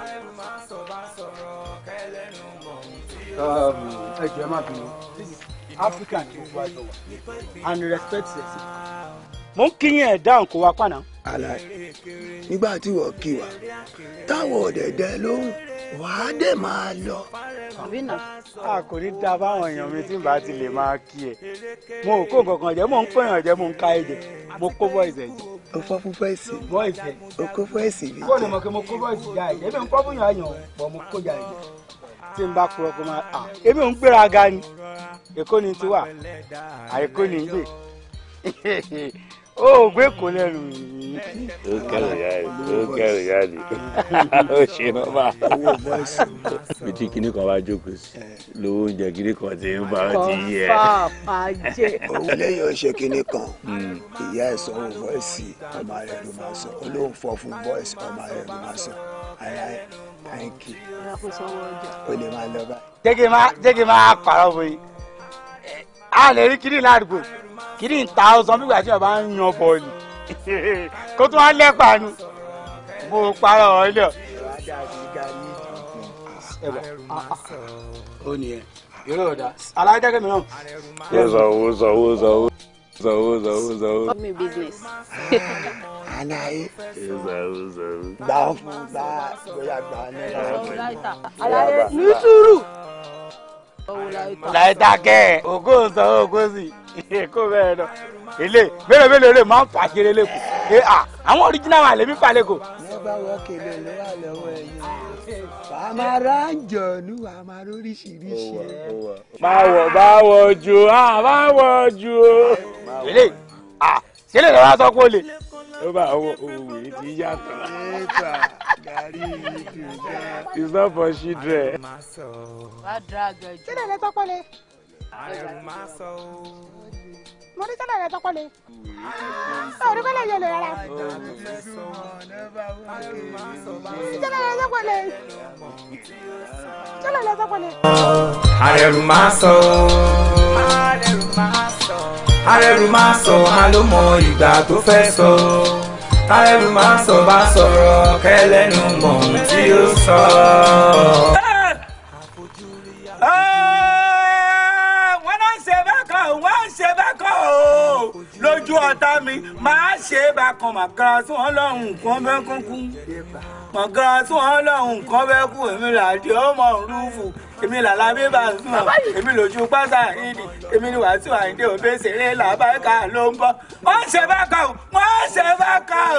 arẹrù máa sọ bá ń sọ̀rọ̀ kẹlẹ́nu mọ̀ tí ó sọ. Um, ẹ jẹ́ má bínú African ni gbogbo àjọ and respect yourself mò ń kí yẹn dáhùn kó wa pàná. àlàyé nígbà tí wọ́n kí wa táwọn ọ̀dẹ̀dẹ̀ lóhùn wàá dẹ̀ máa lọ. a kò ní da báwọn èèyàn mi tí n bá ti lè máa kí ẹ mo ò kó nǹkan jẹ mo ń kó èèyàn jẹ mo ń ka ẹ̀jẹ̀ mo kó bọ́ìsì ẹ̀jẹ̀ o fọ fún fẹsì. bọ́ìsì. o kó fẹsì bi. kó o ní mo kí mo kó bọ́ìsì já ẹ̀jẹ̀ èmi ń kọ́ fún yàn yàn bọ̀ mo kó já ẹ̀jẹ̀ tí n bá kúrò kó máa à èmi ń gbéra ga ni èkó ni tiwa àìkó ni yé <laughs> ó gbé kò lẹ́rù yìí. ó kẹrù yáàlì ó kẹrù yáàlì <laughs> ó ṣe nọ́mbà. bìtí kinní kan wá jókòó sí eh. lówó oúnjẹ kinní kan ti ń bá ọ ti yẹ. òun lẹ́yìn ọ̀sẹ̀ kinní kan hmm. ìyá ẹ̀ sọ ohun voice ọmọ rẹ̀ ló máa sọ olóhùn fọ fún voice ọmọ rẹ̀ ló máa sọ thank you. o lè máa lọ bá. jẹ́gi máa pàrọ̀ bòye a lè rí kinní ládùúgbò kiri ń ta ọsàn nígbà tí ọba ń yan bọ́ọ̀lù kó tún wá lẹ́pàá nu mo parọ́ ọ lẹ̀. ó ní ẹ yọrọ ọ̀dà alájẹ́kẹ́ mi náà. wúzọ wúzọ wúzọ wúzọ wúzọ wúzọ. mi business. anaye. wúzọ wúzọ wúzọ. gbà fún gbà bóyá gbà náírà. alaye ní sùúrù. láìta kẹ́ ẹ̀ ògo sọ ògo sí èkó <laughs> bẹ́ẹ̀ lọ èlé bẹ́ẹ̀ bẹ́ẹ̀ lè máa ń fà kiri lẹ́kọ̀ọ́ ẹ à àwọn original wa lèmi fà lẹ́kọ̀ọ́. nígbà wọ kele ló wà lọ́wọ́ ẹ̀yìn fàmàràǹjọ̀nù àmàrà oríṣiríṣi. báwo báwo ju ah báwo ju o. èlé à sílẹ̀ lọ́wọ́ sọ pé o lè. ó bá owó òwe ti yàtọ̀. ẹ̀ẹ́dà gàrí ìdùnnà. it's not for children. wàá dra àgbẹ̀jọ. sílẹ̀ lẹ́tọ́ pọ́lẹ̀ àrẹ̀rùn máa sọ o. mo ní sẹ́lẹ̀ rẹ tọkọ le. ọ̀rẹ́ kọ́lẹ̀ yẹn lè rárá. sẹ́lẹ̀ rẹ tọkọ le. sẹ́lẹ̀ rẹ tọkọ le. àrẹ̀rùn máa sọ o. àrẹ̀rùn máa sọ a ló mọ ìgbà tó fẹ́ sọ àrẹ̀rùn máa sọ bá sọ̀rọ̀ kẹ́lẹ́nu mọ̀ ohun tí ó sọ. lójú ọ̀tá mi máa ṣe é bákan màkàrà sún ọlọ́run nǹkan bẹ́ẹ̀ kúnkún màkàrà sún ọlọ́run nǹkan bẹ́ẹ̀ kú èmi làdí ọmọ òrùfù èmi làlá bí bá ń sùn èmi lójú pásá ìdì èmi ni wàásù àyíndé òbí ṣeré làbákà ló ń bọ̀ wọ́n ṣe bákan o wọ́n ṣe bákan o.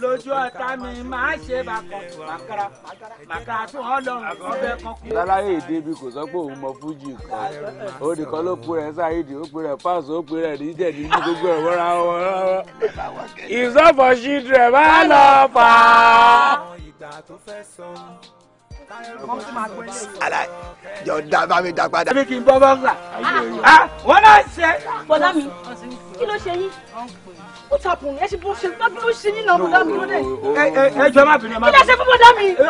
lójú ọ̀tá mi máa ṣe bákan màkàrà màkàrà ọlọ́run ọbẹ̀ kan kú. lálàyé ìdíbi kò sọ pé òun mọ fújì kan ó nìkan ló pe rẹ sáyidi ó pe rẹ ó pe níjẹ ní gbogbo ẹ wọra wọn. ìsọfọ̀ṣì dìrẹ̀ bá lọ fà á ala jọ da bá mi da padà. ẹbí kì í bọ́ bọ́ngà. Ah. Ah, wọ́n náà ṣe. bọ̀dá mi kí ló ṣe yín ó tapùn ẹ ṣe bó ṣe bá bí ṣe yín náà bọ̀dá mi lóde. ẹ jọ má bìnrin má kí lẹ ṣe fún bọ̀dá mi. kí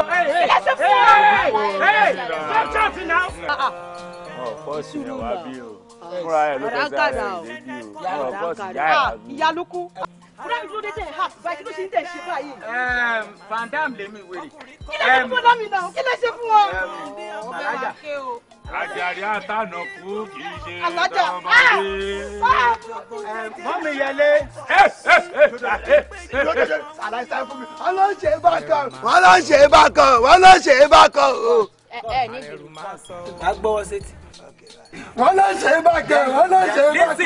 lẹ ṣe fún bọ̀dá mi ah, fọ́ọ̀sì ẹ̀ wá bí o fúnra ẹ̀ ló fẹ́ sáré ìdébí o ìyá ló kú bùrọ̀ mi dúró dé tẹ̀ ha báyìí kí ló ṣe ń tẹ̀ ṣe báyìí. van dam lèmi wèrè. kí lè fún bọ́lá mi náà kí lè ṣe fún ọ. alájà ajáre àtànà kú kì í ṣe tọmọdé. mọ́mí yẹlé. ọlọ́ọ̀ṣẹ́ bá kan wọ́n lọ́ọ̀ṣẹ́ bá kan wọ́n lọ́ọ̀ṣẹ́ bá kan o. ẹ ẹ níbi ká gbọ́wọ́ sétí. When I say back down, when I say back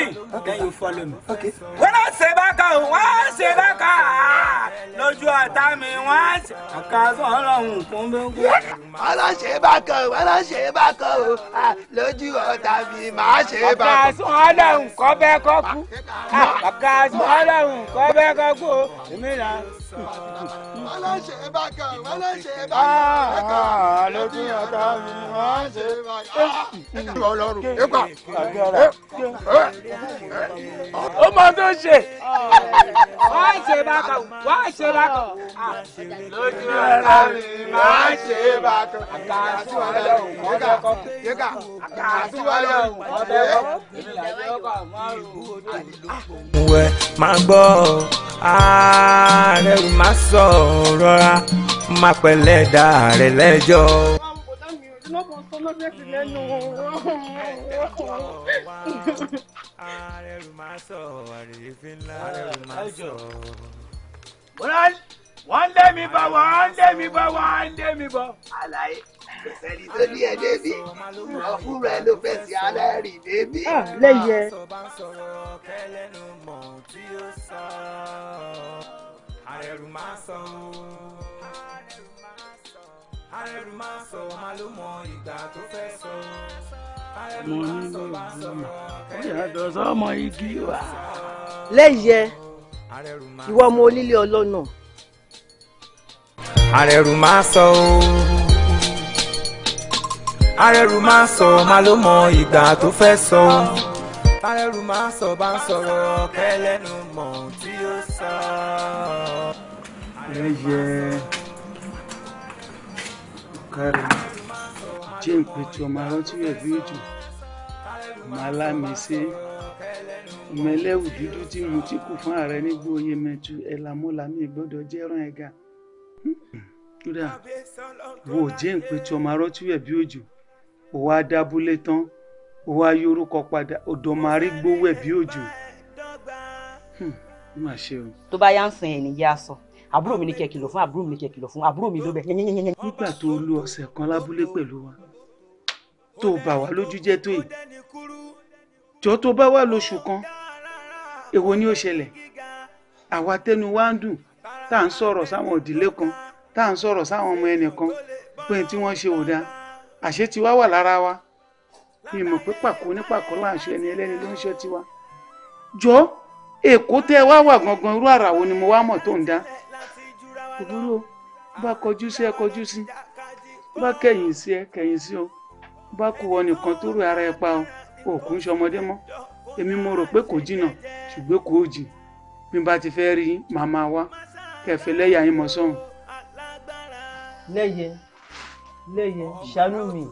then you follow me. Okay. When I say back down, when I Lójú ọ̀tá mi, wọ́n ṣe àkàzọ́ ọlọ́run kún bí kú. When I say back down, when I say Lójú ọ̀tá mi, màá ṣe back down. Àkàzọ́ ọlọ́run kọ́ bẹ́ẹ̀ kú. Àkàzọ́ ọlọ́run kọ́ bẹ́ẹ̀ kọ́ kú. Èmi náà wọ́n lọ ṣe é bá kan wọ́n lọ ṣe é bá kan. lójú ọ̀tá mi wọ́n ṣe é bá kan. ọlọ́run ṣe. wọ́n ṣe é bá kan ṣe é bá kan. lójú ọ̀tá mi wọ́n ṣe é bá kan. àkàtú ọlọ́run ọ̀dọ́ kọ́. àkàtú ọlọ́run ọ̀dọ́ kọ́. wẹ́ máa gbọ́ ààrẹ ẹ̀rù má sọ rọra má pẹ̀lẹ́ dá rẹ̀ lẹ́jọ́. wọ́n dé mi bọ̀ wọ́n dé mi bọ̀ wọ́n dé mi bọ̀. àlàyé sẹ́ni tó ní ẹ débi ọ̀fúnra ẹ ló fẹ́ sí alárìn débi. lẹ́yẹ arẹrù máa sàn o arẹrù máa sọ máa ló mọ ìgbà tó fẹ́ ọmọ onílé ọlọ́nà. arẹrù máa sọ o arẹrù máa sọ máa ló mọ ìgbà tó fẹ́ sọ arẹrù máa sọ bá ń sọ̀rọ̀ kẹ́lẹ́nu mọ̀ tí ó sọ ẹyẹ kárí jẹ́ǹpẹ̀tù ọmọ arántí ẹ̀bí ìjù ọmọ alámísẹ́ ọmọ ẹlẹ́wù dúdú tí mo ti kù fún ààrẹ nígbó oyè mẹ́tù ẹ̀làmúlàmí gbọ́dọ̀ jẹ́ràn ẹ̀gà kódà wo jẹ́ǹpẹ̀tù ọmọ arántí ẹ̀bí ìjù ó wá dábúlé tán ó wá yorùkọ padà ọ̀dọ̀ máa rí gbówó ẹ̀bí ìjù. tó bá yá ń sìn ẹ̀ nìyí á sọ. So àbúrò mi ní kẹ́ kìlọ̀ fún àbúrò mi ní kẹ́ kìlọ̀ fún àbúrò mi ló bẹ̀ yẹ́nyẹ́nyẹ́nyẹ́. nígbà tó lu ọ̀sẹ̀ kan lábúlé pẹ̀lú wa tó bà wá lójú jẹ́ tó yìí jọ tó bá wà lóṣù kan èwo ni ó ṣẹlẹ̀ àwa tẹnu wa ń dùn tá à ń sọ̀rọ̀ sáwọn òdìlé kan tá à ń sọ̀rọ̀ sáwọn ọmọ ẹnìkan pé tí wọ́n ṣe ò dáa àṣé tiwa wà lára wa mi mọ̀ pé pàkó ní pàkó là ẹni ẹlẹ́ni ló ń ṣe tiwa jọ èkó tẹ wá wà gangan irú àràwọ̀ ni mo wá mọ̀ tó ń dá kò burú o bá kọjú sí ẹ kọjú sí bá kẹ̀yìn sí ẹ kẹ̀yìn sí o bá kú ọ nìkan tó rò ara ẹ pa o òkú ń ṣọmọdé mọ́ èmi mo rò pé kò jìnnà ṣùgbọ́n kò jì bí bá ti fẹ́ rí màmá wa kẹfẹ lẹ́yà yín mọ́ sọ́hùn. lẹ́yẹ ṣàánú mi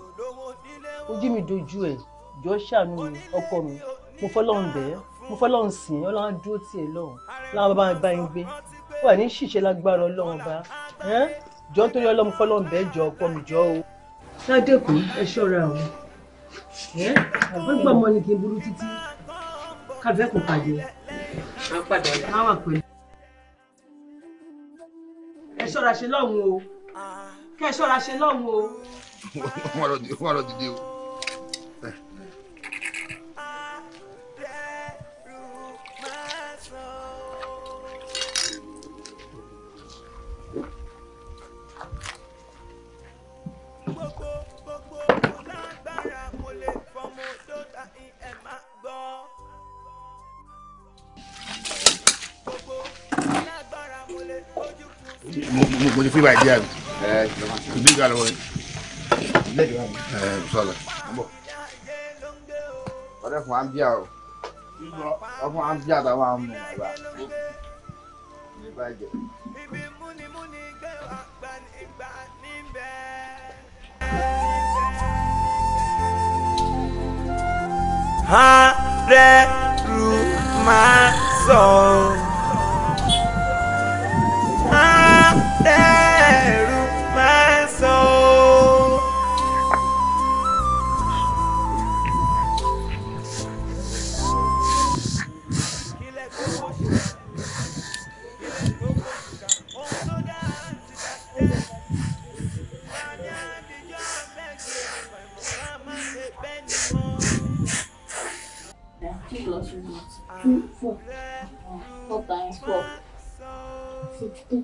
ojú mi dojú ẹ̀ jọ ṣàánú mi ọkọ mi mo fọlọ́run bẹ́ẹ̀ mo fọlọ́run sìn ọlọ́run dúró tiẹ̀ lọ́hùn láwọn bàbá mi bá yín gbé wà ní ṣìṣe lágbára ọlọ́run bá jọ ń torí ọlọ́run fọlọ́run bẹ́ẹ̀ jọ ọkọ mi jọ o. ládẹ́kùn ẹ ṣọ́ra o àgbẹ̀gbọ́n ọmọ ni kì í burú títí káfẹ́ kò pàdé. a padà yà. má wà pẹ̀lú. ẹ ṣọ́ra ṣe lọ́hùn o kẹ́ ẹ ṣọ́ra ṣe lọ́hùn o. wọ́n rọ̀ dìde o. mo ti fi bàyìí díà mi ìbí ìgbà lọ́wọ́ yìí sọlá. ọ̀rẹ́ fún wa ń bíà o ọkùnrin wa àwọn ọmọ wa Ha re ru ma so. dẹ́rù máa sọ. Two,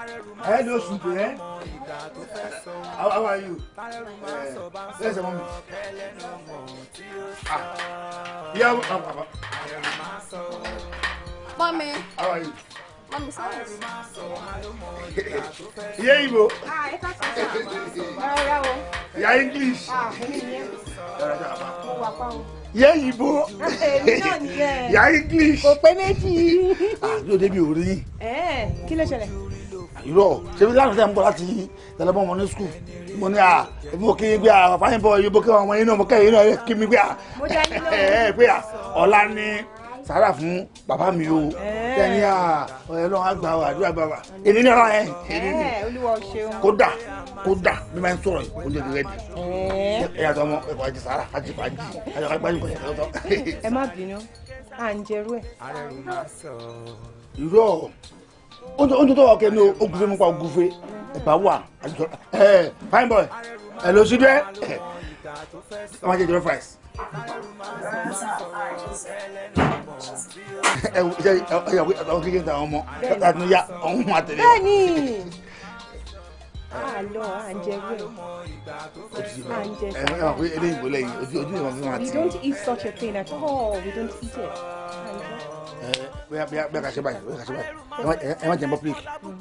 Hello, Sunday. How, how are you? Uh, there's a moment. Ah. Yeah, I'm, I'm, I'm. Mommy. How are you? Mommy, sorry. Yeah, Igbo. Ah, it's are <laughs> you? Yeah, English. Ah, English. yẹ yibo yà english. kò pé méjì. àbí òde mi ò rí. kí ló irọ́ ṣebí lánàá tẹ̀ ń bọ̀ láti tẹlẹmọ́ ọmọ ní skul mo ní à ah, mo kí gbé à fáyín bọ̀ yóò bó kí ọmọ yín náà mo kẹ́ yín náà kí mi gbé à ah, <laughs> ẹ pé à ah, ọ̀la ni sàárà fún bàbá mi o tẹ́ni à ọ̀rẹ́ lọ́wọ́ àgbà wa àdúrà bàbá èmi ní ọ̀la yẹn èmi ní kódà kódà bí máa ń sọ̀rọ̀ yìí oúnjẹ ti rẹ́dì ẹ yàtọ̀ ọmọ ẹ̀kọ́ àti sàárà àti pàǹjì àti ọ̀gá gbájú kọ̀ọ̀yà lọ́tọ̀. ẹ má bínú à ń jẹrú ẹ oúnjẹ tó wà ọkẹ ní ogunfe mú pa ogunfe ẹ̀bà wà ẹ̀ fine boy ẹ̀ lọ sí dẹ́ ẹ̀ ẹ ọmọ ọkọ tó yá bẹ́ẹ̀ni we don't eat such a thing at all we don't eat it bí a kà ṣe báyìí bí a kà ṣe báyìí ẹ má jẹ public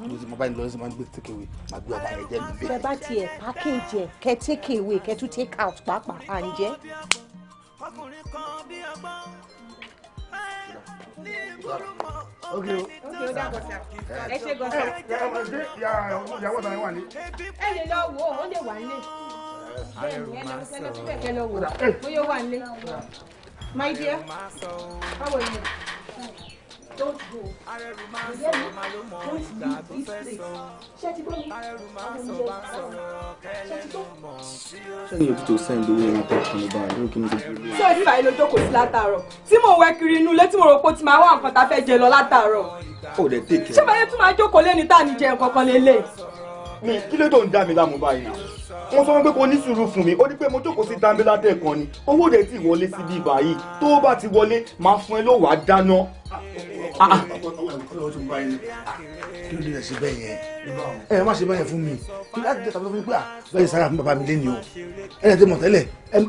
lóṣù mo báyìí lọ́sùn máa ń gbé take away máa gbé ọba yẹn jẹ mi bẹ́ẹ̀. bẹ́ẹ̀ bá tiẹ̀ package ẹ̀ kẹ́ take away kẹ́ tún take out pàápàá à ń jẹ́. ọkùnrin kan bí ọgbọ́n ní ìgboro mọ́. ok o ok o dàgbọ́ sá eh, ẹ ṣe gbọ́sà. Eh, ẹ ẹ ṣe ìyàwó ọ̀tá yẹn wà ní. ẹ lè lọ wò ó lè wà nílé. bẹ́ẹ̀ni ẹ lọ sẹ́lẹ̀ síbẹ̀ kẹ́ lọ wò ó eh. wà nílé. Ah. my dear báwo ni don't go arẹrù máa ń sọ̀rọ̀ máa ló mọ ìgbà tó fẹ́ sọ arẹrù máa ń sọ̀rọ̀ máa ń sọ̀rọ̀ kẹ́lẹ́ ló mọ̀ sí ó. ṣé ìyókù tó sẹ́yìn lórí ẹni tó kàn ló bá rẹ̀ lórí kí ni tó fi. ṣé ìfà yìí ló jókòó sí látàárọ̀ tí mo wẹ kiri inú ilé tí mo rò pé ó ti máa wá nǹkan tá a fẹ́ jẹ lọ látàárọ̀. ó dẹ̀ tèkẹ́. ṣé báyẹn tún máa jókòó lé tá à ní jẹ nǹkan kan lélẹ̀ mi kí ló tó ń dá mi láàmú báyìí náà wọ́n sọ pé kò ní sùúrù fún mi ó ní pé mo jókòó sí dáńbélá tẹ̀kan ni owó rẹ̀ ti wọlé síbi ìbàyí tó bá ti wọlé máa fún ẹ ló wàá dáná. Ah, ah, ah. kí ló dé ṣe bẹ́ẹ̀ yẹn ẹ má ṣe bẹ́ẹ̀ yẹn fún mi kí láti dé tàbí fún mi pé à bẹ́ẹ̀ sára fún bàbá mi lẹ́nu o ẹ lẹ́tẹ̀ mọ̀ tẹ́lẹ̀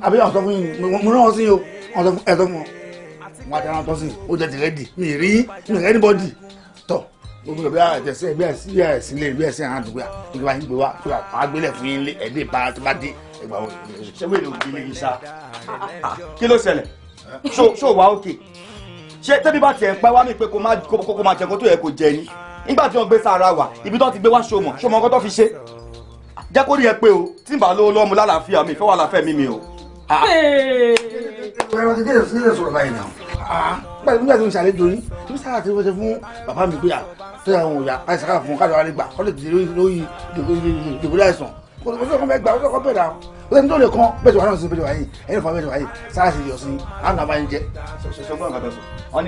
àbí àwọn fún mi mo rán wọn sí o ẹ sọ fún anybody ó gbọ́dọ̀ bí àtẹ̀sẹ̀ bí àìsí lè bí àìsí àwọn àdúgbò ìjọba yín gbé wá fún àwọn agbélẹ̀ fún yín ẹ̀dẹ́ bá tó bá dé ẹgbà wọn ṣé wọ́n èlò òbí lè yí sá. kí ló ṣẹlẹ̀ ṣó wà ókè ṣé tẹ́bí bá tiẹ̀ pẹ́ wá mí pé kó máa jẹ kó tó yẹ kó jẹ ni nígbà tí wọ́n gbé sára wa ibi tó ti gbé wá ṣomọ̀ ṣomọ̀ ọkọ tó fi ṣe jẹ́ kó pé o tí n bá lówó lọ́mú lálàáfíà mi ìfẹ́ mi mi o pẹ̀lú nígbà tí mo ṣàlejò rí tí mo sára ti wọ́n ṣe fún bàbá mi pé à tó yà wọn ò yá àìsàn káà fún káàdọ̀ alẹ́ gbà kọ́ lè ti lóyún ìdòkòlì àìsàn kò tó kọ́ bẹ́ẹ̀ gbà ó kọ́ bẹ́ẹ̀ dà ó lẹ́ni tó lè kọ́ bẹ́ẹ̀ tó wà náà sí bẹ́ẹ̀ tó wà fún bẹ́ẹ̀ tó sára ti yọ sí àwọn àbá jẹ. wọ́n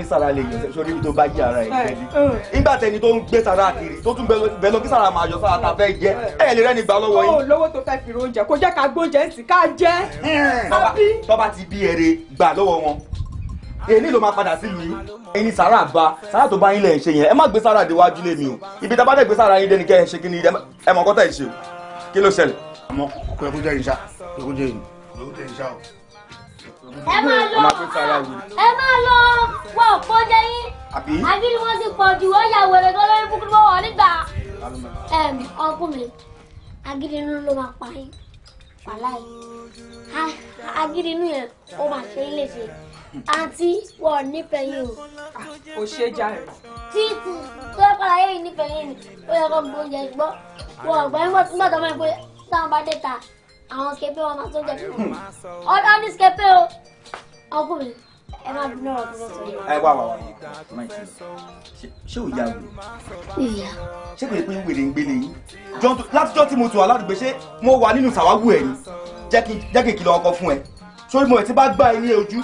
ní sára tó èmi ló máa padà sílùú yín ẹ̀yin ni sàrà bá sàrà tó bá yín lẹ̀ ń ṣe yẹn ẹ má gbé sàrà déwájú lé mi o ibi tá a bá dẹ̀ gbé sàrà yín dẹ́ni kẹ́ ẹ ṣe kí ni ẹ mọ̀ kọ́tà ẹ̀ ṣe o kí ló ṣẹlẹ̀. àmọ́ kò yẹ kó jẹ́ ìṣá kò yẹ kó jẹ́ ìṣá kò yẹ kó jẹ́ ìṣá o. ẹ máa lọ ẹ máa lọ wọ òpó jẹ yín àbí ni wọ́n ti pọ̀ jù ó yà gan lórí kúkúrú wọn nígbà ọkùnrin agídí inú ló máa pa yín pàlà yín agídí yẹn ó máa ṣe é léṣe àǹtí wọn ò o. Ah, o ṣe jàre. tí tí tó yẹ kọ́ra yẹ́yìn nífẹ̀ẹ́ ni ó yẹ kó gbó oúnjẹ gbọ́ wọn ò gbọ́ nígbà tó máa ń pè táwọn bá dé ta àwọn kẹfẹ́ wọn máa tó jẹ fún mi. ọ̀dọ́ ní kẹfẹ́ o ọkùnrin ẹ máa dún náà ọdún mẹ́sàn-án yìí. ẹ wá wá wá máa ṣe ṣé ò yá wèrè. ìyá. ṣé kò yẹ pé wèrè ń gbélé yín. látijọ́ tí mo tù aládùúgbò ṣé mo wà nínú sàwáwù ẹ̀ ni jẹ́ kí n kìlọ̀ ọkọ̀ fún ẹ sórí mo ẹ̀ ti bá gbá ilé ojú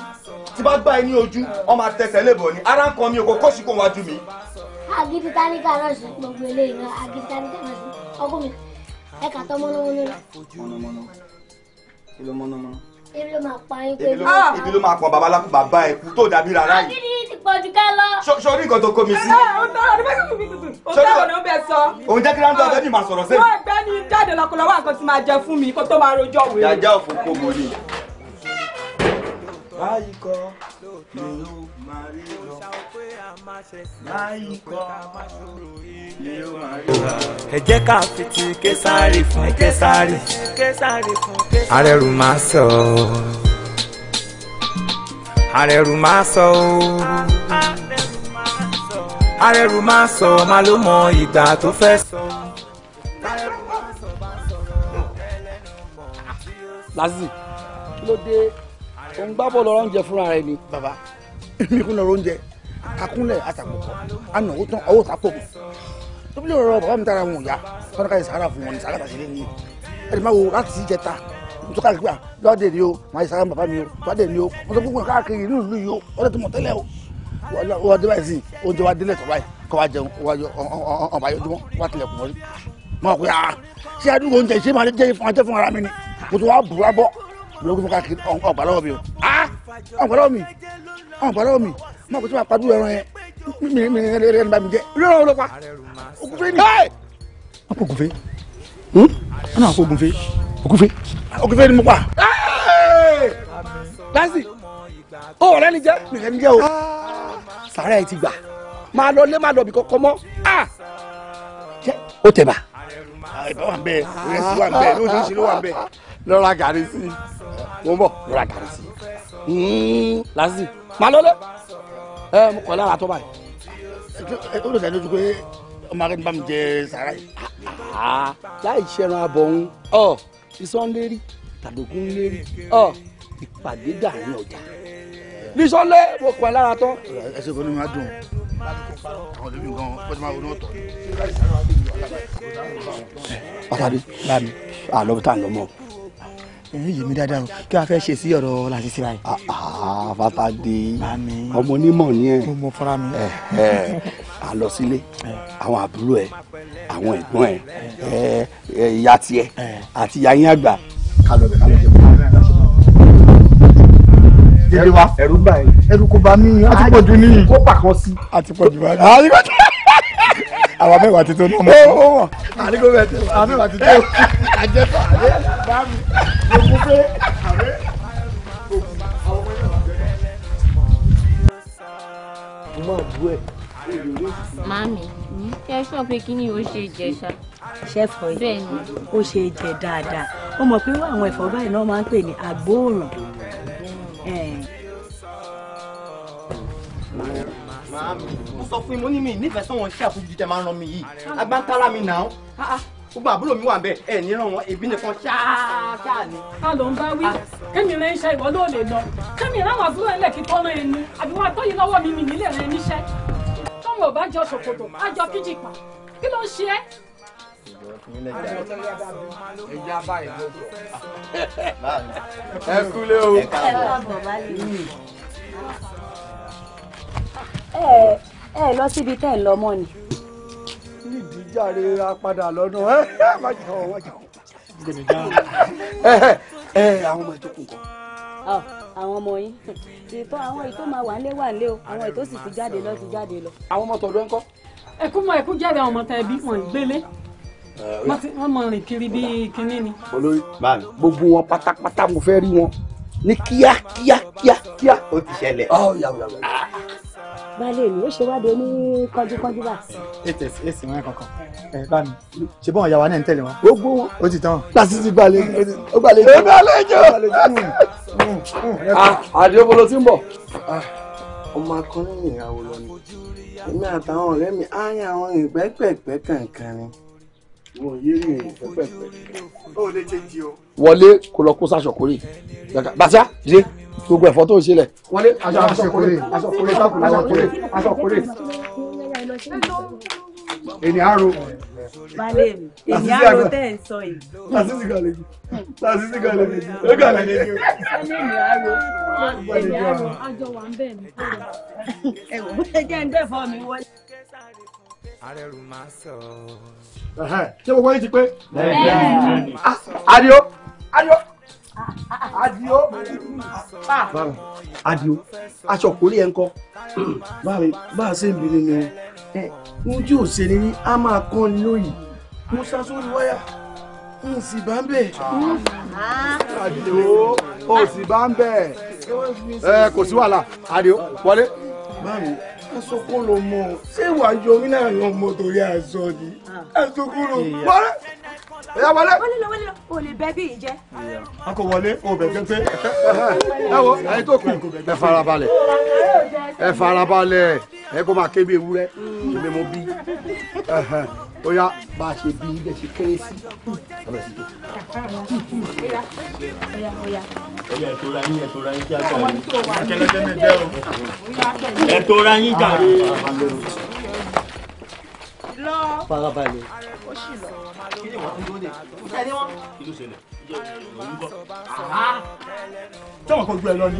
tí bá gbá ẹ ní ojú ọmọ àtẹsẹ̀ lè bọ̀ ni ara ń kan mi òkò kóṣì kò wájú mi. agidi táníkà náà ṣe gbogbo eléyìí náà agidi táníkà náà ṣe ọkọ mi ẹ kà tọ́ mọ́nàmọ́ná lọ. mọ́nàmọ́ná kí ló mọ́nàmọ́ná. ebi ló máa pa yín pé. ebi ló máa pọn babaláku bàbá ẹ kú tó dàbí rárá yìí. agidi ti pọ̀ jù ká lọ. sori nǹkan tó kó mi sí. ọ̀tọ̀ ọ̀rọ̀ bẹ́ẹ̀ kúkú mi tuntun. ọ̀tọ̀ ọ̀rọ̀ bẹ́ẹ̀ sọ. òun jẹ́ kí rántọ́ abẹ́ mi máa sọ̀rọ̀ sẹ́yìn. wọ́n ẹgbẹ́ ni jáde lọ́kọ̀lọ́wọ́ nǹkan ti máa jẹ fún mi kó tó máa rojọ́ wèrè. jàjà òfò kò mọ̀ ni báyìí kọ́ lè o máa rí lọ báyìí kọ́ lè o máa rí lọ. ẹ jẹ́ ká fi ti késàrì fún késàrì arẹrù máa sọ arẹrù máa sọ kí ló dé tó ń gbá bọ́ọ̀lù oúnjẹ fúnra rẹ ni. bàbá èmi kún lọ́rọ̀ oúnjẹ akúnlẹ̀ àtàkùkọ ànáwó tán ọwọ́ tàkùkọ mi tó bí lọ́rọ̀ bàbá mi tara wọn ò yá tọ́lá káyọ̀ sàárà fún wọn ní sàárà tàṣílẹ̀ ni ẹni máa wo láti sí ìjẹta tó káàkiri pé lọ́dẹ̀ ni o màá yẹ sàárà bàbá mi o lọ́dẹ̀ ni o mo sọ gbogbo káàkiri inú ìlú yìí o ọdẹ tó mọ̀ tẹ́lẹ̀ o wọ́n dé báyìí sí oúnjẹ wa délẹ̀ tó báyìí kọ́ wa jẹun ọmọ ayọ́dúnmọ́ wa tilẹ̀kùn mọ́rí mọ̀ pé ṣé adúgbò oúnjẹ ṣé máa jẹ́ fún ara mi ni mo tún wá bọ́ lóògùn fún káàkiri ọ̀gbà lọ́wọ́ mi o ọ̀gbà lọ́wọ́ mi ọ̀gbà lọ́wọ́ mi máa kó tí máa padú ẹran yẹn mi mi rẹ rẹ nípa mi jẹ lọ́wọ́ ló pa ògùnfẹ́ ni. wọ́n kò ògùnfẹ́ wọ́n náà kò ògùnfẹ́ ògùnfẹ́ ògùnfẹ́ ni mo pa. láti ó ọ̀rẹ́ ni jẹ́ mi rẹ ni jẹ́ o sàárà ẹ̀ ti gbà máa lọ lé máa lọ bí kọ́kọ́ mọ́ ó tẹ̀ bá. àìbá wà ń bẹ́ẹ̀ rẹ̀ sí wà ń bẹ́ẹ̀ lóṣooṣì ló wà ń bẹ́ẹ̀ lọ ra gàrí sí i mo ń bọ̀ lọ ra gàrí sí i hmm, lásì máa lọ lẹ ẹ mo kọ lára tó báyìí. ó lè sẹ́ni ojú pé ọmọ akẹ́ni bá mi jẹ sàrà yìí. Ah, ah, láì ṣẹran abọ̀ ń ọ ìsọ̀nlérí tàdógún lérí ọ ìpàdé dàrin ọjà nísọ̀nlé mo kọ lára tán. ẹ ṣe kò ní máa àwọn olóbi nǹkan pẹ́ẹ́tì máa ronú ọ̀tọ̀. pátádé láàmì àlọ́ bí tá à lọ mọ́ ẹ̀rín yìí mi dáadáa o kí wàá fẹ́ ṣe sí ọ̀rọ̀ láti ṣe báyìí. Fàtàdé ah, ah, ọmọ onímọ̀ ni ẹ̀ mo fara mi. a lọ sílé àwọn àbúrò ẹ àwọn ẹ̀gbọ́n ẹ ìyá tiẹ̀ àti ìyá yín àgbà kálọ̀ ẹrú bá ẹrú kó bá mi a ti pọ̀ jù ní kó pàkan sí. a ti pọ̀ jù bá mi. àwa mẹ́wàá ti náà mọ́. àníkó bẹ́ẹ̀ tẹ̀ wá àmẹ́wàá ti tó bá mi mo fẹ́ àárẹ̀ òkú àwọn ọmọ yẹn wà bẹ́ẹ̀. mo máa bú ẹ. Mami, ṣe sọ pé kí ni ó ṣe jẹ ṣá? Ṣẹ́fọ̀ yìí, ó ṣe jẹ dáadáa. Ó mọ̀ pé àwọn ẹ̀fọ́ báyìí náà máa ń pè ní àgbóòrùn. Màámi, mo sọ fún yín, mo ní mi nífẹ̀ẹ́ sọ́wọ́n ṣé àfojúdi máa ń ran mi yìí. Agbántara mi nà án. Ah, ah gbogbo àbúrò mi wà ń bẹ ẹ níran wọn èbí nìkan ṣááṣáá ni. a ló ń bá wí kémi rẹ iṣẹ́ ìwọ ló lè lọ kémi ráwọn àbúrò ẹlẹ kí tọrọ ẹni àbí wọn àtọyìn lọ́wọ́ mi mi nílé rẹ níṣẹ́ tọmọ ò bá jọ ṣòkòtò á jọ kíjì pa kí ló ń ṣe é. ẹ kúlé o. ẹ ẹ lọ síbi tẹ́ ẹ lọ mọ́ ni jàre ra padà lọ́nà ẹ má jà ọ má jà ọ. ẹ ẹ àwọn ọmọ ètò kù kọ. àwọn ọmọ yín ètò àwọn ètò máa wà nílé wà nílé o àwọn ètò sì ti jáde lọ ti jáde lọ. àwọn ọmọ tọ̀dọ̀ ńkọ́. ẹkú mọ ẹkú jáde àwọn ọmọ tá ẹbí wọn gbélé wọ́n mọ rìn kiri bíi kinní ni. olórí gbogbo wọn pátápátá mo fẹ́ rí wọn ní kíá kíá kíá kíá. ó ti ṣẹlẹ̀. ọ̀ yàwó yàwó. Ah baálé mi ó ṣe wádìí ní kọjúkọjú bá. eight eight eight one kankan ẹ bá mi ṣe bọ́n ìyàwó náà ń tẹ̀lé wọn. ó gbó wọn ó ti tán. lásìsì gbalẹ̀ ó gbalẹ̀ jù. èmi àlejò. àdìobolo ah, ti ń bọ̀. Ah, ọmọ akọrin ìyàwó lọ ni èmi àtàwọn ọ̀rẹ́ mi á yan àwọn ìpẹ́pẹ́pẹ́ kankan ni Mo ò yé mi ìpẹ́pẹ́pẹ́. ó lè jẹ́ jí o. wọlé kó lọ kó sáṣọ kórè bàtà dé gbogbo ẹ̀fọ́ tó ń ṣe lẹ̀. wọlé aṣọ àṣọkúrè àṣọkúrè káàkiri àṣọkúrè àṣọkúrè. ènì àrò. balẹ̀ mi ènì àrò tẹ̀ ń sọ yìí. lásìsì gàlejò lásìsì gàlejò ó gàlejò. ènì àrò ènì àrò àjọ wà ń bẹ̀ mí. ẹ̀wọ̀n ẹ jẹ́ ń dẹ́fọ́ mi wọlé. arẹ́rù máa sọ. ṣé gbogbo yín ti pé. àdìo ah, àdìo adio báwo ah. ah. adio aṣọ kò rí ẹ ń kọ báwo bá a ṣe ń bìrì ni ẹ ohun tí ò ṣe ni ní a máa kán ni lóyìí mo sá sórí wáyà n sì bá ń bẹ̀. adio o sì bá ń bẹ̀ ẹ kò sí wàhálà adio wọlé. báwo aṣọ kọ́ ló mọ ṣé wàá yọ mí náà yan mọ́tò rí aṣọ ni aṣọ ló mọ ẹ̀yà wọlé. wọlé lọ wọlé lọ o lè bẹ bí yìí jẹ. a kò wọlé o bẹ gbẹgbẹ. ẹ wo ẹ̀yin tó kù ẹ farabalẹ̀ ẹ farabalẹ̀ ẹ kó máa ké bí ewúrẹ́ ìbí mo bí ó yá bá a ṣe bí ibẹ̀ ṣe kéré sí. ẹ tora yín jà lọ. farabalẹ̀. ó sì lọ. kí ni wọ́n ń dúró dé? kí ló ṣẹlẹ̀? sọ̀rọ̀ kò ju ẹ lọ ni.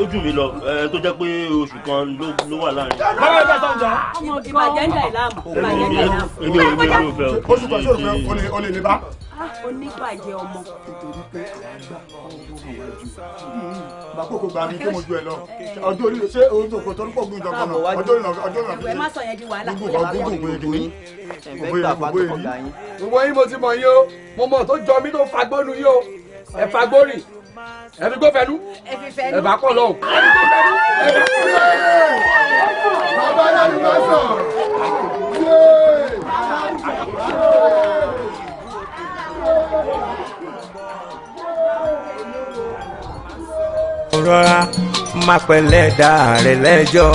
ó jù mí lọ ẹ tó jẹ́ pé oṣù kan ló wà láàrin. báwo ni bẹ́ẹ̀ sọ̀rọ̀. ọmọ ìbàjẹ́ ń da ìlàmù. èmi ò èmi ò fẹ́. oṣù kan sọ̀rọ̀ fẹ́ o lè ní bá. oníbàjẹ́ ọmọ. bàbá òkú gba mi kí mo ju ẹ lọ ọjọ́ orí ṣé oṣù kò tó ń pọ̀ gbìyànjú ọkọ náà ọjọ́ orí ọjọ́ orí ọjọ́ orí má sọ yẹn di wàhálà. gbogbo kan gbogbo gbogbo yìí. ẹ̀fẹ̀ gbà pàtó kọ̀ọ̀gá yín. mo mọ yín mo ti mọ yín o mo mọ tó jọ mí tó fagbọ́nu y yìí o ẹ fa gbórí ẹ fi gbófẹ̀lú rọra máa pẹ̀lẹ́ dá rẹ̀ lẹ́jọ́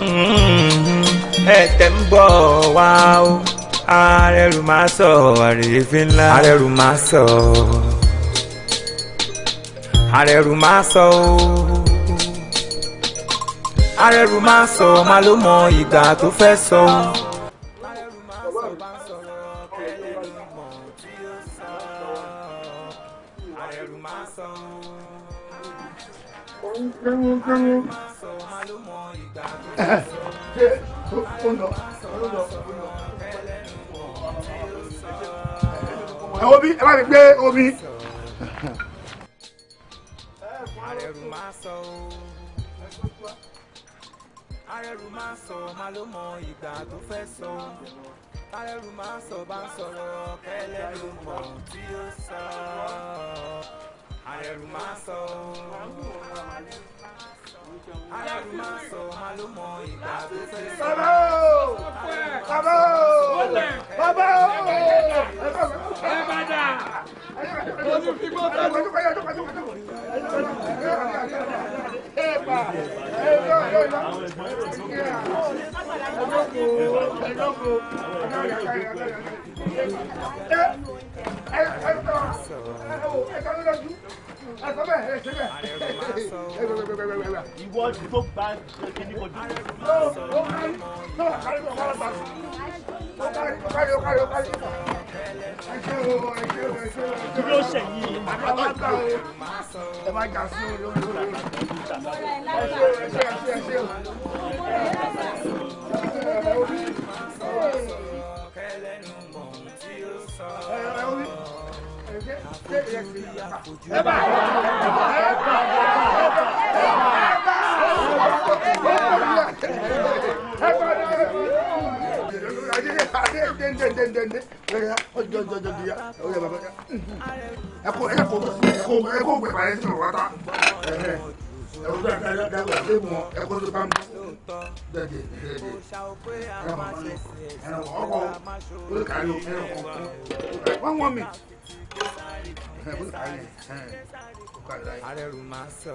mm-hmm. ẹ̀tẹ̀ ń bọ̀ wá o arẹrù máa sọ àrèéfín ńlá arẹrù máa sọ arẹrù máa sọ arẹrù máa sọ má ló mọ ìgbà tó fẹ́ sọ. Ṣé ó ẹ wo bí ẹ bá mi gbé omi. arẹrù máa sọ o arẹrù máa sọ máa ló mọ ìgbà tó fẹ́ sọ arẹrù máa sọ bá ń sọ̀rọ̀ kẹ́lẹ́ ló mọ̀ tí ó sọ arẹrù máa sọ alárùn máa sọ máa ló mọ ìgbà tó fẹ́. bàbá o bàbá o bàbá o ẹ bá dà ojú fi gbọ́ fẹ́ mi. Ẹ̀bà ẹ̀rọ ẹ̀rọ ẹ̀lọ́kọ̀ ẹ̀lọ́kọ̀ ẹ̀ ẹ̀ ẹ̀tọ́ ẹ̀tọ́ lójú ẹ̀tọ́ bẹ́ẹ̀ ẹ̀ṣẹ̀ bẹ́ẹ̀ ìwọ tó gba kíní kojú. kí ló ṣe yìí. ẹ má jà sí orí orí orí. ẹ ṣe ẹ ṣe ẹ ṣe ẹ bá ẹ bá ẹ bá ẹ bá. One máa sọ.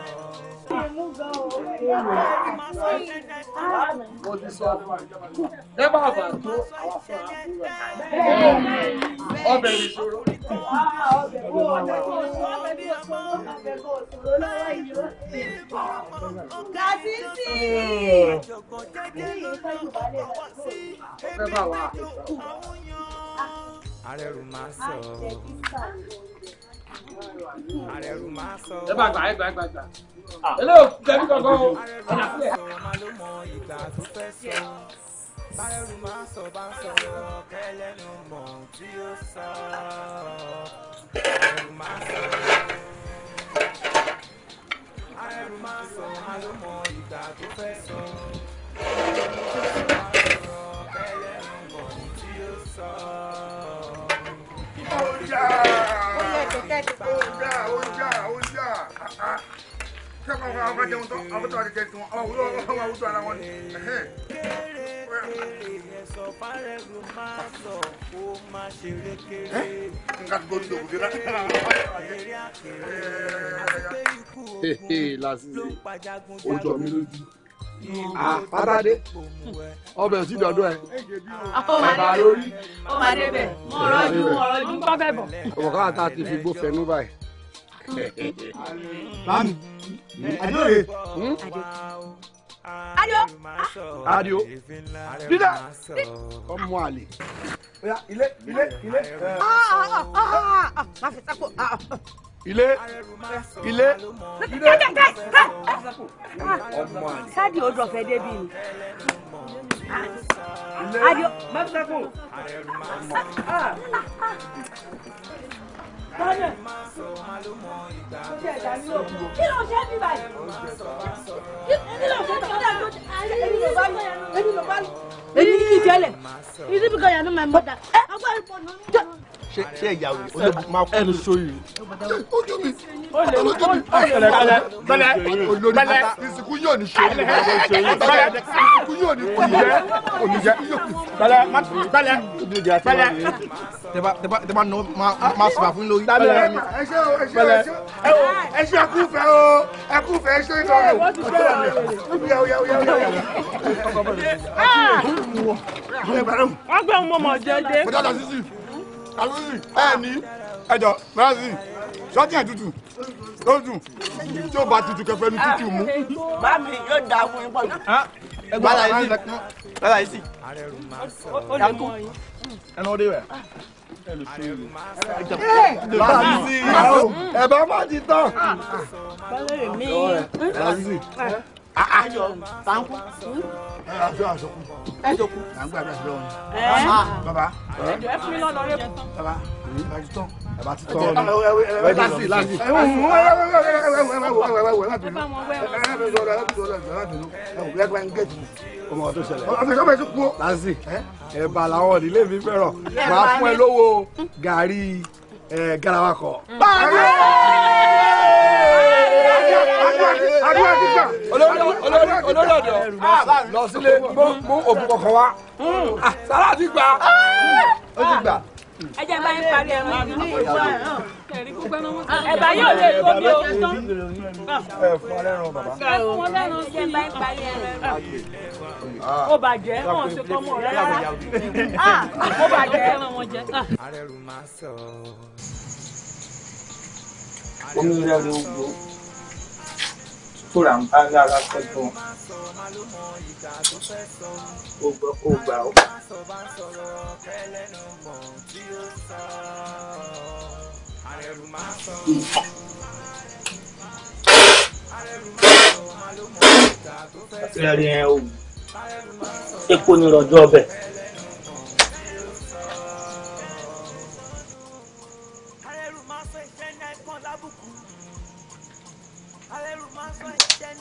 mo ti sọ fún un nígbà àgbà tó àwọn fún un ọbẹ̀ ìṣòro. kàtíńtì. ọbẹ̀ bá wà. arẹrù máa sọ ẹ bá gbà ẹ gbà ẹ gbà gbà ẹ lọ tẹbi kankan o ọjà sílẹ̀. báyọ̀rù máa sọ bá ń sọ̀rọ̀ kẹ́lẹ́nu mọ̀ tí ó sọ báyọ̀rù máa sọ̀rọ̀ ẹrù máa ló mọ ìgbà tó fẹ́ sọ. Ẹ̀rọ máa sọ̀rọ̀ ẹlẹ́rìí bọ̀ tí ó sọ ọjà ọjà ọjà ọjà sẹ́kọ̀ ọ̀gá ọ̀gá jẹun tó àwọn tó wà jẹjẹ tiwọn ọ̀ wúlò ọ̀gá wà wúlò ara wọn ni. nka tó gbóni dòkú fira. hehe lasisi ojú ọmọ mi lójú àpátádé ah, ọbẹ̀ sí dọ̀dọ̀ ẹ̀. bàbá lórí. ó máa débẹ̀ mo rọ́jú mo rọ́jú ń tọ́bẹ̀ bọ̀. ọ̀wọ̀ káwọn tá a ti fi gbó fẹnu báyìí. báàmì àdóòrè. Adio. Adio. Ah. Dídá. Ọmọ àlè. Oya ilé ilé ilé. Ah, ah, Má fi sáko. Ilé ilé ilé. Ọmọ àlè. Sáàdì odò ọ̀fẹ́ débi ni. Adio. Má fi sáko lọ́dẹ̀. kí ló ṣe é bí báyìí. kí ló ṣe é bí báyìí. èmi ló bá lọ èmi ló bá lọ. èmi ní ìjẹ́lẹ̀ ìdíbi kan yà mí máa ń bọ̀ dà ṣe ìyàwó olóògùn máa kú. ẹnu sọ yìí. ojú mi olójú mi. bẹlẹ bẹlẹ bẹlẹ ìsìnkú yóò ní ṣe yìí. bẹlẹ ìsìnkú yóò ní kú yẹ oníjẹ. bẹlẹ bẹlẹ bẹlẹ. tẹ́bá nọ máa sọ̀rọ̀ fún lórí. bẹlẹ ẹ ṣe o ẹ ṣe o ẹ ṣe ẹkú fẹ o ẹkú fẹ ṣe é lọrọ. ọgbẹ́ ń mọ̀mọ́ jẹ́ dé àlùyìn ẹ ní ẹjọ mẹsì sọtí ẹ tutù ó dùn tí ó bá tutù kẹfẹ ní tutù mú. bámi yóò da fún yín pọ̀jù. bàbá yìí bàbá yìí sì. ó lè mú ọyìn. ẹnu ó dé wẹ̀ ẹ bá má ti tán tanku. aṣọ aṣọ kú. aṣọ kú. à ń gbàdúrà sí lọ́wọ́ ni. baba. ẹ fún mi lọ́nà rẹ. baba baba ti tán. baba ti tán. ẹ bá sì láti. ẹ wọ ẹ má bínú. ẹ bẹ sọ̀rọ̀ ẹ bẹ sọ̀rọ̀ ẹ má bínú. ẹ wọ lẹgbẹ ngẹti. ọmọ ọtún ṣẹlẹ̀. ọmọ ọtún ṣẹlẹ̀ kú. lansi ẹ̀bà làwọn ìdílé mi fẹ́ràn máa fún ẹ lówó gàrí garawa kọ. báyọ̀ àdúrà gbígbà. olórí ọ̀dọ́ lọ sílé mú òbí kọ̀ọ̀kan wá sàrà ti gbà ó ti gbà. ẹ jẹ́ báyìí parí ẹ̀rọ ní ìlú àná. ẹ̀bà yóò lè tóbi o. ẹ fún alẹ́ bàbá. ẹ fún wọn sí i. ó bàjẹ́ wọn ṣe kọ́ mọ́ rárá. ó bàjẹ́ wọn jẹ. arẹ́rù máa sọ. omi rẹ̀ ló gbó. 不然按照他分钟，我不我不要。àti ẹ̀rín ẹ̀ òun epo ni rọ̀jò ọbẹ̀.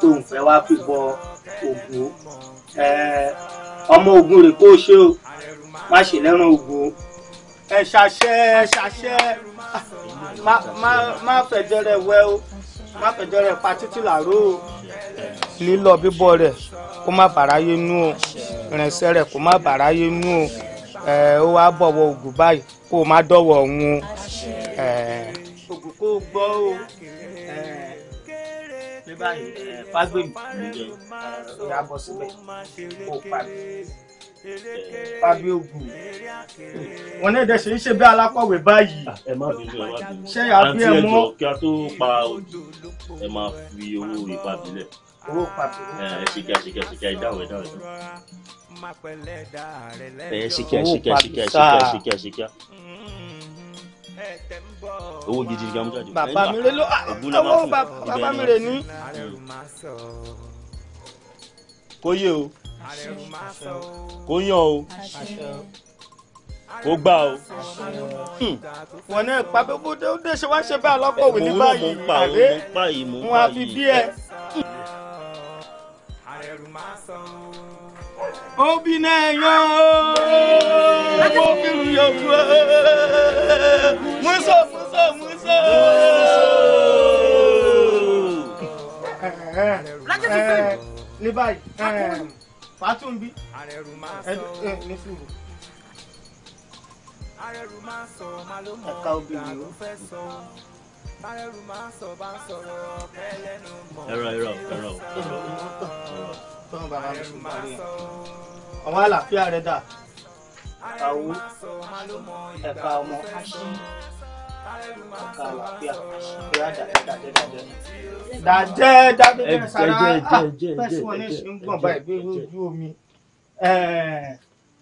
tó ń fẹ́ wá fi bọ Ògún ọmọ Ògún rẹ̀ kó o ṣe o má ṣe lẹ́rùn Ògún ẹ ṣàṣẹ ẹ ṣàṣẹ má fẹjọ́ rẹ̀ wẹ́ o má fẹjọ́ rẹ̀ pa títí làárọ̀ o lílọ bíbọ̀ rẹ̀ kó má bàráyé nú o rìnsẹ̀ rẹ̀ kó má bàráyé nú o ó wá bọ̀wọ̀ Ògún báyìí kó o má dọ̀wọ̀ òun o. Ògún kó o gbọ́ o ní báyìí ẹ fágbèmí ló jẹ ìyá bọ síbẹ̀ kó pàdé fábí ogun wọn náà dẹ ṣe ń ṣe bí alákọ̀wé báyìí ah, ẹ má bínú ẹ má bínú ṣé àbí ẹ mọ kí a tó pa ẹ máa fi owó ìpa bílẹ̀ owó pàtó ẹ ṣìkà ṣìkà ṣìkà ìdáhùn ìdáhùn ìdáhùn ẹ ṣìkà ṣìkà ṣìkà ṣìkà ṣìkà ṣìkà owó gidi gan jáde. bàbá mi rè ló owó bàbá ah, mi rè ní. kó yé o kó yàn o kó gbà o. wọn náà pa gbogbo ó dé ṣe wá ṣe báyìí lọ́pọ̀ òwe ní báyìí àbí wọn á fi bí ẹ obi n'enyo obi n'ofu muso muso muso. lajẹ tuntun. ní kárẹ́rù máa sọ bá ń sọ̀rọ̀ ọ̀pẹ lẹ́nu mọ̀ ẹ̀rọ ẹ̀rọ ẹ̀rọ ẹ̀rọ tọ́wọ́n bàbá mi sùn parí ẹ̀ àwọn àlàáfíà rẹ̀ dà àwo ẹ̀ka ọmọ ọ̀ka àlàáfíà ìyá dàdẹ́ dàdẹ́ dàdẹ́ dàdẹ́ sara fẹ́sí wọn ní gbọ̀n báyìí bí ojú omi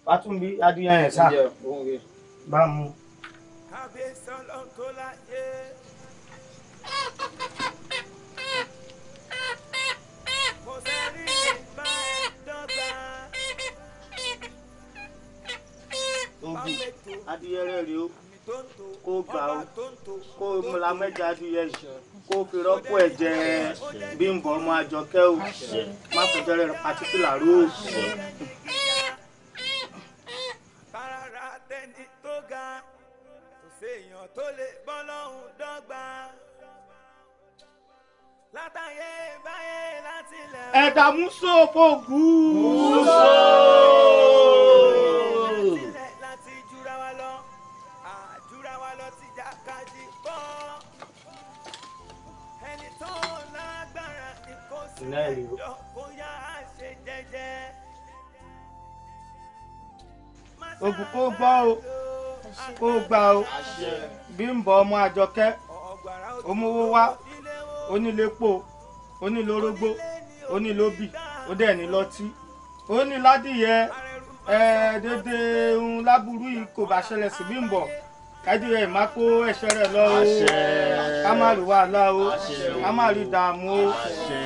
wàá tún bí adìyẹ ẹ̀ sá bá mu. nbi adìyẹ rẹ o kó gbà ó kó la mẹ́jọ adìyẹ yìí kó fi rọ́pò ẹ̀jẹ̀ Bímbọ́ ọmọ Àjọkẹ́ o má fi jẹ́rẹ̀ rẹ pàtìkì làrú o. kárára tó lè bọ́ lọ́hùn dọ́gba látàyè báyé láti lẹ̀. ẹ̀dá mú gùn. mú sí náà ni o. ògùn kó o kó gbà o Bímbọ́ ọmọ Àjọkẹ́ òmùwò wá onílépo onílórógbó onílóbì ó dẹ̀ ní lọ́tí ó ní ládìyẹ ẹ̀ẹ́dẹ́dẹ́ ń láburú yìí kò bá ṣẹlẹ̀ sí Bímbọ́ kájú ẹ má kó ẹsẹ̀ rẹ lọ o ká má rí wàhálà o ká má rí dààmú o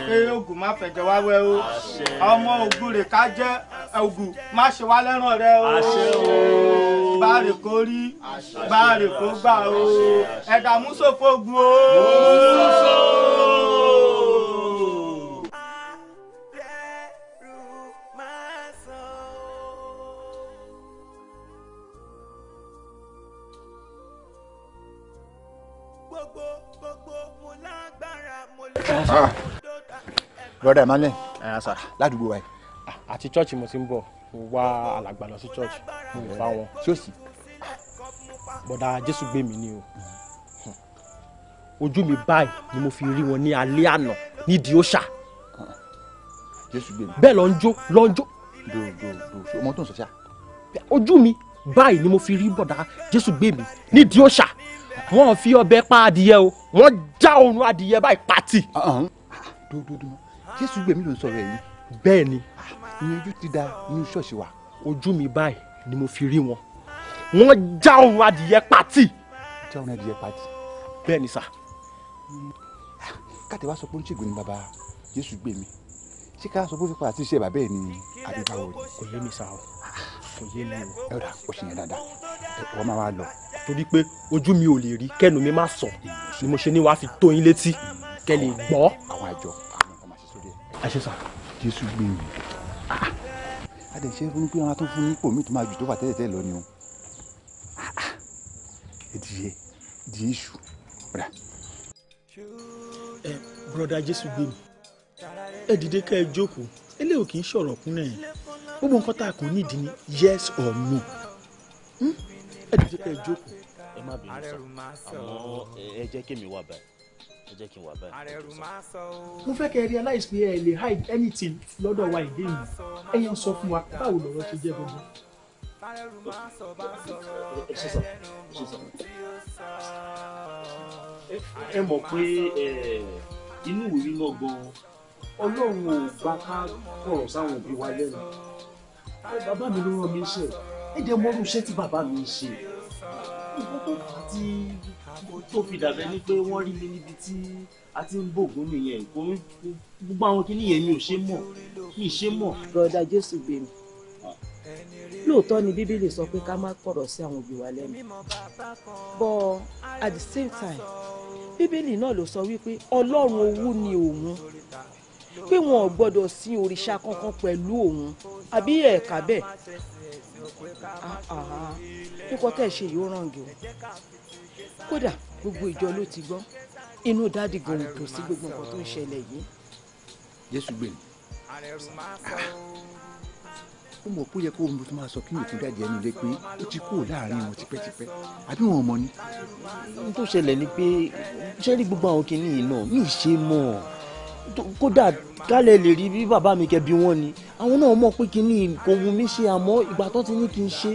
pé ogun má fẹjẹ wá wẹ o ọmọ ogun rè ká jẹ ogun má ṣe wá lẹ́ràn rẹ o bá rè kó rí bá rè kó gbà o ẹ̀dá mú ogun o. Ah. broda emmanuel ládùúgbò wa yìí. Ah, àti church mo ti ń bọ̀ mo wá alàgbà lọ sí church mo lè bá wọn tí ó sì bọ̀dà jésù gbé mi ni o ojú mi báyìí ni mo fi rí wọn ní alẹ́ àná nídìí òòṣà bẹ́ẹ̀ lọ ń jó lọ ń jó. ọmọ tó ń sọ sí a. ojú mi báyìí ni mo fi rí bọ̀dà jésù gbé mi nídìí òòṣà wọ́n fi ọbẹ̀ pa adìyẹ o wọ́n já òórùn adìyẹ báyìí pàtì. Ah, ah, ah, dòdòdò jésù gbèmí ló ń sọ̀rọ̀ yìí. bẹ́ẹ̀ ni ìyẹn ojú ti da ní ṣọ́ọ̀ṣì wa. ojú mi báyìí ni mo fi rí wọn wọ́n já òórùn adìyẹ pàtì. já òórùn adìyẹ pàtì. bẹ́ẹ̀ ni sà. káàtẹ́ wá sọ pé ó ń ṣègùn ní bàbá jésù gbèmí ṣé ká sọ pé ó fi pa àti iṣẹ́ bàbá ẹ̀ ni àbí báwo ni. kò yé mi sá o kò yé mi o ẹ rà ó ṣe yẹn dáadáa wọ́n máa wá lọ. torí pé ojú mi ò lè rí kẹ́nu mi má sọ ni mo ṣe ní wàá fi tó yín létí kẹ́ lè gbọ́. àwọn àjọ àwọn ọmọ àṣẹ sórí ṣe sá. mi. Ah, ah. a dẹ̀ ṣe é ronú pé wọn á tún fún yín pò mí tó máa jù tó wà tẹ́lẹ̀ tẹ́lẹ̀ lọ ni o. èdìyẹ ah, jésù rà. ẹ bùrọ̀dá jésù gbé ẹ dìde kẹ́ ẹ jókòó eléyìí ò kì í ṣọ̀rọ̀ kúnlẹ̀ yẹn gbogbo nǹkan tá a kàn nídìí ni yes or no hmm? ẹ dìde kẹ́ ẹ jókòó. ẹ má bínú sọ àmọ́ ẹ jẹ́ kí mi wà báyìí ẹ jẹ́ kí n wà báyìí. mo fẹ́ kẹ́ ẹ realize pé ẹ lè hide anything lọ́dọ̀ wa ìdí mi ẹ̀yàn sọ fún wa báwo lọ̀rọ̀ ṣe jẹ́ gbogbo. ẹ mọ̀ pé inú ìwé náà gan-an ọlọ́run ò gbà ká kọ̀rọ̀ sáwọn òbí wa lẹ́nu bàbá mi ló rán mi iṣẹ́ ẹ jẹ́ mọ́rú iṣẹ́ tí bàbá mi ń ṣe àti tó fi dàbẹ́ ni pé wọ́n rí mi níbi tí a ti ń bògún nìyẹn kò gbogbo àwọn kìíní yẹn mi ò ṣe mọ̀ mi ì ṣe mọ̀. broda jésù gbé lóòótọ́ ni bíbélì sọ pé ká má kọ̀rọ̀ sí àwọn òbí wa lẹ́nu but at the same time bíbélì náà ló sọ wípé ọlọ́run owú ni òun pé wọn ò gbọ́dọ̀ sí òrìṣà kankan pẹ̀lú òun àbí ẹ̀ka bẹ́ẹ̀ ah, ah, kíkọ́ tẹ̀ ṣe yìí ó rànge o kódà gbogbo ìjọ ló ti gbọ́ inú dáàdì gan ò dùn sí gbogbo nǹkan tó ń ṣẹlẹ̀ yìí. jésù gbè mí ó mọ̀ pé ó yẹ kó omi tó máa sọ kí ní òtún dáàdì ẹnu lé pé ó ti kúrò láàrin wọn tipẹ́tipẹ́ àbí wọn mọ ni. ohun tó ṣẹlẹ̀ ni pé ṣé rí gbogbo àwọn kìnìún yìí náà mi ì ṣe mọ́ ọ kódà kálẹ̀ lè rí bí bàbá mi kẹ́ bí wọ́n ni àwọn náà mọ̀ pé kinní kò wù mí ṣe àmọ́ ìgbà tó ti ní kí n ṣe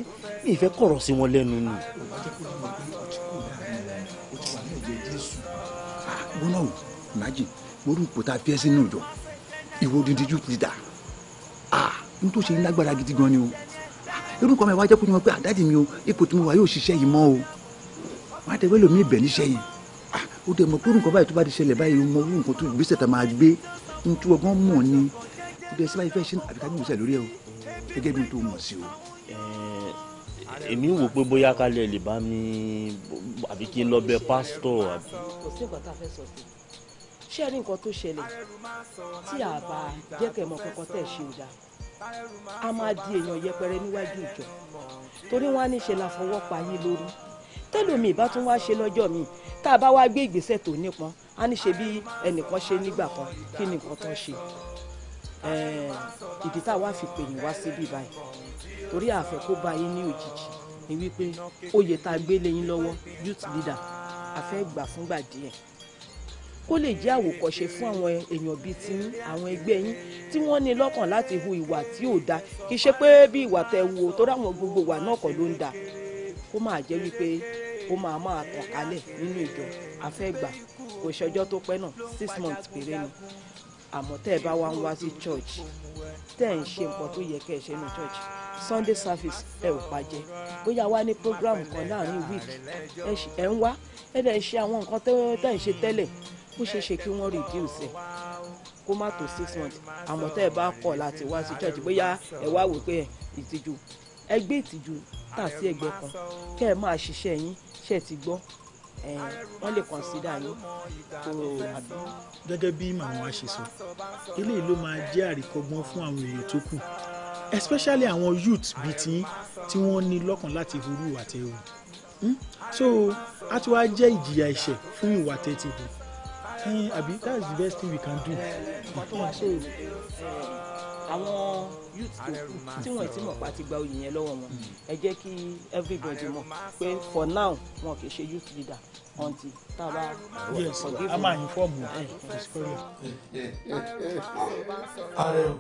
mi ìfẹ́ kọ̀rọ̀ sí wọn lẹ́nu ni. gbọ́nà ò májì mo rí ipò tá a fi ẹ́ sínú ìjọ ìwọ odindi jù ti dà n tó ṣe lágbára gidi gan ni o irú nǹkan mi wá jẹ́ kó ní wọn pé àdáàdì mi o ipò tí mo wà yóò ṣiṣẹ́ yìí mọ́ o wọn á tẹ̀wé lómi ìbẹ̀ níṣẹ́ yìí o dẹ̀ mọ̀ pé nǹkan báyìí tó bá ti ṣẹlẹ̀ báyìí ó mọ irú nǹkan tó gbèsè tá máa gbé ní tí ọgbọ́n mọ̀ ni ó dẹ̀ síbáyìí fẹ́ ṣe àbí ká gbèsè lórí ẹ̀ o gẹ́gẹ́ bí tó mọ̀ sí o. èmi wò pé bóyá kálẹ̀ lè bá mi àbí kí n lọ bẹ pásítọ̀ àbí. kò sí nǹkan tá a fẹ́ sọ sí ṣé ẹ ní nǹkan tó ṣẹlẹ̀ tí a bá jẹ́ kẹ́ mọ̀ kankan tẹ̀ ṣe ò dáa a máa di èèyàn yẹpẹrẹ níwájú ìjọ torí wọn á ní tẹ́lómi ìbá tún wá ṣe lọ́jọ́ mi tá a bá wá gbé ìgbésẹ̀ tó nípọn á ní ṣe bí ẹnìkan ṣe nígbà kan kí ni nǹkan tán ṣe ìdí tá a wá fi pè yín wá síbí báyìí torí àfẹ́ kó bá yín ní òjijì ni wípé oyè tá a gbé lẹ́yìn lọ́wọ́ youth leader àfẹ́ gbà fúngbà díẹ̀ kó lè jẹ́ àwòkọ́ṣe fún àwọn èèyàn bíi ti yín àwọn ẹgbẹ́ yín tí wọ́n ní lọ́kàn láti hu ìwà tí ò dáa kì í ṣe pé bí ìwà tẹ̀ wò tó ráwọn gbogbo wà náà kọ́ ló ń dáa kó máa jẹ́ wípé ó máa máa tàn kálẹ̀ nínú ìjọ afẹ́gbà kò ṣọjọ́ tó pẹ́ náà six months péré ni àmọ́ tẹ́ ẹ bá wá ń wá sí church tẹ́ ẹ ń ṣe nǹkan tó yẹ kẹ́ ẹ ṣe ní church sunday service ẹ ò pàjẹ́ bóyá wá ní program kan láàrin week ẹ ń wá ẹ dẹ̀ ṣe àwọn nǹkan tẹ́ ẹ ń ṣe tẹ́lẹ̀ ó ṣeé ṣe kí wọ́n reduce ẹ̀ kó má tó six months àmọ́ tẹ́ ẹ bá kọ̀ láti wá sí church bóyá ẹ wá wò pé ìtìjú ẹ gbé ìtìjú tà sí ẹ̀gbẹ́ kan kẹ́ ẹ máa ṣiṣẹ́ yín ṣe ti gbọ́ wọ́n lè consider yín kúrò àbí. gẹ́gẹ́ bí màmá wa ṣe sọ eléyìí ló máa jẹ́ àríkọ́gbọ́n fún àwọn èèyàn tó kù especially àwọn youth bíi tí tí wọ́n ní lọ́kàn láti hurú ìwà tẹ́ hmm? so a ti wá jẹ́ ìjìyà ẹ̀ṣẹ̀ fún ìwà tẹ́ ti hù àbí that's the best thing we can do. nǹkan tó wá ṣe àwọn youth tó kù tí wọ́n ti mọ̀ pa ti gba oyè yẹn lọ́wọ́ wọn ẹ jẹ́ kí everybody mọ̀ pé for now wọn kì í ṣe youth leader until tá a bá forgive them. a máa yín fọ́ọ̀mù ìsìkọ́rẹ́. ààrẹ o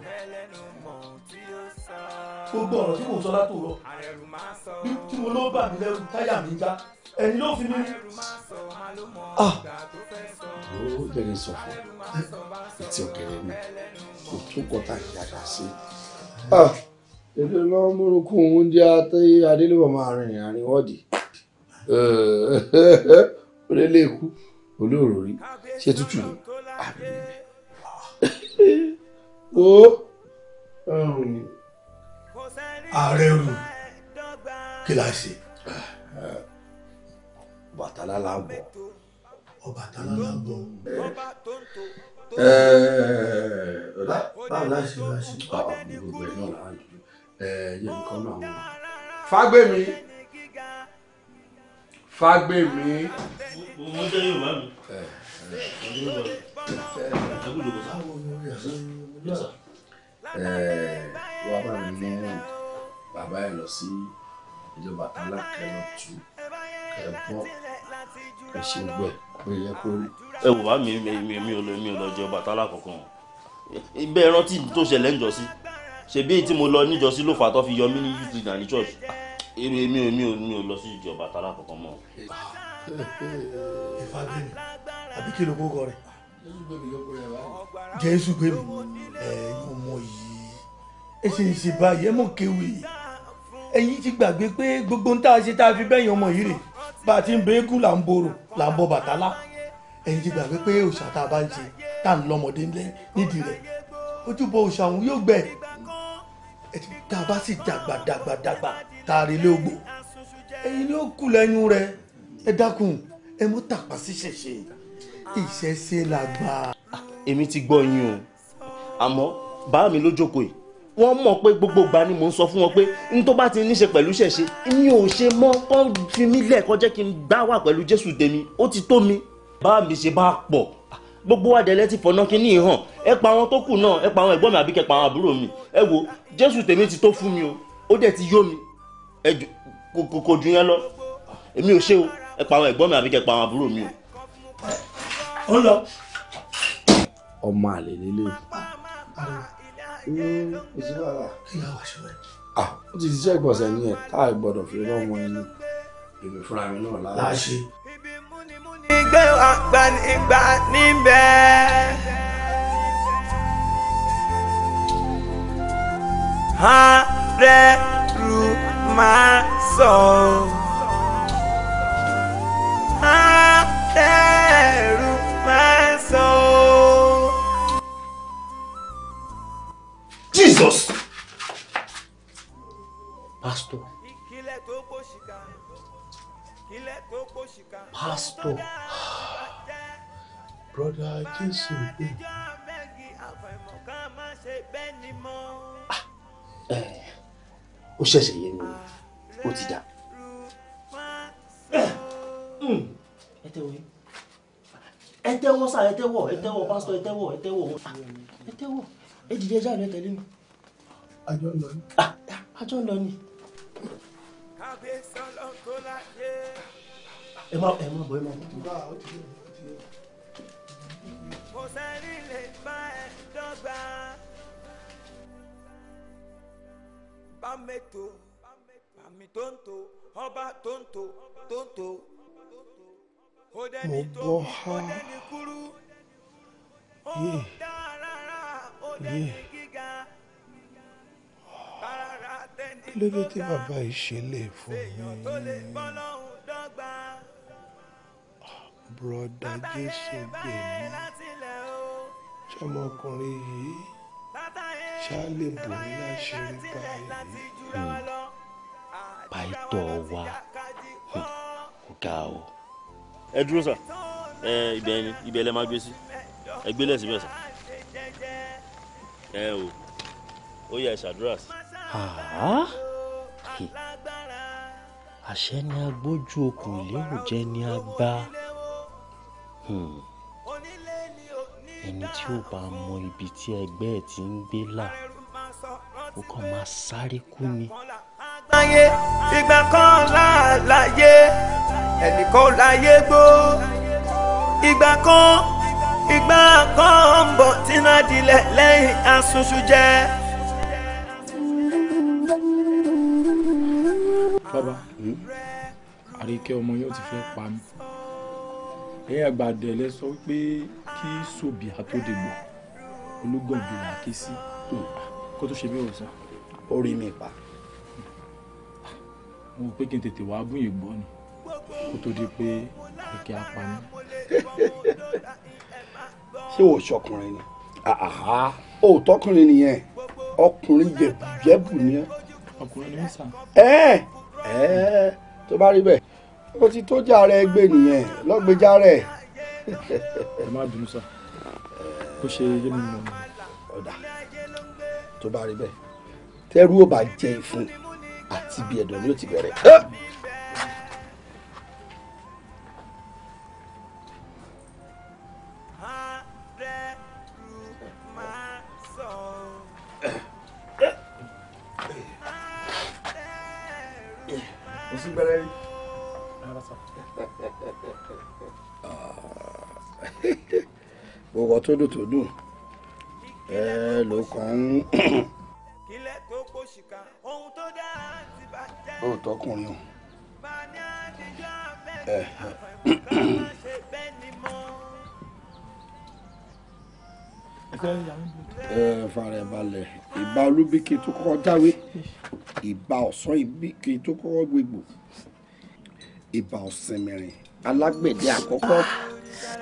gbogbo ọ̀rọ̀ tí mo sọ látòrọ tí mo ló bà mí lẹ́rù táyà mi já ẹni ló fi mí rí. Ah! ó bẹ̀rẹ̀ sọ̀fọ̀ àti ọ̀gẹ̀rẹ̀ mi kò tún kọ́ta ìyàdá sí i. Ah, èdè náà múrukú oúnjẹ àti adélébọ̀ máa rìn àárín wọ́ọ̀dì olélẹ́kú <laughs> olóòrò rí ṣé tútù ni <laughs> o ààrẹ rù kí la ṣe. Ọbàtálá la bọ̀. Ọbàtálá la bọ̀. Eh, Eh, báwo la wọ́n ah, mi. wọ́n eh, eh, bá mi mú bàbá ẹ̀ lọ sí ìjọba alákẹ́lọ́tù ẹ̀bọ́ ẹ̀ṣẹ̀ pé yẹ kó rí ẹ wò bá mi mi ò lọ mi ò lọ jẹ Ọbàtálá kankan bẹ́ẹ̀ rántí tó ṣẹlẹ̀ níjọ́sí ṣèbí èyí tí mo lọ níjọ́sí ló fà tó fi yọ mí ní youth leader ní church ah, èmi mi ò mi ò mi ò lọ sí ìjọ Ọbàtálá kankan mọ́. ìfàgbẹ́ni àbí kí ló kókó rẹ̀ jésù gbé mi ẹ̀yin ọmọ yìí ẹ ṣe ń ṣe báyìí ẹ mọ̀ kéwì ẹ̀yin ti gbàgbé pé gbogbo ń tá a ṣe tá a fi bẹ́yìn ọmọ yìí rè bá a ti ń bẹ́ẹ́kù là ń borò là ń bọ Bàtálá ẹ̀yin ti gbàgbé pé òòṣà tá a bá ń ṣe tá à ń lọ́mọdé ńlẹ́ nídìí rẹ̀ ojúbọ òòṣà òun yóò gbẹ tá a bá sì dàgbà dàgbà dàgbà tá a rí ilé ogbò ẹ̀yin ni ó kù lẹ́nu rẹ̀ ẹ dákun ẹ mú tàpá sí ṣẹ̀ṣẹ̀ ìṣẹ̀ṣe la gbà. èmi ti gbọ́ yín o àmọ́ bàá mi ló jókòó yìí wọ́n mọ̀ pé gbogbo ìgbà ni mò ń sọ fún wọn pé n tó bá ti ní ṣe pẹ̀lú ṣẹ̀ṣe mi ò ṣe mọ́ kán fi mí lẹ̀ kó kí n gbá wà pẹ̀lú Jésù tèmi ó ti tó mi bá mi ṣe bá pọ̀ gbogbo wa dẹ̀ fọ̀nà kí ní ẹ pa àwọn tó kù náà ẹ pa àwọn ẹ̀gbọ́n mi àbí kẹ pa àwọn àbúrò mi ẹ wo jésù tèmi ti tó fún mi o ó dẹ̀ ti yó mi ẹ kò ju yẹn lọ èmi ò ṣe o ẹ pa àwọn ẹ̀gbọ́n mi àbí kẹ pa àwọn àbúrò mi o. ó lọ. ọmọ àlè lélẹ̀. Ah, ó ti ṣiṣẹ́ ìgbọ̀nsẹ̀ ni ẹ̀ tá gbọ́dọ̀ fi ọlọ́mọ ẹni èmi fúnra mi náà láàṣẹ nígbẹ́ àgbànigbà níbẹ̀. arẹ́rù máa sọ. arẹ́rù máa sọ. Jesus! Pastor. Pastor, <sighs> brother jésù pé ah, eh, ó ṣẹ̀ṣẹ̀ yé mi ó ti dà <coughs> hmm. ẹ tẹ́wọ́ ẹ tẹ́wọ́ sáà ẹ tẹ́wọ́ ẹ tẹ́wọ́ pásítọ̀ ẹ tẹ́wọ́ ẹ tẹ́wọ́ ẹ tẹ́wọ́ ẹ dìde ẹjá rẹ tẹ̀lé mi. àjọ ń lọ ni. àjọ ah, ń lọ ni. kábíyèsí ọlọ́kọ́ láyé ẹ má ẹ má bọ̀ ẹ má bọ̀. kò sẹ́ni lè bá ẹ dọ́gba tí bàbá yìí ṣe lè fún mi bùrọ̀dà jésù gbèmí ṣọmọkùnrin yìí ṣáàlè bò ní àṣírí báyìí. pàìtọ́ wa hmm. ah, kò hmm. ga o. ẹ dúró sà ẹ ibẹ̀ ni ibẹ̀ lẹ máa gbé sí ẹ gbélé síbẹ̀ sà ẹ o ó yẹ ṣàdúrà sí. Ah. Hmm. àṣẹ ni agbójú okùn ìlérò jẹ ni a gbà ẹni tí ó bá mọ ibi tí ẹgbẹ́ ẹ̀ ti ń gbé là ó kàn máa sáré kú ni. láyé ìgbà kan láàláyé ẹnì kan láyé gbó ìgbà kan ìgbà kan ń bọ̀ tí náà dilẹ̀ lẹ́yìn asunṣu jẹ́. bàbá hmm? àríkẹ́ ọmọ yóò ti fẹ́ pa mí ẹ̀yìn àgbàdo ẹ̀ lẹ sọ wípé kí sòbì àtòdìgbò olúgbọ̀ngbò là ké sí kó tó ṣe bí òòsàn. orí mi pa. mo rò pé kí n tètè wàá bún ìgbọ́ ni kó tó di pé èké apá mi. ṣé o ṣọkùnrin ni o tọkùnrin nìyẹn ọkùnrin jẹ̀bù jẹ̀bù ni. ọkùnrin ni mí sà. ẹ ẹ tó bá rí bẹ́ẹ̀ ó ti tó jàre ẹgbẹ́ nìyẹn lọ́gbẹ́jàre. ẹ má dùn sá kó ṣe yé mi mọ. ọ̀dà tó bá rí bẹ́ẹ̀ tẹ́rù ò bá jẹ́ ìfun àti ibi ẹ̀dọ̀ ni ó ti bẹ̀rẹ̀. tó dùn tó dùn ẹ ló kàn ń òótọ́ ọkùnrin o ẹ fara balẹ̀ ìbà olúbíkì tó kọ́kọ́ jáwé ìbà ọ̀sán ìbíkì tó kọ́kọ́ gbégbò ìbà ọ̀sẹ̀mẹ̀rìn alágbẹ̀dẹ àkọ́kọ́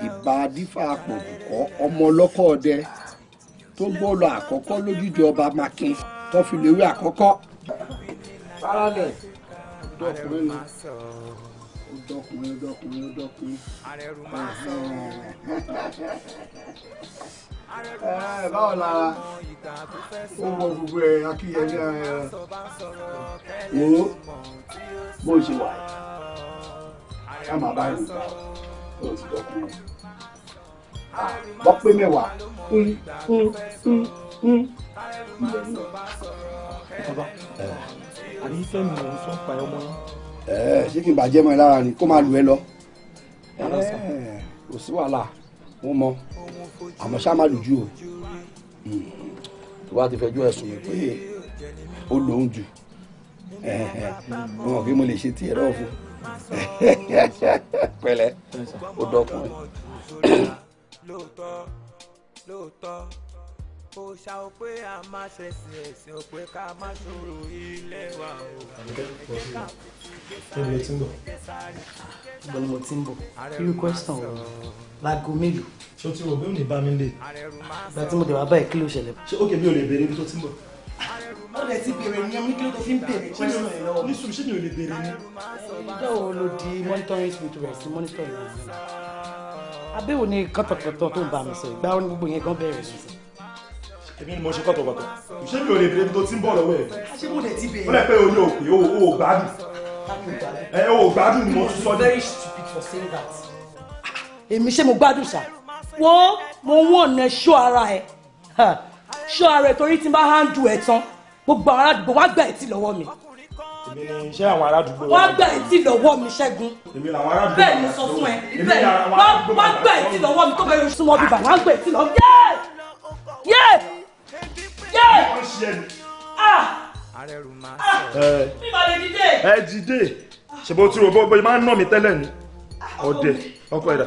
ìbà dífà àpọ̀dùkọ́ ọmọ ọlọ́kọ́ ọdẹ tó bọ́ọ̀lù àkọ́kọ́ lójújọ ọba makin tó fi léwé àkọ́kọ́. paralẹ̀ dọkùnrin ni dọkùnrin dọkùnrin dọkùnrin. <laughs> báwo la ó wọ gbogbo ẹ akíyẹmí ẹ wo bó ṣe wà ká má bá ìlú gbà wọ́n pé mẹ́wàá ilẹ̀ hmm, ní. Hmm, hmm, bàbá àbí fẹ́mi ò ń sọ pa ọmọ yẹn. ṣé kí n bàjẹ́ mọ́ ẹ lára ni kó máa lù ẹ lọ. kò sí wàhálà wọ́n mọ àmọ́ ṣá má lù jù o. tó bá ti fẹjọ́ ẹ̀sùn yìí pé ó lòún jù wọn kì í mo lè ṣe tiẹ̀ lọ́wọ́ fún un. <laughs> pẹ̀lẹ́ ó dọkùnrin. lóòótọ́ lóòótọ́ kò ṣá o pé a máa ṣe sí ẹ̀sìn o pé ká má ṣòro ilé wa o. kí ni mo ti ń bọ̀. bọ́lá mo ti ń bọ̀ irú question wo láago mélòó. ṣé o ti rò bí o ní bá mi lè. ìgbà tí mo dẹ̀ wá báyìí kí ló ṣẹlẹ̀. ṣé ó kè mí ò lè béèrè ibi tó ti ń bọ̀ ó lè ti bèrè ní ọmọ kílódé fi ń bèrè question ẹ lọ́wọ́. ní sùn ṣé mi ò lè bèrè ni. báwo lo di monitoring spirit rẹ sí monitoring rẹ abẹ́wò ni kọ́tọ̀kọ́tọ̀ tó ń bá mi sọ ìgbà wọn ni gbogbo yẹn gan bẹ̀rẹ̀ sí. èmi ni mo ṣe kọ́tọ̀kọ́tọ̀ ṣé mi ò lè bèrè tó ti ń bọ̀ lọ́wọ́ ẹ̀. ṣé mo lè ti bèrè. ó lè pẹ́ orí òpè o ò gbádùn. ẹ ò gbádùn ni mo tún sọ ní. very stupid for saying that. èmi ṣé mo gbádùn ṣá wo mo wọ̀n ẹ ṣó ara ẹ ṣọ́ ara ẹ̀ torí tí n bá handle ẹ̀ tán gbogbo àwọn aládùúgbò wọn á gbà ẹ̀ tì lọ́wọ́ mi. èmi ni iṣẹ́ àwọn aládùúgbò wọn. wọ́n gbà ẹ̀ tì lọ́wọ́ mi ṣẹ́gun. èmi làwọn aládùúgbò bẹ́ẹ̀ ni sọ fún ẹ bẹ́ẹ̀ wọ́n gbà ẹ̀ tì lọ́wọ́ mi tó bẹ̀rẹ̀ oṣù mọ́ bíbà wọ́n gbà ẹ̀ tì lọ́wọ́ mi. yé yé yé ah! Ah! Ah! ẹ dìde ṣe bó tí o bó bó máa ń nà mí tẹ́lẹ̀ ni ọ̀dẹ̀ ọkọ ẹ̀dá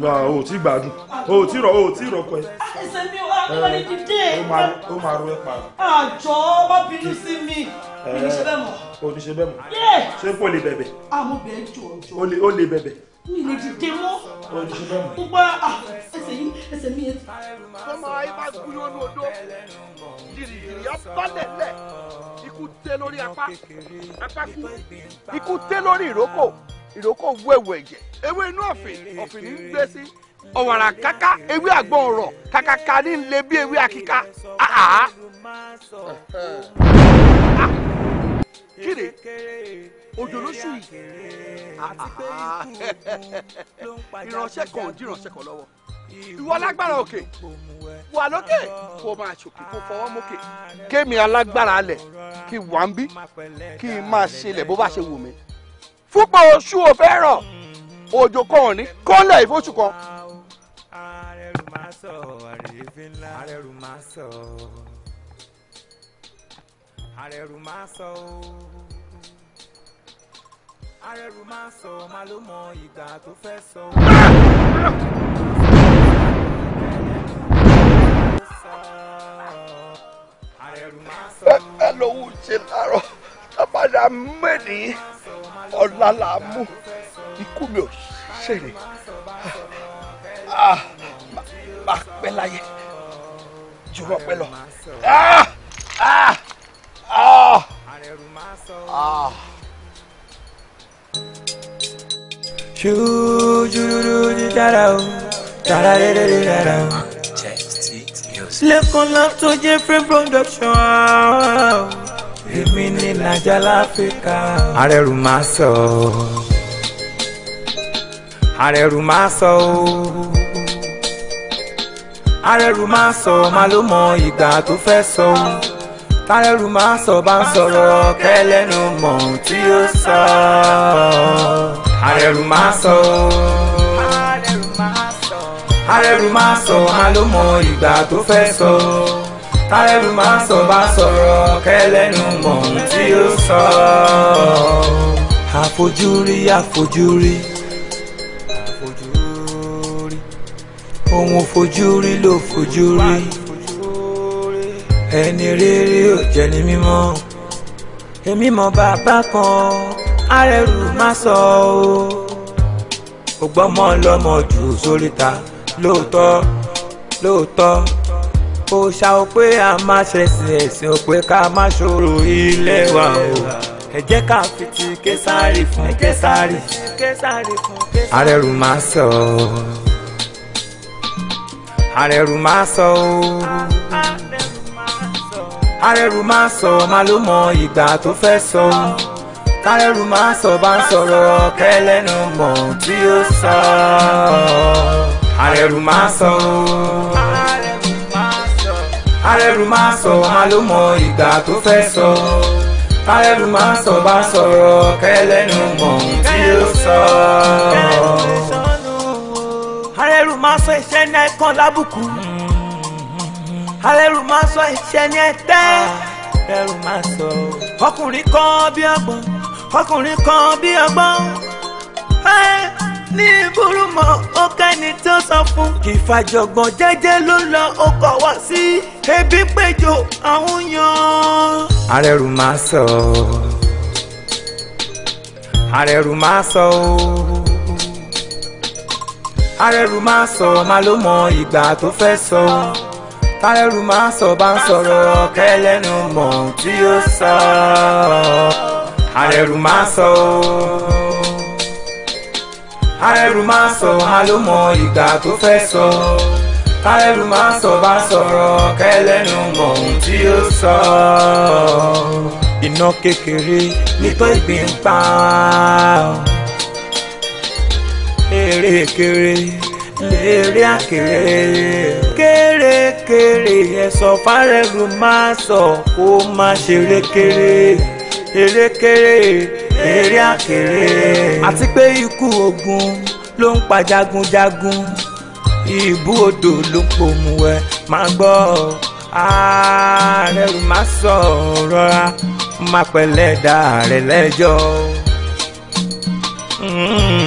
wà ó tí gbádùn ó tí rọ ó tí rọ ọkọ ẹ̀. ẹsẹ̀ mi ò akọ́lẹ̀ dìde. ó máa ro ẹ pa. àjọ má bínú sí mi mi ní ṣe bẹ́ẹ̀ mọ̀. Eh, o ní ṣe bẹ́ẹ̀ mọ̀ ṣé kò lè bẹ̀bẹ̀. àmọ́ ah, bẹ́ẹ̀ jọ jọ. o lè bẹ̀bẹ̀. mi lè dìde mọ́. o ní ṣe bẹ́ẹ̀ mọ̀. gbogbo ah, ẹsẹ̀ yìí ẹsẹ̀ mi yẹn. ọmọ ayé máa gbúyọ́ ní odó yìrìyìrì abálẹ̀ lẹ̀ ikú tẹ lórí apá apá kú ikú tẹ lórí ìrókò ìrókò wẹ̀wẹ̀ ẹ̀jẹ̀ ewé inú ọ̀fìn ọ̀fìn ní gbé sí ọ̀wàrà káká ewé àgbọn ọ̀rọ̀ kàkàkà ní lè bí ewé akíká kíni òjò lóṣù yìí ìránṣẹ́ kan ò díránṣẹ́ kan lọ́wọ́ ìwọ alágbára òkè wà lókè kó máa ṣòkè kó fọwọ́ mókè kémi alágbára alẹ̀ kí wà ń bí kí n máa ṣe ilẹ̀ bó bá ṣe wù mí fúnpọ̀ oṣù òfẹ́ràn òjò kan ò ní kọ́lẹ̀ ìfọ́sù kan. arẹrù máa sọ àrífín ńlá arẹrù máa sọ arẹrù máa sọ arẹrù máa sọ máa ló mọ ìgbà tó fẹ́ sọ. ẹ lówó ṣe mẹ́rin ọ̀la là á mú ikú mi ò ṣèrè ah, má pẹ́ láyé jù lọ pẹ́ lọ. Ṣùjúrú ní dára o, dára dédé ní dára o. Lẹ́kọ̀ọ́ lọ́tún jẹ́ free production èmi ní nàjà láfíríkà. arẹrù máa sọ arẹrù máa sọ ooo arẹrù máa sọ má ló mọ ìgbà tó fẹ́ sọ o tárẹrù máa sọ bá ń sọ̀rọ̀ kẹlẹ́nu mọ̀ tí ó sọ arẹrù máa sọ o arẹrù máa sọ má ló mọ ìgbà tó fẹ́ sọ o táyẹ̀rù máa ń sọ bá sọ̀rọ̀ kẹ́lẹ́nu mọ̀ ohun tí ó sọ. àfojúrí àfojúrí ohun fojúrí ló fojúrí ẹni rírí ò jẹ́ ní mímọ́ èmi mọ̀ bàbá kan arẹ́rù má sọ o ògbọ́mọ lọ́mọ jù sóríta lóòótọ́ lóòótọ́ kò ṣá o pé a má ṣe ṣẹ̀ṣẹ̀ o pé ká má ṣòro ilé wa o ẹ jẹ́ ká fi ti késàrì fún késàrì. arẹrù máa sọ arẹrù máa sọ o arẹrù máa sọ má ló mọ ìgbà tó fẹ́ sọ kárẹrù máa sọ bá ń sọ̀rọ̀ kẹlẹ́nu mọ̀ tí ó sọ arẹrù máa sọ o arẹ́rù máa sọ a ló mọ ìgbà tó fẹ́ sọ arẹ́rù máa sọ bá sọ̀rọ̀ kẹ́lẹ́nu mọ̀ ohun tí ó sọ. arẹ́rù máa sọ iṣẹ́ ní ẹ̀kan lábùkù arẹ́rù máa sọ iṣẹ́ ní ẹ̀tẹ́ arẹ́rù máa sọ ọkùnrin kan bí ọgbọ́n ọkùnrin kan bí ọgbọ́n ní ìbúrúmọ̀ ó kẹ́ni tó sọ fún. ìfàjọ̀gbọ̀n jẹ́jẹ́ ló lọ ó kọ̀wọ́ sí ebi péjọ àwọn yan. arẹrù máa sọ arẹrù máa sọ arẹrù máa sọ máa ló mọ ìgbà tó fẹ́ sọ tárẹrù máa sọ bá ń sọ̀rọ̀ kẹ́lẹ́nu mọ̀ tí ó sọ arẹrù máa sọ. So kárẹ́rù máa sọ alómọ ìgbà tó fẹ́ sọ kárẹ́rù máa sọ bá sọ̀rọ̀ kẹ́lẹ́nu mọ̀ ohun tí ó sọ. iná kékeré nítọ́ ìgbín ń pa eré kéré lérè àkèrè kérékèrè ẹ sọ fárẹ́rù máa sọ kó má ṣe rékéré erékéré eré àkèrè. àti pé ikú ogun ló ń pa jagunjagun ìbú odò ló ń pòmùwẹ̀ máa gbọ́ ààrẹ ò má sọ rọra má pẹ̀lẹ́ dà lẹ́jọ́. Mm.